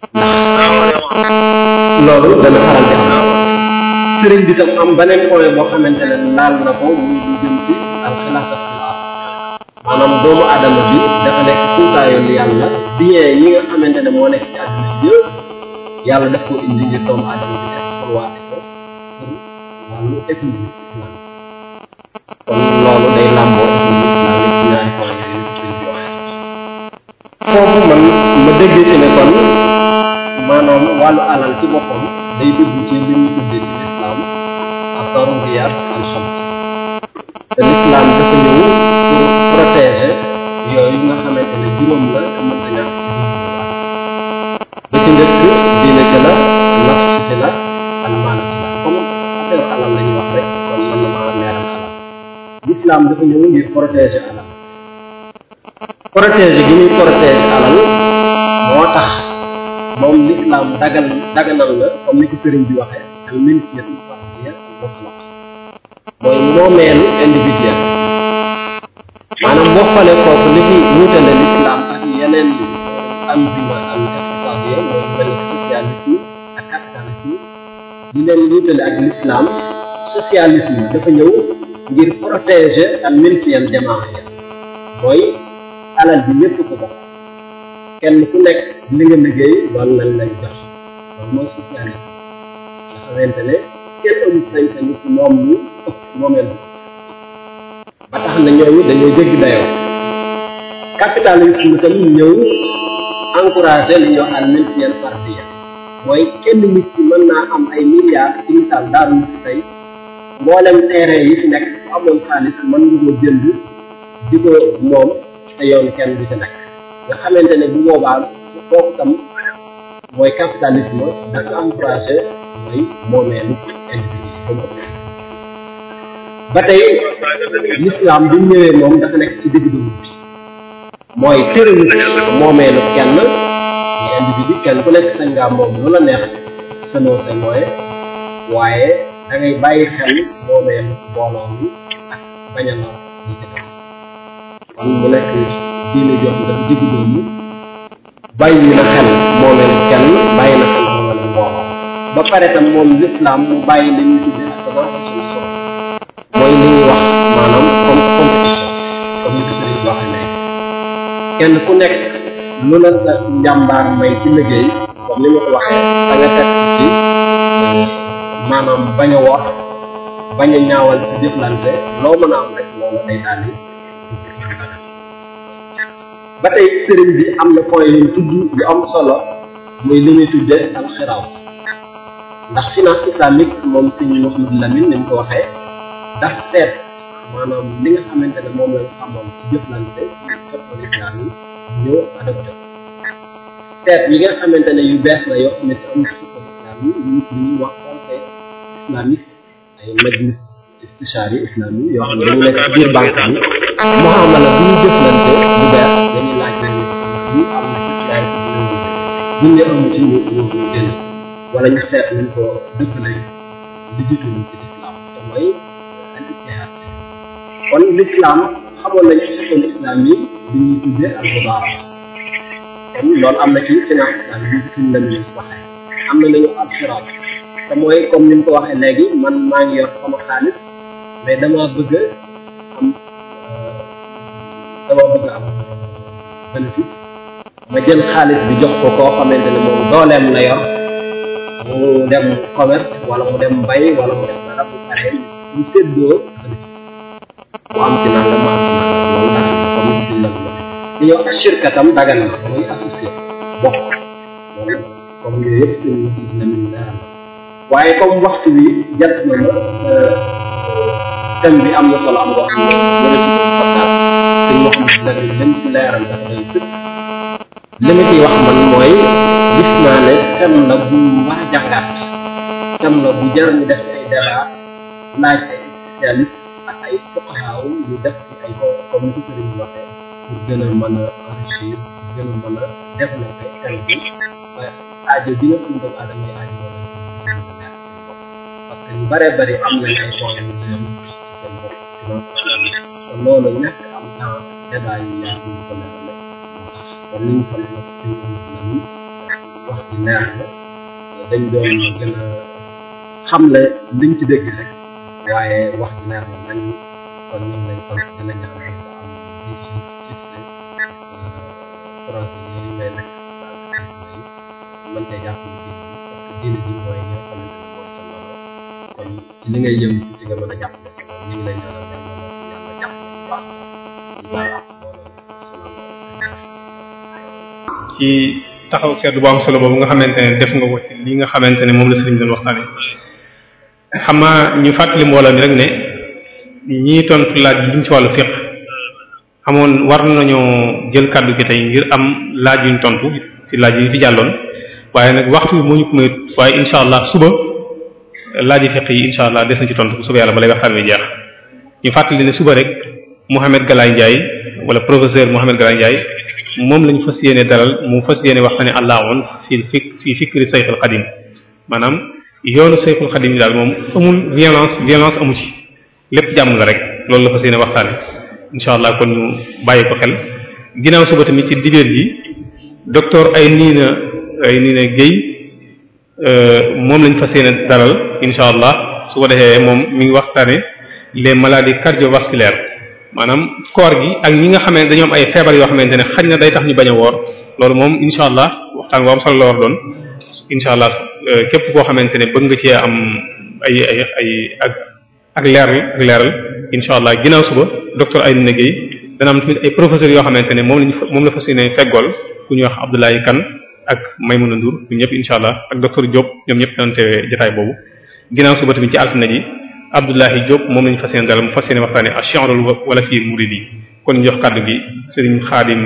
ndax loolu dana faral di am sëriñ bi tam am beneen point boo xamante laal na ko muy lu jëm ci alxilaafa maanaam doomu aadama bi dafa nekk tuutaayoon yàlla bien ñi nga xamante moo nekk ci àdduna yëpp yàlla daf ko indi ngir doomu aadama bi exploité ko pour wàllu économie islam kon loolu foofu man ma déggee ci ne kon maanaam wàllu ci boppam day dugg ci li ñuy tuddee ci lislaam ad-daruriyaat al-xams te lislaam dafa ñëw pour yooyu nga xamante ne juróom la te mënta ñàkk ba ci njëkk diine ci la nafs ci la wax rek kon mën na maa leeral alal dafa ñëw ngir protéger protéger gi ñuy protéger alal moo tax moom lislaam dagal daganal na comme ni ko sëriñ bi waxee al milkiyatu fardiyya al mutlaqa mooy moomeelu individuel maanaam boo xoolee kooku li fi lislaam ak yeneen am bima am iqtisaadiya mooy mel mooy alal bi ñëpp ko bokk kenn ku nekk liggéey loolu lañ lay jox loolu mooy socialisme nga xamante ne kenn amul sañ moom mu ëpp moomeel ba tax na ñooñu dañoo jéggi dayoo capitalisme tam ñëw encouragé li ñoo al multiel mooy kenn nit ki mën naa am ay milliards ci misaal daaru si tey mboolem terrain yi fi nekk bu amoon xaalis mën nga ko jënd di ko moom te yoon kenn du ci nekk nga xamante ne bu boobaa kooku tam mooy capitalisme dafa encouragé mooy moomeelu individu comme ba tey l'islam bi mu moom dafa nekk ci digg dugub bi mooy tëralu moomeelu kenn ñu individu kenn ku nekk sa nga moom lu la neex selon ses moyens waaye da bàyyi xel moomeelu mbooloo mi ak bañ a lor ñi wala mu nekk diine jox ndax digg doomu bàyyi na xel moo mel kenn bàyyi na xel moo mel mbooloo ba pare tam moom lislaam mu bàyyi li ñu tuddee ak semence suñu solo mooy li ñuy wax maanaam comme compétition comme ni ko sëriñ waxee léegi kenn ku nekk lu la sa njàmbaar may ci liggéey comme ni ma ko waxee da nga teg ci euh, maanaam bañ a wax bañ a ñaawal ci jëflante loo mën a am rek loolu day daal di ba tey sëriñ bi am na point yu tudd yu am solo muy li ñuy ndax finance islamique moom sëñ Mouhamadou Lamine ni mu ko waxee daf seet maanaam li nga xamante ne moom la ñu ci jëflante soppali islam yi ñëw adopté la wax conseil islamique ay majlis istichari islami yoo xam ne dañu nekk ci banque bi muamala bu ñu jëflante bu bees dañuy am na bu ñu jël wala ñu seet nañ ko dëppalee li jiitu ci lislaam te mooy al istihaad kon lislaam xamoon nañ ci école islam yi bi ñuy tuddee kon loolu am na ci finance islam yi suñ la ñu waxee am na nañu al xiraat te mooy comme ni mu ko waxee léegi man maa ngi yor sama xaalis mais damaa bëgg am dama bëgg a am bénéfice ma jël xaalis bi jox ko koo xamante ne moom dooleem la yor mu dem commerce wala mu dem mbay wala mu dem dara bu pare ñu séddoo bénéfice mu am ci naan la ma am ci naan la loolu dagan na comme ni la ko ñëw ashirka tam dagan na muy associé bokk loolu comme yooyu yëpp seen namin leeral waaye comme waxtu bi jot na ma euh, thème bi am na solo am wax sëñ Mouhamed la leen ci leeral dafa day sëkk li wax man mooy gis naa ne tem jar ñu def ay débat laaj ay spécialiste ak ay def ci ay comme ni ko sëriñ waxee pour gën a gën a mën a développer tem bi aajo bi nga xam ne aadama yi aajo parce que am nañ ay xool yu ñu leen seen bopp loolu ñàkk temps débat yi yaa ngi ko leeral kon li ñu ko leeral ci wax ji neex la dañ doon gën a xamle liñ ci dégg rek waaye wax ji neex la nañ kon ñu ngi lay sant di la ñaan nga am di si succès projet yooyu ngay nekk mën cee jàpp ci parce que diine bi mooy ñoo xamante ne mooy sa loolu kon ci li ngay yëngu ci nga mën a jàppale sa ñu ngi lay ñaanal yàlla yàlla jàpp bu baax ci taxaw seetlu bu am solo boobu nga xamante ne def nga ko ci li nga xamante ne moom la sëriñ doon waxtaane xam naa ñu fàttali mbooloo mi rek ne ñii tontu laaj yi ñu ci wàllu fiqh amoon war nañoo jël kàddu gi tey ngir am laaj yuñ tontu ci laaj yi fi jàlloon waaye nag waxtu bi moo ñu ko may waaye incha allah suba laaj yi fiqh yi incha allah des na ci tontu bu suba yàlla ba lay waxtaan wi jeex ñu fàttali ne suba rek. Mouhamed Galaye Ndiaye wala professeur Mouhamed Galaye Ndiaye moom lañ fas yéene dalal mu fas yéene waxtaane allahun fi fik fi fikri Seyxul Xadim maanaam yoonu Seyxul Xadim yi daal moom amul violence violence amu ci lépp jàmm la rek loolu la fas yéene waxtaane incha allah kon ñu bàyyi ko xel ginnaaw suba tamit ci dibéer ji docteur Aynina Aynina Guèye euh, moom lañ fas yéene dalal incha allah su ko defee moom mi ngi waxtaane les maladies cardiovasculaires maanaam koor gi ak ñi nga xamante dañoo am ay feebar yoo xamante ne xañ na day tax ñu bañ a woor loolu moom incha allah waxtaan bu am solo la war doon euh, képp koo xamante ne bëgg nga cee am ay ay ay ak ak leer ak leeral incha allah ginnaaw suba docteur Aydina Guèye dana am tamit ay professeurs yoo xamante ne moom lañ moom la fas yéene feggool ku ñuy wax Abdoulaye kan ak may Maymouna Ndour ñun ñëpp incha allah ak docteur Diop ñoom ñëpp daan teewee jotaay boobu ginnaaw suba tamit ci altine ji Abdoulahi Diop moom lañu fas yéene dalal mu fas yéene waxtaane ash-shi'rul walafi muridi kon ñu jox kàddu gi Serigne Khadim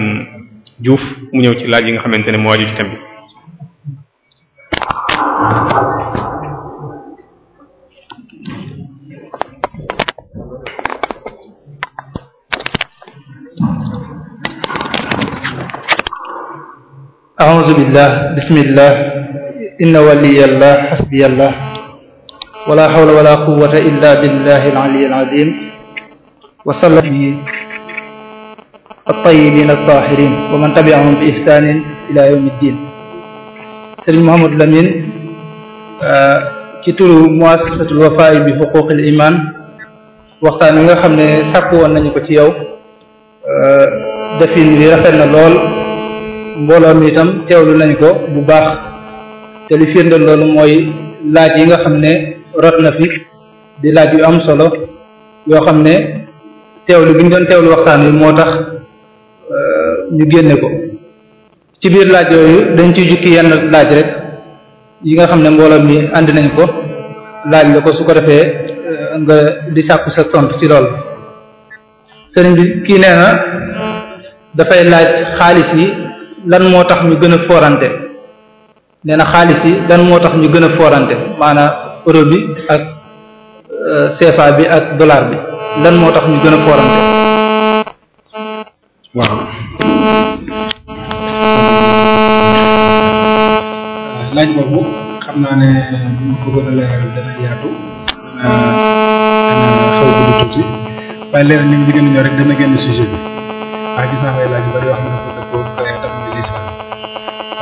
Diouf mu ñëw ci laaj yi nga xamante ne moo aju ci thème bi bismillah inna waliyallah hasbiyallah wala hawla wala quwwata illa billahi al-ali al-azim wa sallallahu alayhi at-tayyibin at-tahirin wa man tabi'ahum bi ihsanin ila yawmiddin Serigne Mouhamadou Lamine euh, ci turu muassasatul wafa'i bi huquqil iman waxtaan wi nga xam ne sàkku woon nañu ko ci yow euh, defin bi rafet na lool mbooloo mi itam teewlu nañ ko bu baax te li firndeel loolu mooy laaj yi nga xam ne rot na fi di laaj yu am solo yoo xam ne teewlu bi ñu doon lu waxtaan wi moo tax euh, ñu génne ko ci biir laaj yooyu dañ ci jukki yenn laaj rek yi nga xam ne mbooloo mi andi nañ ko laaj la ko su ko defee euh, nga di sàkku sa tontu ci loolu sëriñ bi kii nee na dafay laaj xaalis yi lan moo tax ñu gën a forante nee na xaalis yi lan moo tax ñu gën a forante maanaam euro bi ak euh, CFA bi ak dollar bi lan moo tax ñu gën a foorante waaw laaj boobu xam naa ne ñu bëggoon a leeral dana yaatu waaye leeral ni mu gën a rek dana génn sujet bi waaye gis naa ay laaj yu bari xam ne ko dëppoo tax mu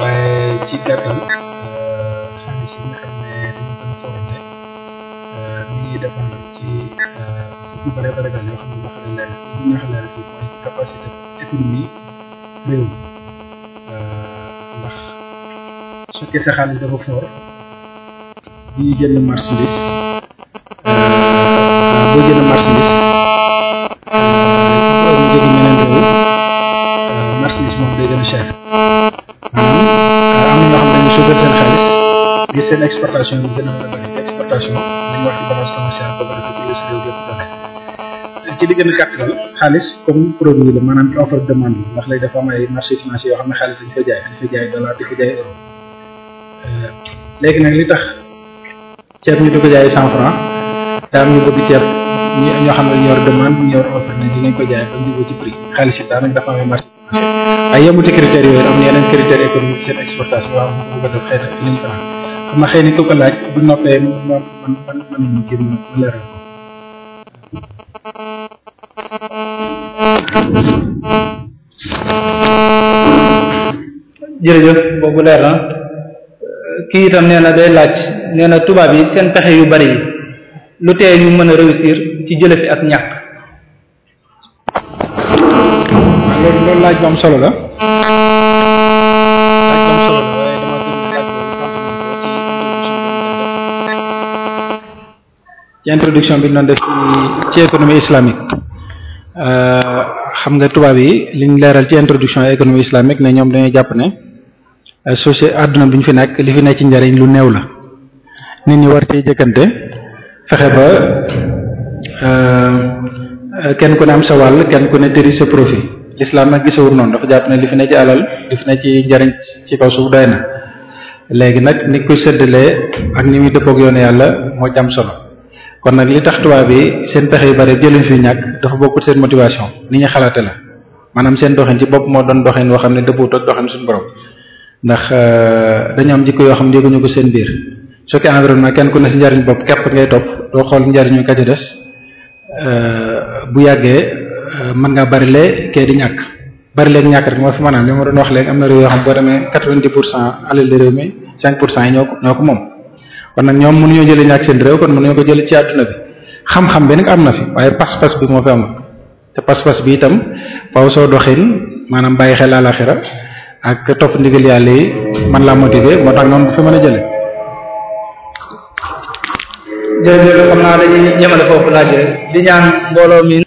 waaye ci gàttal yu bare bare daal yoo xam ne ñoo xam ne li ñuy xalaat fii mooy capacité économie réew mi euh, ndax su fekkee sa xaalis dafa bi ñu jënd marchandise euh, boo jënd mu jóge a cher maanaam am xam ne dañuy suufal seen xaalis. ngir seen exportation bi gën a mën a bëri exportation ci balance commerciale ba pare ci réew yëpp dane ci li a gàtt daal xaalis comme produit ndax lay dafa am ay marché financier xaalis ko jaay dañ ko jaay dollar di nag li tax ceeb ñu ko jaay cent franc daam ñu bëgg ceeb ñi ñoo xam ne ñor demande ñor offre ne dinañ ko jaay ba niveau ci prix xaalis it daanaka dafa amee marché financier waaye yemu ci critères yooyu am na yeneen critères seen exportation waaw bu ko def xëy na fi lañ xam nga xëy na ko laaj bu noppee man man man man ñu ma leeral ko. boobu leer na kii itam nee na day laaj nee na tubaab yi seen pexe yu bari yi lu tee ñu mën a réussir ci jële fi ak ñàkk. loolu loolu laaj bu am solo la. ci introduction bi noonu def ci économie islamique euh, xam nga tubaab yi liñ leeral ci introduction économie islamique ne ñoom dañuy jàpp ne euh, société àdduna bi ñu fi nekk li fi nekk ci njariñ lu néew la nit war ci jëkkante fexe ba euh, kenn ku ne am sa wàll kenn ku ne tëri sa profit l'islam nag gisawul noonu dafa jàpp ne li fi ne ci alal li fi ne ci njariñ ci kaw suuf doy na léegi nag ni ko séddalee ak ni muy dëppoog yoon yàlla moo jam solo kon nag li tax tubaab bi seen pexe yu bari jëluñ fi ñàkk dafa bokkul seen motivation ni ñu xalaate la maanaam seen doxin ci bopp moo doon doxin woo xam ne dëppoot ak doxin suñu borom ndax euh, dañu am jikko yoo xam ne yëguñu ko seen biir su fekkee environnement kenn ku ne si njariñ bopp kepp ngay topp doo xool njariñu ka ci des euh, bu yàggee euh, mën ngaa barile kee di ñàkk bari léegi ñàkk rek moo fi maanaam li ma doon wax léegi am na réew yoo xam boo demee quatre vingt pour cent alal réew mi cinq pour cent ñoo ko ñoo kon nag ñoom mënuñoo jëlee ñàkk seen réew kon mënuñoo ko jëlee ci àdduna bi xam-xam bi nag am na fi waaye pas-pas bi moo fi amul te pas-pas bi itam faw soo doxin maanaam bàyyi xel àlaxira ak topp ndigal yàlla yi man laa motiver moo tax ñoom bu fi mën a jëlee. jërëjëf xam naa dañuy ñemale foofu laaj rek di ñaan mbooloo mi.